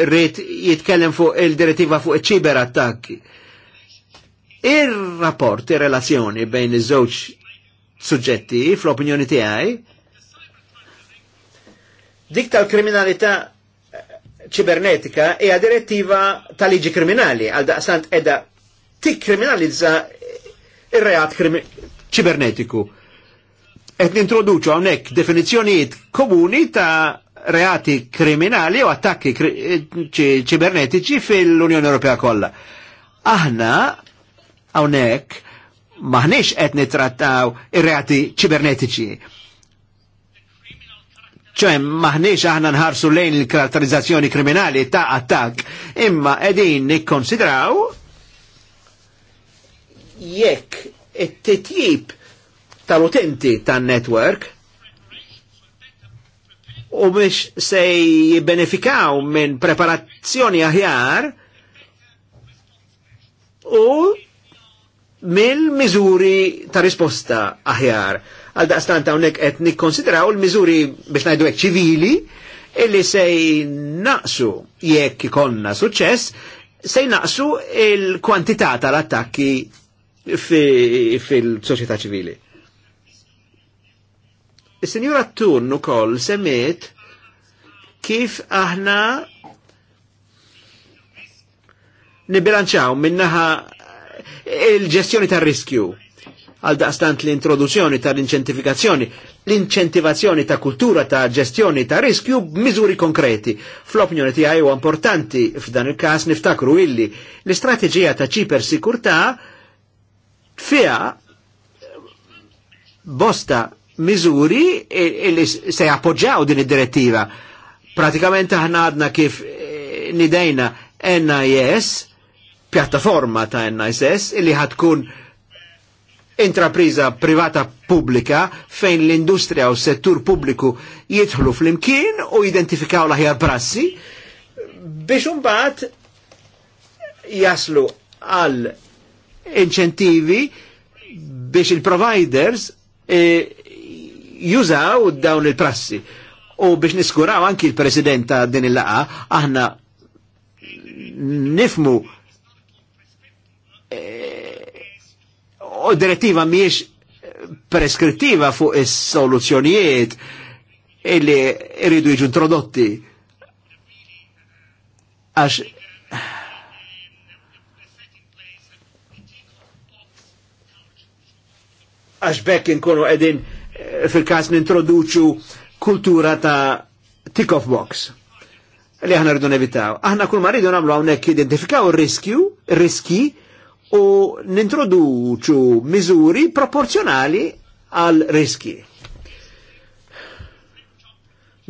rrit jitkellem fuq il-direttiva fuq il ċiber attakki. Il-rapport, il-relazzjoni bejn iż-żewġ suġġetti, fl-opinjoni tiegħi, dik tal-kriminalità ċibernetika hija direttiva tal-liġi kriminali għal daqsant edha tikkriminalizza ir-reat ċibernetiku. Et nintroduċu hawnhekk definizjoniet komuni ta' reati kriminali u attakki ċibernetiċi fil-Unjoni Ewropea kollha. Aħna hawnhekk maħniex qed nittrattaw ir-reati ċibernetiċi ċe maħniex aħna nħarsu lejn il-karatterizzazzjoni kriminali ta' attak, imma edin nikkonsidraw jekk it-titjib tal-utenti tan-network u biex se jibbenefikaw minn preparazzjoni aħjar u mill-miżuri ta' risposta aħjar. Għal daqstant hawnhekk qed nikkonsidraw il-miżuri biex ngħidu hekk ċivili illi sej naqsu jekk ikonna suċċess, sej naqsu il-kwantità tal-attakki fil-soċjetà ċivili. Is-Sinjura Turn ukoll semiet kif aħna nibilanċaw minnaħa il-ġestjoni tar-riskju għal daqstant l-introduzzjoni tal-inċentifikazzjoni, l-inċentivazzjoni ta' kultura ta' ġestjoni ta' riskju b'miżuri konkreti. Fl-opinjoni għaj u importanti f'dan il-każ niftakru illi l-istrateġija ta' ċiper sikurta fiha bosta miżuri illi se jappoġġaw din id-direttiva. Pratikament aħna għadna kif eh, nidejna NIS pjattaforma ta' NISS illi ħatkun intrapriza privata pubblika fejn l-industrija u settur pubbliku jidħlu fl-imkien u identifikaw l-aħjar prassi biex umbat jaslu għal inċentivi biex il-providers e, jużaw dawn il-prassi. U biex niskuraw anki il-president ta' din il-laqa, aħna nifmu u eh, direttiva miex preskrittiva fuq is-soluzzjonijiet illi irridu jiġu introdotti. Għax għax bekk inkunu edin eh, fil-kas nintroduċu kultura ta' tick of box li aħna rridu nevitaw. Aħna kull ma rridu namlu għawnek identifikaw il-riskju, il-riski, il riskju il riski u nintroduċu miżuri proporzjonali għal riski.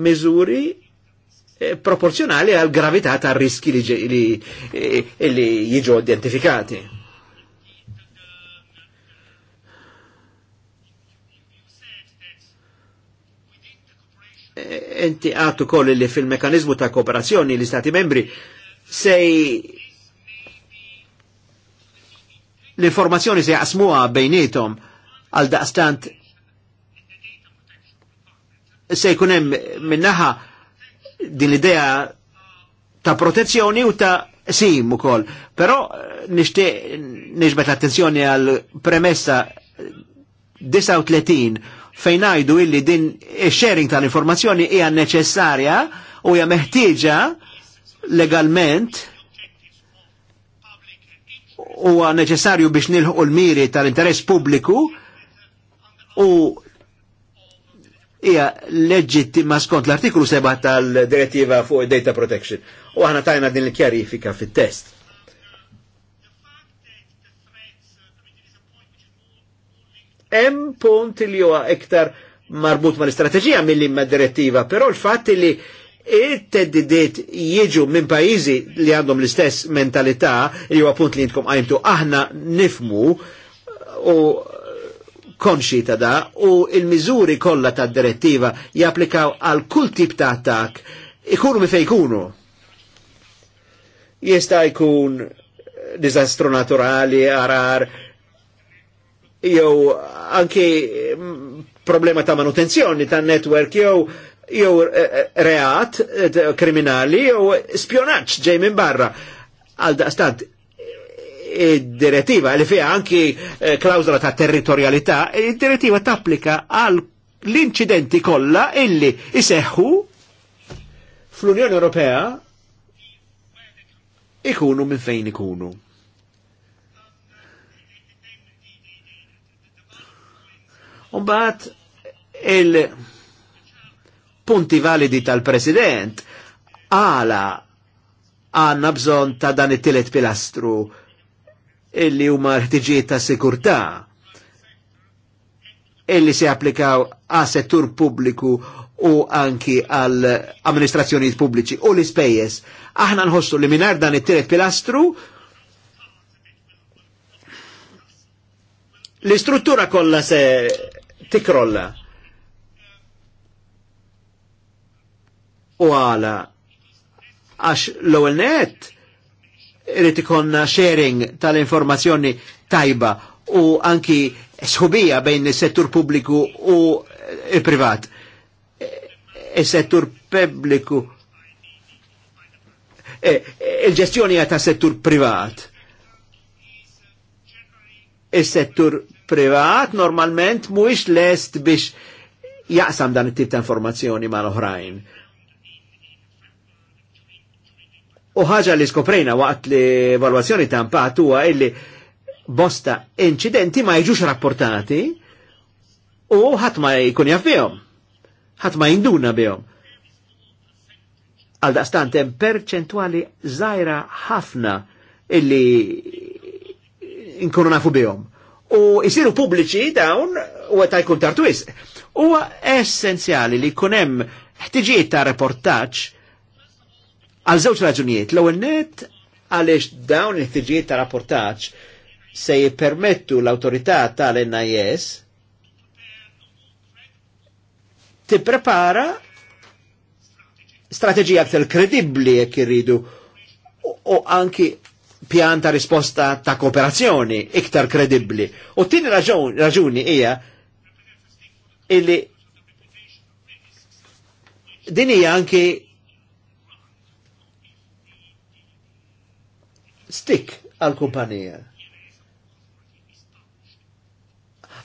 Miżuri eh, proporzjonali għal gravità tar riski li, li, eh, li jiġu identifikati. Eh, enti għattu koll li fil-mekanizmu ta' kooperazzjoni li stati membri sej l-informazzjoni se jaqsmuha bejnietom għal daqstant se jkun hemm minnaħa din l-idea ta' protezzjoni u ta' sim ukoll. Però nixtieq nixbet attenzjoni għal premessa 39 fejn ngħidu illi din sharing tal-informazzjoni hija neċessarja u hija meħtieġa legalment huwa neċessarju biex nilħu l-miri tal-interess publiku u hija leġittima skont l-artiklu 7 tal-direttiva fuq data protection. U aħna tajna din il-kjarifika fit-test. Hemm punt li huwa iktar marbut mal-istrateġija mill-imma direttiva, però l-fatt li it-teddidiet jieġu minn pajizi li għandhom l-istess mentalità, li huwa punt li jintkom għajmtu, aħna nifmu u konxi ta' da u il-miżuri kollha ta' direttiva japplikaw għal kull tip ta' attak ikunu mi fejkunu. Jista' jkun dizastru naturali, arar, jew anki problema ta' manutenzjoni ta' network jew jew eh, eh, reat eh, kriminali jew spionaċ ġej minn barra. Għal daqstant id-direttiva li fija anki klawzola ta' territorialità, id-direttiva tapplika għal l-incidenti kolla illi iseħħu fl-Unjoni Ewropea ikunu minn fejn ikunu. Umbat il- punti validi tal-President, għala għanna bżon ta' dan it-tielet pilastru illi huma ħtiġijiet ta' sikurtà illi se applikaw għas settur pubbliku u anki għal amministrazzjonijiet pubbliċi u l-ispejjeż. Aħna nħossu li minar dan it-tielet pilastru l-istruttura kollha se tikrolla u għala għax l-ewwel net irid ikonna sharing tal-informazzjoni tajba u anki sħubija bejn is-settur pubbliku u eh, privat. Eh, is-settur publiku eh, il-ġestjoni għata settur privat. Is-settur privat normalment mhuwiex lest biex jaqsam dan it-tip ta' informazzjoni mal-oħrajn U ħaġa li skoprejna waqt li valwazzjoni ta' impatt huwa illi bosta incidenti ma jiġux rapportati u ħadd ma jkun jaf bihom. Ħadd ma jinduna bihom. Għal daqstant hemm perċentwali żgħira ħafna illi nkunu nafu bihom. U jisiru pubbliċi dawn u ta' jkun tartwis. Huwa essenzjali li jkun hemm ħtiġijiet ta' reportaġġ Għal zewċ raġunijiet, l net għalix dawn it-tiġijiet ta' rapportaċ se jipermettu l autorità tal-NIS prepara strategija aktar kredibli jekk irridu u anki pjanta risposta ta' kooperazzjoni iktar kredibli. U tini tieni raġuni hija illi din hija anki stick għal-kumpanija.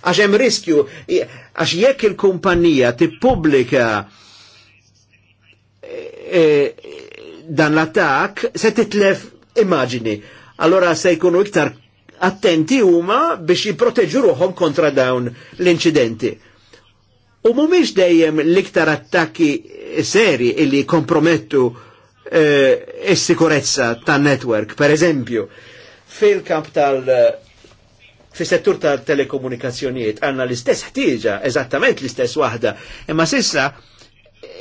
Għax hemm riskju, għax jekk il-kumpanija tippubblika e, e dan l-attak, se titlef immaġini. Allora se jkunu iktar attenti huma biex jipproteġu ruħom kontra dawn l-inċidenti. U mumiex dejjem l-iktar attakki seri illi kompromettu is-sikurezza eh, e tan-network, per eżempju, fil-kamp tal- eh, fi settur tal-telekomunikazzjonijiet għanna l-istess ħtieġa, eżattament l-istess waħda, imma sissa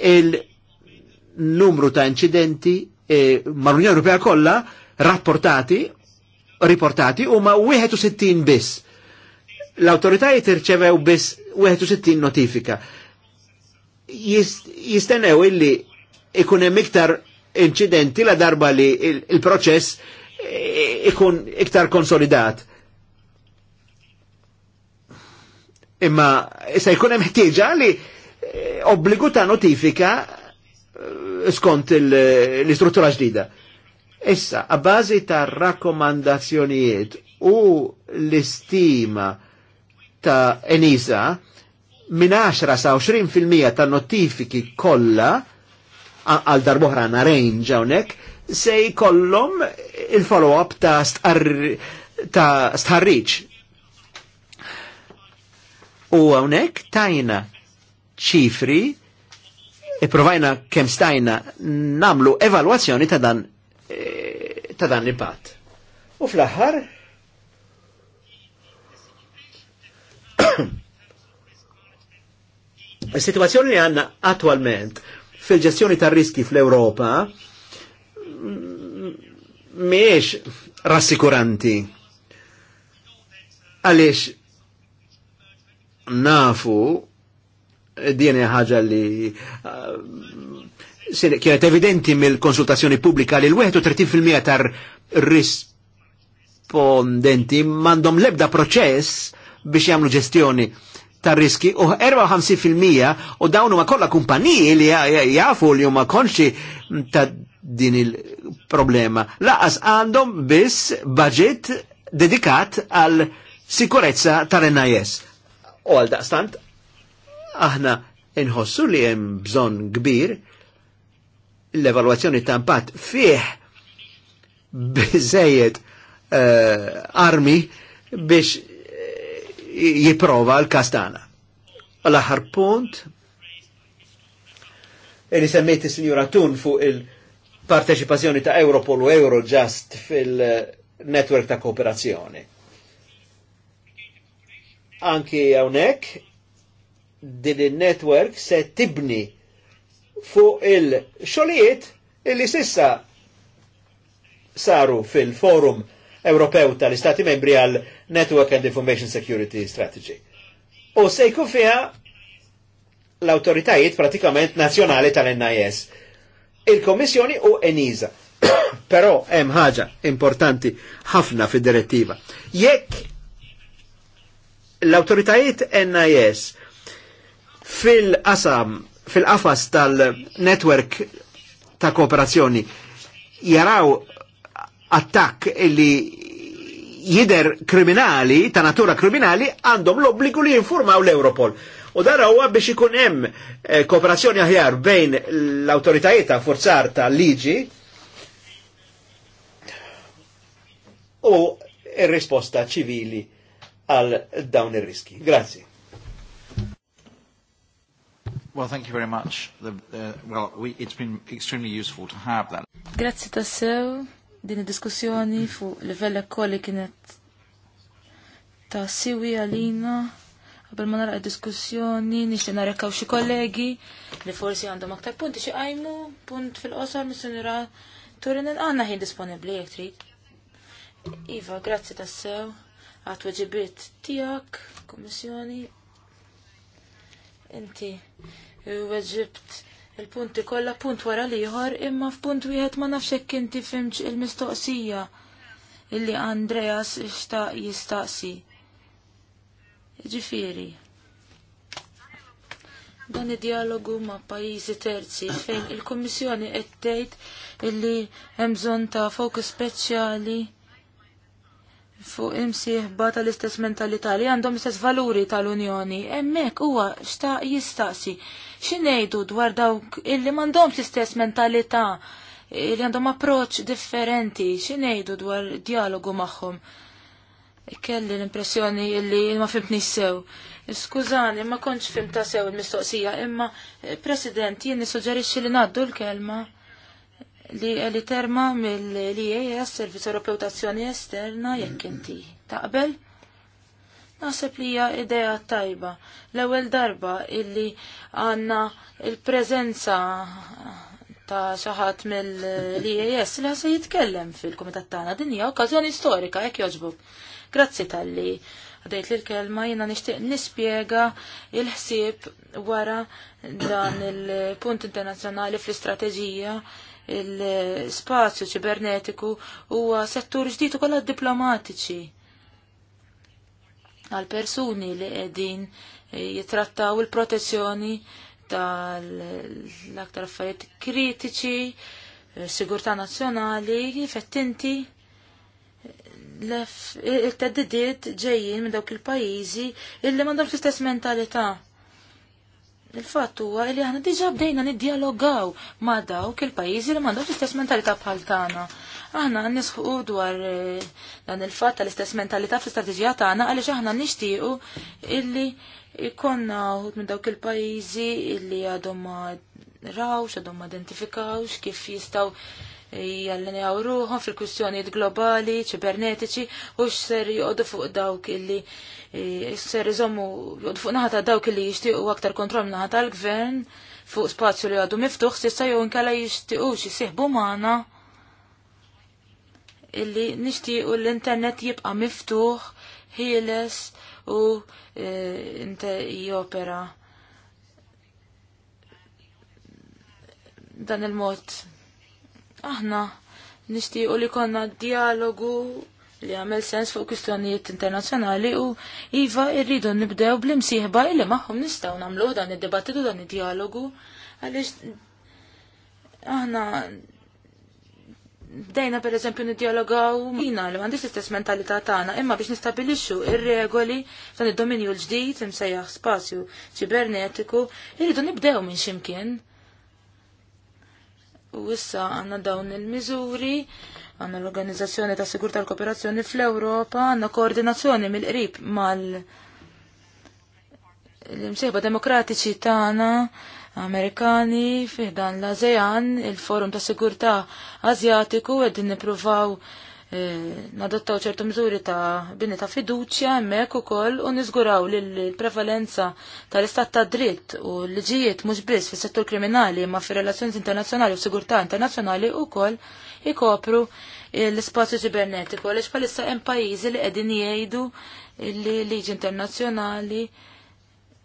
il-numru ta' incidenti e, mal-Unjoni Europea kollha rapportati, riportati huma 61 biss. L-autoritajiet irċevew biss 61 notifika. jistenew illi ikun hemm iktar incidenti la darba li il-proċess il ikun iktar konsolidat. Imma issa jkun hemm ħtieġa li eh, obbligu ta' notifika eh, skont l-istruttura ġdida. Issa, a bażi ta' rakkomandazzjonijiet u l-istima ta' Enisa minn 10 sa' 20% ta' notifiki kollha għal darboħra na range għonek, se jkollhom il-follow-up ta' stħarriċ. U għonek tajna ċifri, e provajna kem stajna namlu evalwazzjoni ta' dan e, ta' dan l-impatt. U fl-aħħar sitwazzjoni li għanna attualment fil-ġestjoni tar riski fl-Europa miex rassikuranti. Għaliex nafu din ħaġa li uh, kienet evidenti mill-konsultazzjoni pubblika li l-31% tar rispondenti mandom lebda proċess biex jagħmlu ġestjoni ta' riski u 54% u dawnu ma kolla kumpaniji li jafu li ma konxi ta' din il-problema. Laqas għandhom biss budget dedikat għal sikurezza tal-NIS. U għal daqstant, aħna inħossu li hemm bżonn kbir l-evalwazzjoni ta' impatt fih biżejjed uh, armi biex jiprova l-kastana. L-aħar punt, li semmejti signora Tun fuq il-parteċipazzjoni ta' Europol u Eurojust fil-network ta' kooperazzjoni. Anki hawnhekk din il-network se tibni fuq il-xolijiet illi sissa saru fil-forum Ewropew tal-Istati membri għal Network and Information Security Strategy. U sejku fija fiha l-autoritajiet pratikament nazzjonali tal-NIS. Il-Kommissjoni u ENISA. Però hemm ħaġa importanti ħafna fid-direttiva. Jekk l-autoritajiet NIS fil-qasam fil-qafas tal-network ta' kooperazzjoni jaraw attakk illi jider kriminali, ta' natura kriminali, għandhom l-obbligu li jinformaw l-Europol. U dara huwa biex ikun hemm eh, kooperazzjoni aħjar bejn l-awtoritajiet ta' forzar ta' liġi u r-risposta ċivili għal dawn ir-riski. Grazzi. Well, thank you very much. The, uh, well, we, it's been extremely useful to have that. Grazie tassew. Din id-diskussjoni fuq livell ekkoli kienet ta' siwi għalina. Qabel ma naraq diskussjoni, nixtieq narekaw xi kollegi li forsi għandhom aktar punti xi qajmu, punt fil-qosor mis-sinira Turin għanna ħin disponibbli jekk trid. Iva, grazzi sew, għat weġibiet tiegħek, komissjoni, Inti weġibt il-punti kollha punt wara liħor imma f'punt wieħed ma nafx hekk inti fimx il-mistoqsija illi Andreas xtaq jistaqsi. Ġifiri. Dan id-dialogu ma' pajjiżi terzi fejn il-Kummissjoni qed tgħid illi hemm bżonn ta' fokus speċjali fuq bata l istess mentalità li għandhom istess valuri tal-Unjoni, emmek huwa xta jistaqsi xinejdu dwar dawk illi l istess mentalità li għandhom approċ differenti, xinejdu dwar dialogu magħhom. Kelli l-impressjoni illi ma fimtni sew. Skużani, ma konċ fim ta' sew il-mistoqsija, imma eh, President, jien suġġerixxi li naddu l-kelma li li terma mill-IAS, Servizz Ewropew ta' Azzjoni Esterna, jekk inti taqbel. Naħseb li hija idea tajba. L-ewwel darba illi għandna il-preżenza ta' xaħat mill-IAS li se jitkellem fil-Kumitat tagħna din hija okkażjoni storika jekk jogħġbok. Grazzi tal-li għadajt li l-kelma jina nishtiq nispiega il-ħsieb wara dan il-punt internazjonali fl-istrateġija il-spazju ċibernetiku huwa settur ġdid ukoll diplomatiċi għal persuni li qegħdin jitrattaw il-protezzjoni tal-aktar affarijiet kritiċi, sigurtà nazzjonali, fettinti il-teddidiet ġejjin minn dawk il-pajjiżi illi m'għandhom l-istess mentalità. Il-fatt huwa li aħna diġà bdejna niddialogaw ma' dawk il-pajjiżi li m'għandhomx l-istess mentalità bħal tagħna. Aħna nisħu dwar eh, dan il-fatt tal-istess mentalità fl-istrateġija tagħna għaliex aħna nixtiequ illi jkollna wħud minn dawk il-pajjiżi illi għadhom ma rawx, għadhom ma identifikawx kif jistgħu jallin ruħom fil-kwistjonijiet globali, ċibernetiċi, u x-ser fuq dawk illi e, ser jizomu joqdu fuq naħata dawk illi jishtiqu aktar kontrol naħata l-gvern fuq spazju li għadu miftuħ, sissa jow nkella jishtiqu xisiħbu maħna illi nishtiqu l-internet jibqa miftuħ, hiles u e, inte jopera. Dan il-mod Aħna nixtiequ li konna dialogu li għamel sens fuq kwistjonijiet internazzjonali u iva irridu nibdew bl-imsieħba li magħhom nistgħu nagħmlu dan id-dibattitu dan id-dialogu għaliex aħna bdejna per eżempju niddialogaw jina li m'għandix l-istess mentalità tagħna, imma biex nistabilixxu ir-regoli dan id-dominju l-ġdid imsejjaħ spazju ċibernetiku, irridu nibdew minn ximkien. U issa għanna dawn il-miżuri, għanna l-Organizzazzjoni ta' Sigur tal-Kooperazzjoni fl-Ewropa, għanna koordinazzjoni mill-qrib mal l-imsieħba demokratiċi tagħna Amerikani fiħdan l-ASEAN, il-Forum ta' Sigurtà Azjatiku qegħdin nippruvaw Eh, nadottaw ċertu mżuri ta' bini ta' fiduċja hemmhekk ukoll u niżguraw li l-prevalenza tal-istat ta' dritt u l-liġijiet mhux biss fis-settur kriminali ma' fir-relazzjoni internazzjonali u sigurtà internazzjonali koll ikopru l spazju ċibernetiku għalix bħalissa hemm pajjiżi li qegħdin jgħidu li liġi internazzjonali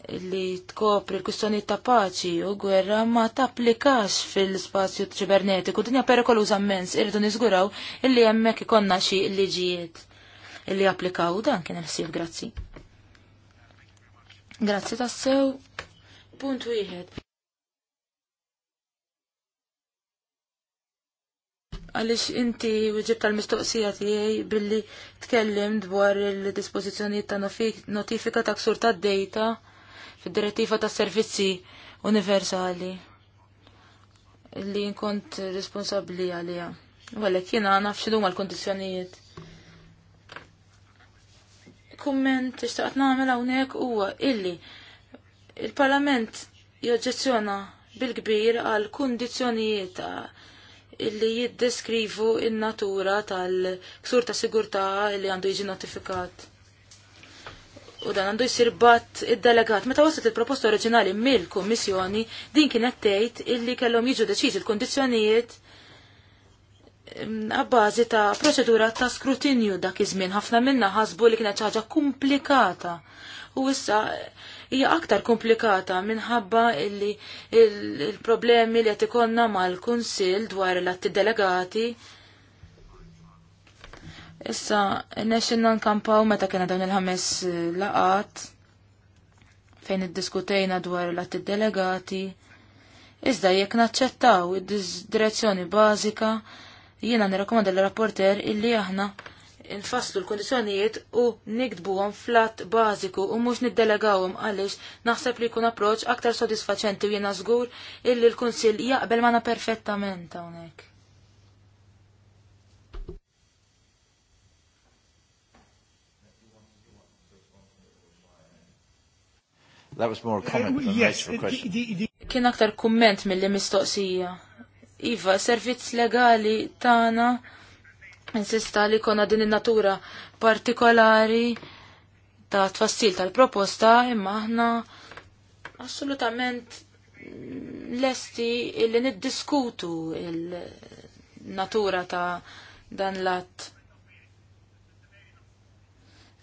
li tkopri l-kustjoni ta' paċi u gwerra ma tapplikax fil-spazju ċibernetiku. Dinja perikoluża mens, irridu niżguraw illi hemmhekk ikonna xi liġijiet illi applikaw dan kien il-ħsieb grazzi. Grazzi tassew. Punt wieħed. Għalix inti uġib tal-mistoqsija tiegħi billi tkellim dwar il-dispożizzjonijiet ta' notifika ta' ksur ta' data fid-direttiva ta' servizzi universali li nkont responsabli għalija. Għalek jena naf xidu ma l-kondizjonijiet. Kumment ixtaqt namel hawnhekk huwa illi il-Parlament joġġezzjona bil-kbir għal kondizjonijiet illi jiddeskrivu in-natura tal-ksur ta' sigurtà illi għandu jiġi notifikat u dan għandu jsir bat id-delegat. Meta waslet il-proposta oriġinali mill-Kummissjoni din kienet tgħid illi kellhom jiġu deċiżi l-kundizzjonijiet għabbażi ta' proċedura ta' skrutinju dak iż-żmien ħafna minna ħasbu li kienet ħaġa komplikata. U issa hija aktar komplikata minħabba illi il-problemi li qed ikonna mal-Kunsill dwar l-atti delegati Issa, nesċinna nkampaw meta kena dawn il-ħames eh, laqat fejn id-diskutejna dwar l delegati Iżda jekk naċċettaw id-direzzjoni bażika, jiena nirrakkomanda l-rapporter illi aħna nfasslu l-kondizjonijiet u nikdbuhom flat bażiku u mhux niddelegawhom għaliex naħseb li jkun approċċ aktar sodisfaċenti u jiena żgur illi l-Kunsill jaqbel magħna perfettament hawnhekk. That was more comment than yes, a question. Kien aktar kumment mill-li mistoqsija. Iva, servizz legali tana insista li kona din in-natura partikolari ta' tfassil tal-proposta imma aħna assolutament lesti li niddiskutu il-natura ta' dan l-att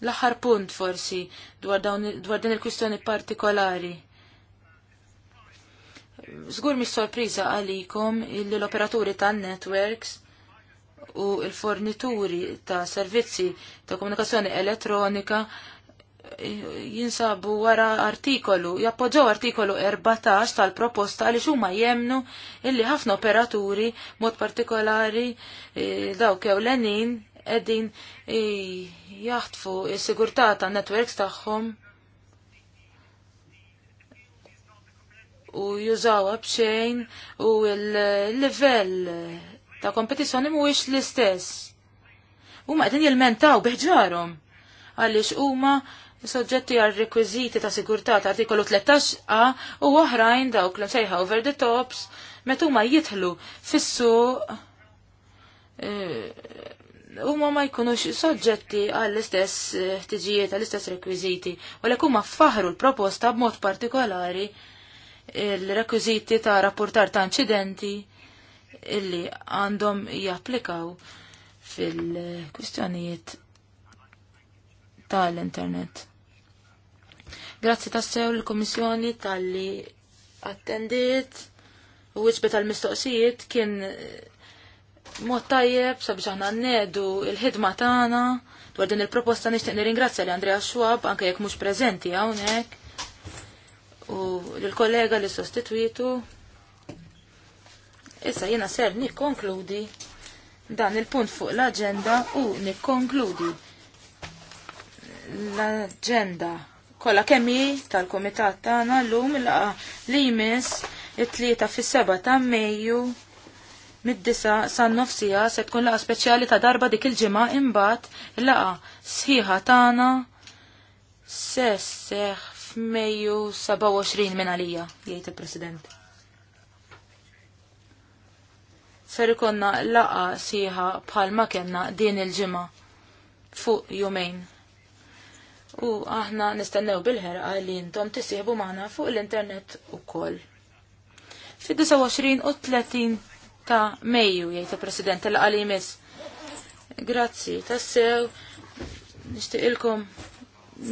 L-aħħar punt forsi dwar, dwar din il-kwistjoni partikolari. Zgur mi sorpriża għalikom illi l-operaturi tan networks u il-fornituri ta' servizzi ta' komunikazzjoni elettronika eh, jinsabu wara artikolu, jappoġġaw artikolu 14 tal-proposta li xuma jemnu illi ħafna operaturi mod partikolari eh, dawk ewlenin edin eh, jaħtfu s-sigurtà tan-netwerks tagħhom u jużawha b'xejn u l-livell ta' kompetizzjoni mhuwiex l-istess. Huma qegħdin jilmentaw biħġarhom għaliex huma soġġetti għal rekwiżiti ta' sigurtà ta' artikolu 13a u oħrajn dawk li sejħa over the tops meta huma jidħlu fis-suq eh, huma ma jkunux soġġetti għall-istess eh, ħtiġijiet, għall-istess rekwiżiti, u l huma faħru l-proposta b'mod partikolari il-rekwiżiti ta' rapportar ta' incidenti illi għandhom japplikaw fil-kwistjonijiet tal-internet. Grazzi tassew l-Komissjoni tal-li attendiet u wieġbet tal-mistoqsijiet kien mod tajjeb sabiex aħna nnedu il-ħidma tagħna dwar din il-proposta nixtieq nirringrazzja li Andrea Schwab anke jekk mhux preżenti hawnhekk u lill-kollega li sostitwitu. Issa jiena ser nikkonkludi dan il-punt fuq l-aġenda u nikkonkludi l-aġenda kollha kemm tal-kumitat tagħna llum il laqgħa li jmiss it-tlieta fis-seba' ta' Mejju mid-disa san nofsija se tkun laqa speċjali ta' darba dik il-ġimgħa imbagħad laqa sħiħa tagħna se seħ f'Mejju 27 minn għalija, jgħid il-President. Ser ikonna laqa sħiħa bħalma kellna din il-ġimgħa fuq jumejn. U aħna nistennew bil-ħerqa li intom tisieħbu magħna fuq l-internet ukoll. Fid-29 u 30 ta' Meju, jgħid il-President tal-qali jmiss. Grazzi, tassew, nishtiqilkom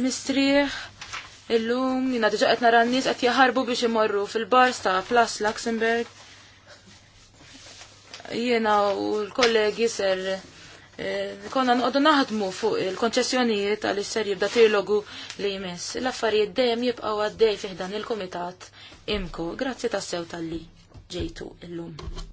mistrieħ, illum, jina diġa qed nara n-nies qed jaħarbu biex imorru fil-bars ta' Plas Luxemburg. Jiena u l-kollegi ser eh, konna nqodu naħdmu fuq il-konċessjonijiet għal ser jibda trilogu li jmiss. L-affarijiet dejjem jibqgħu għaddej fih dan il-kumitat imku. Grazzi tassew tal-li ġejtu illum.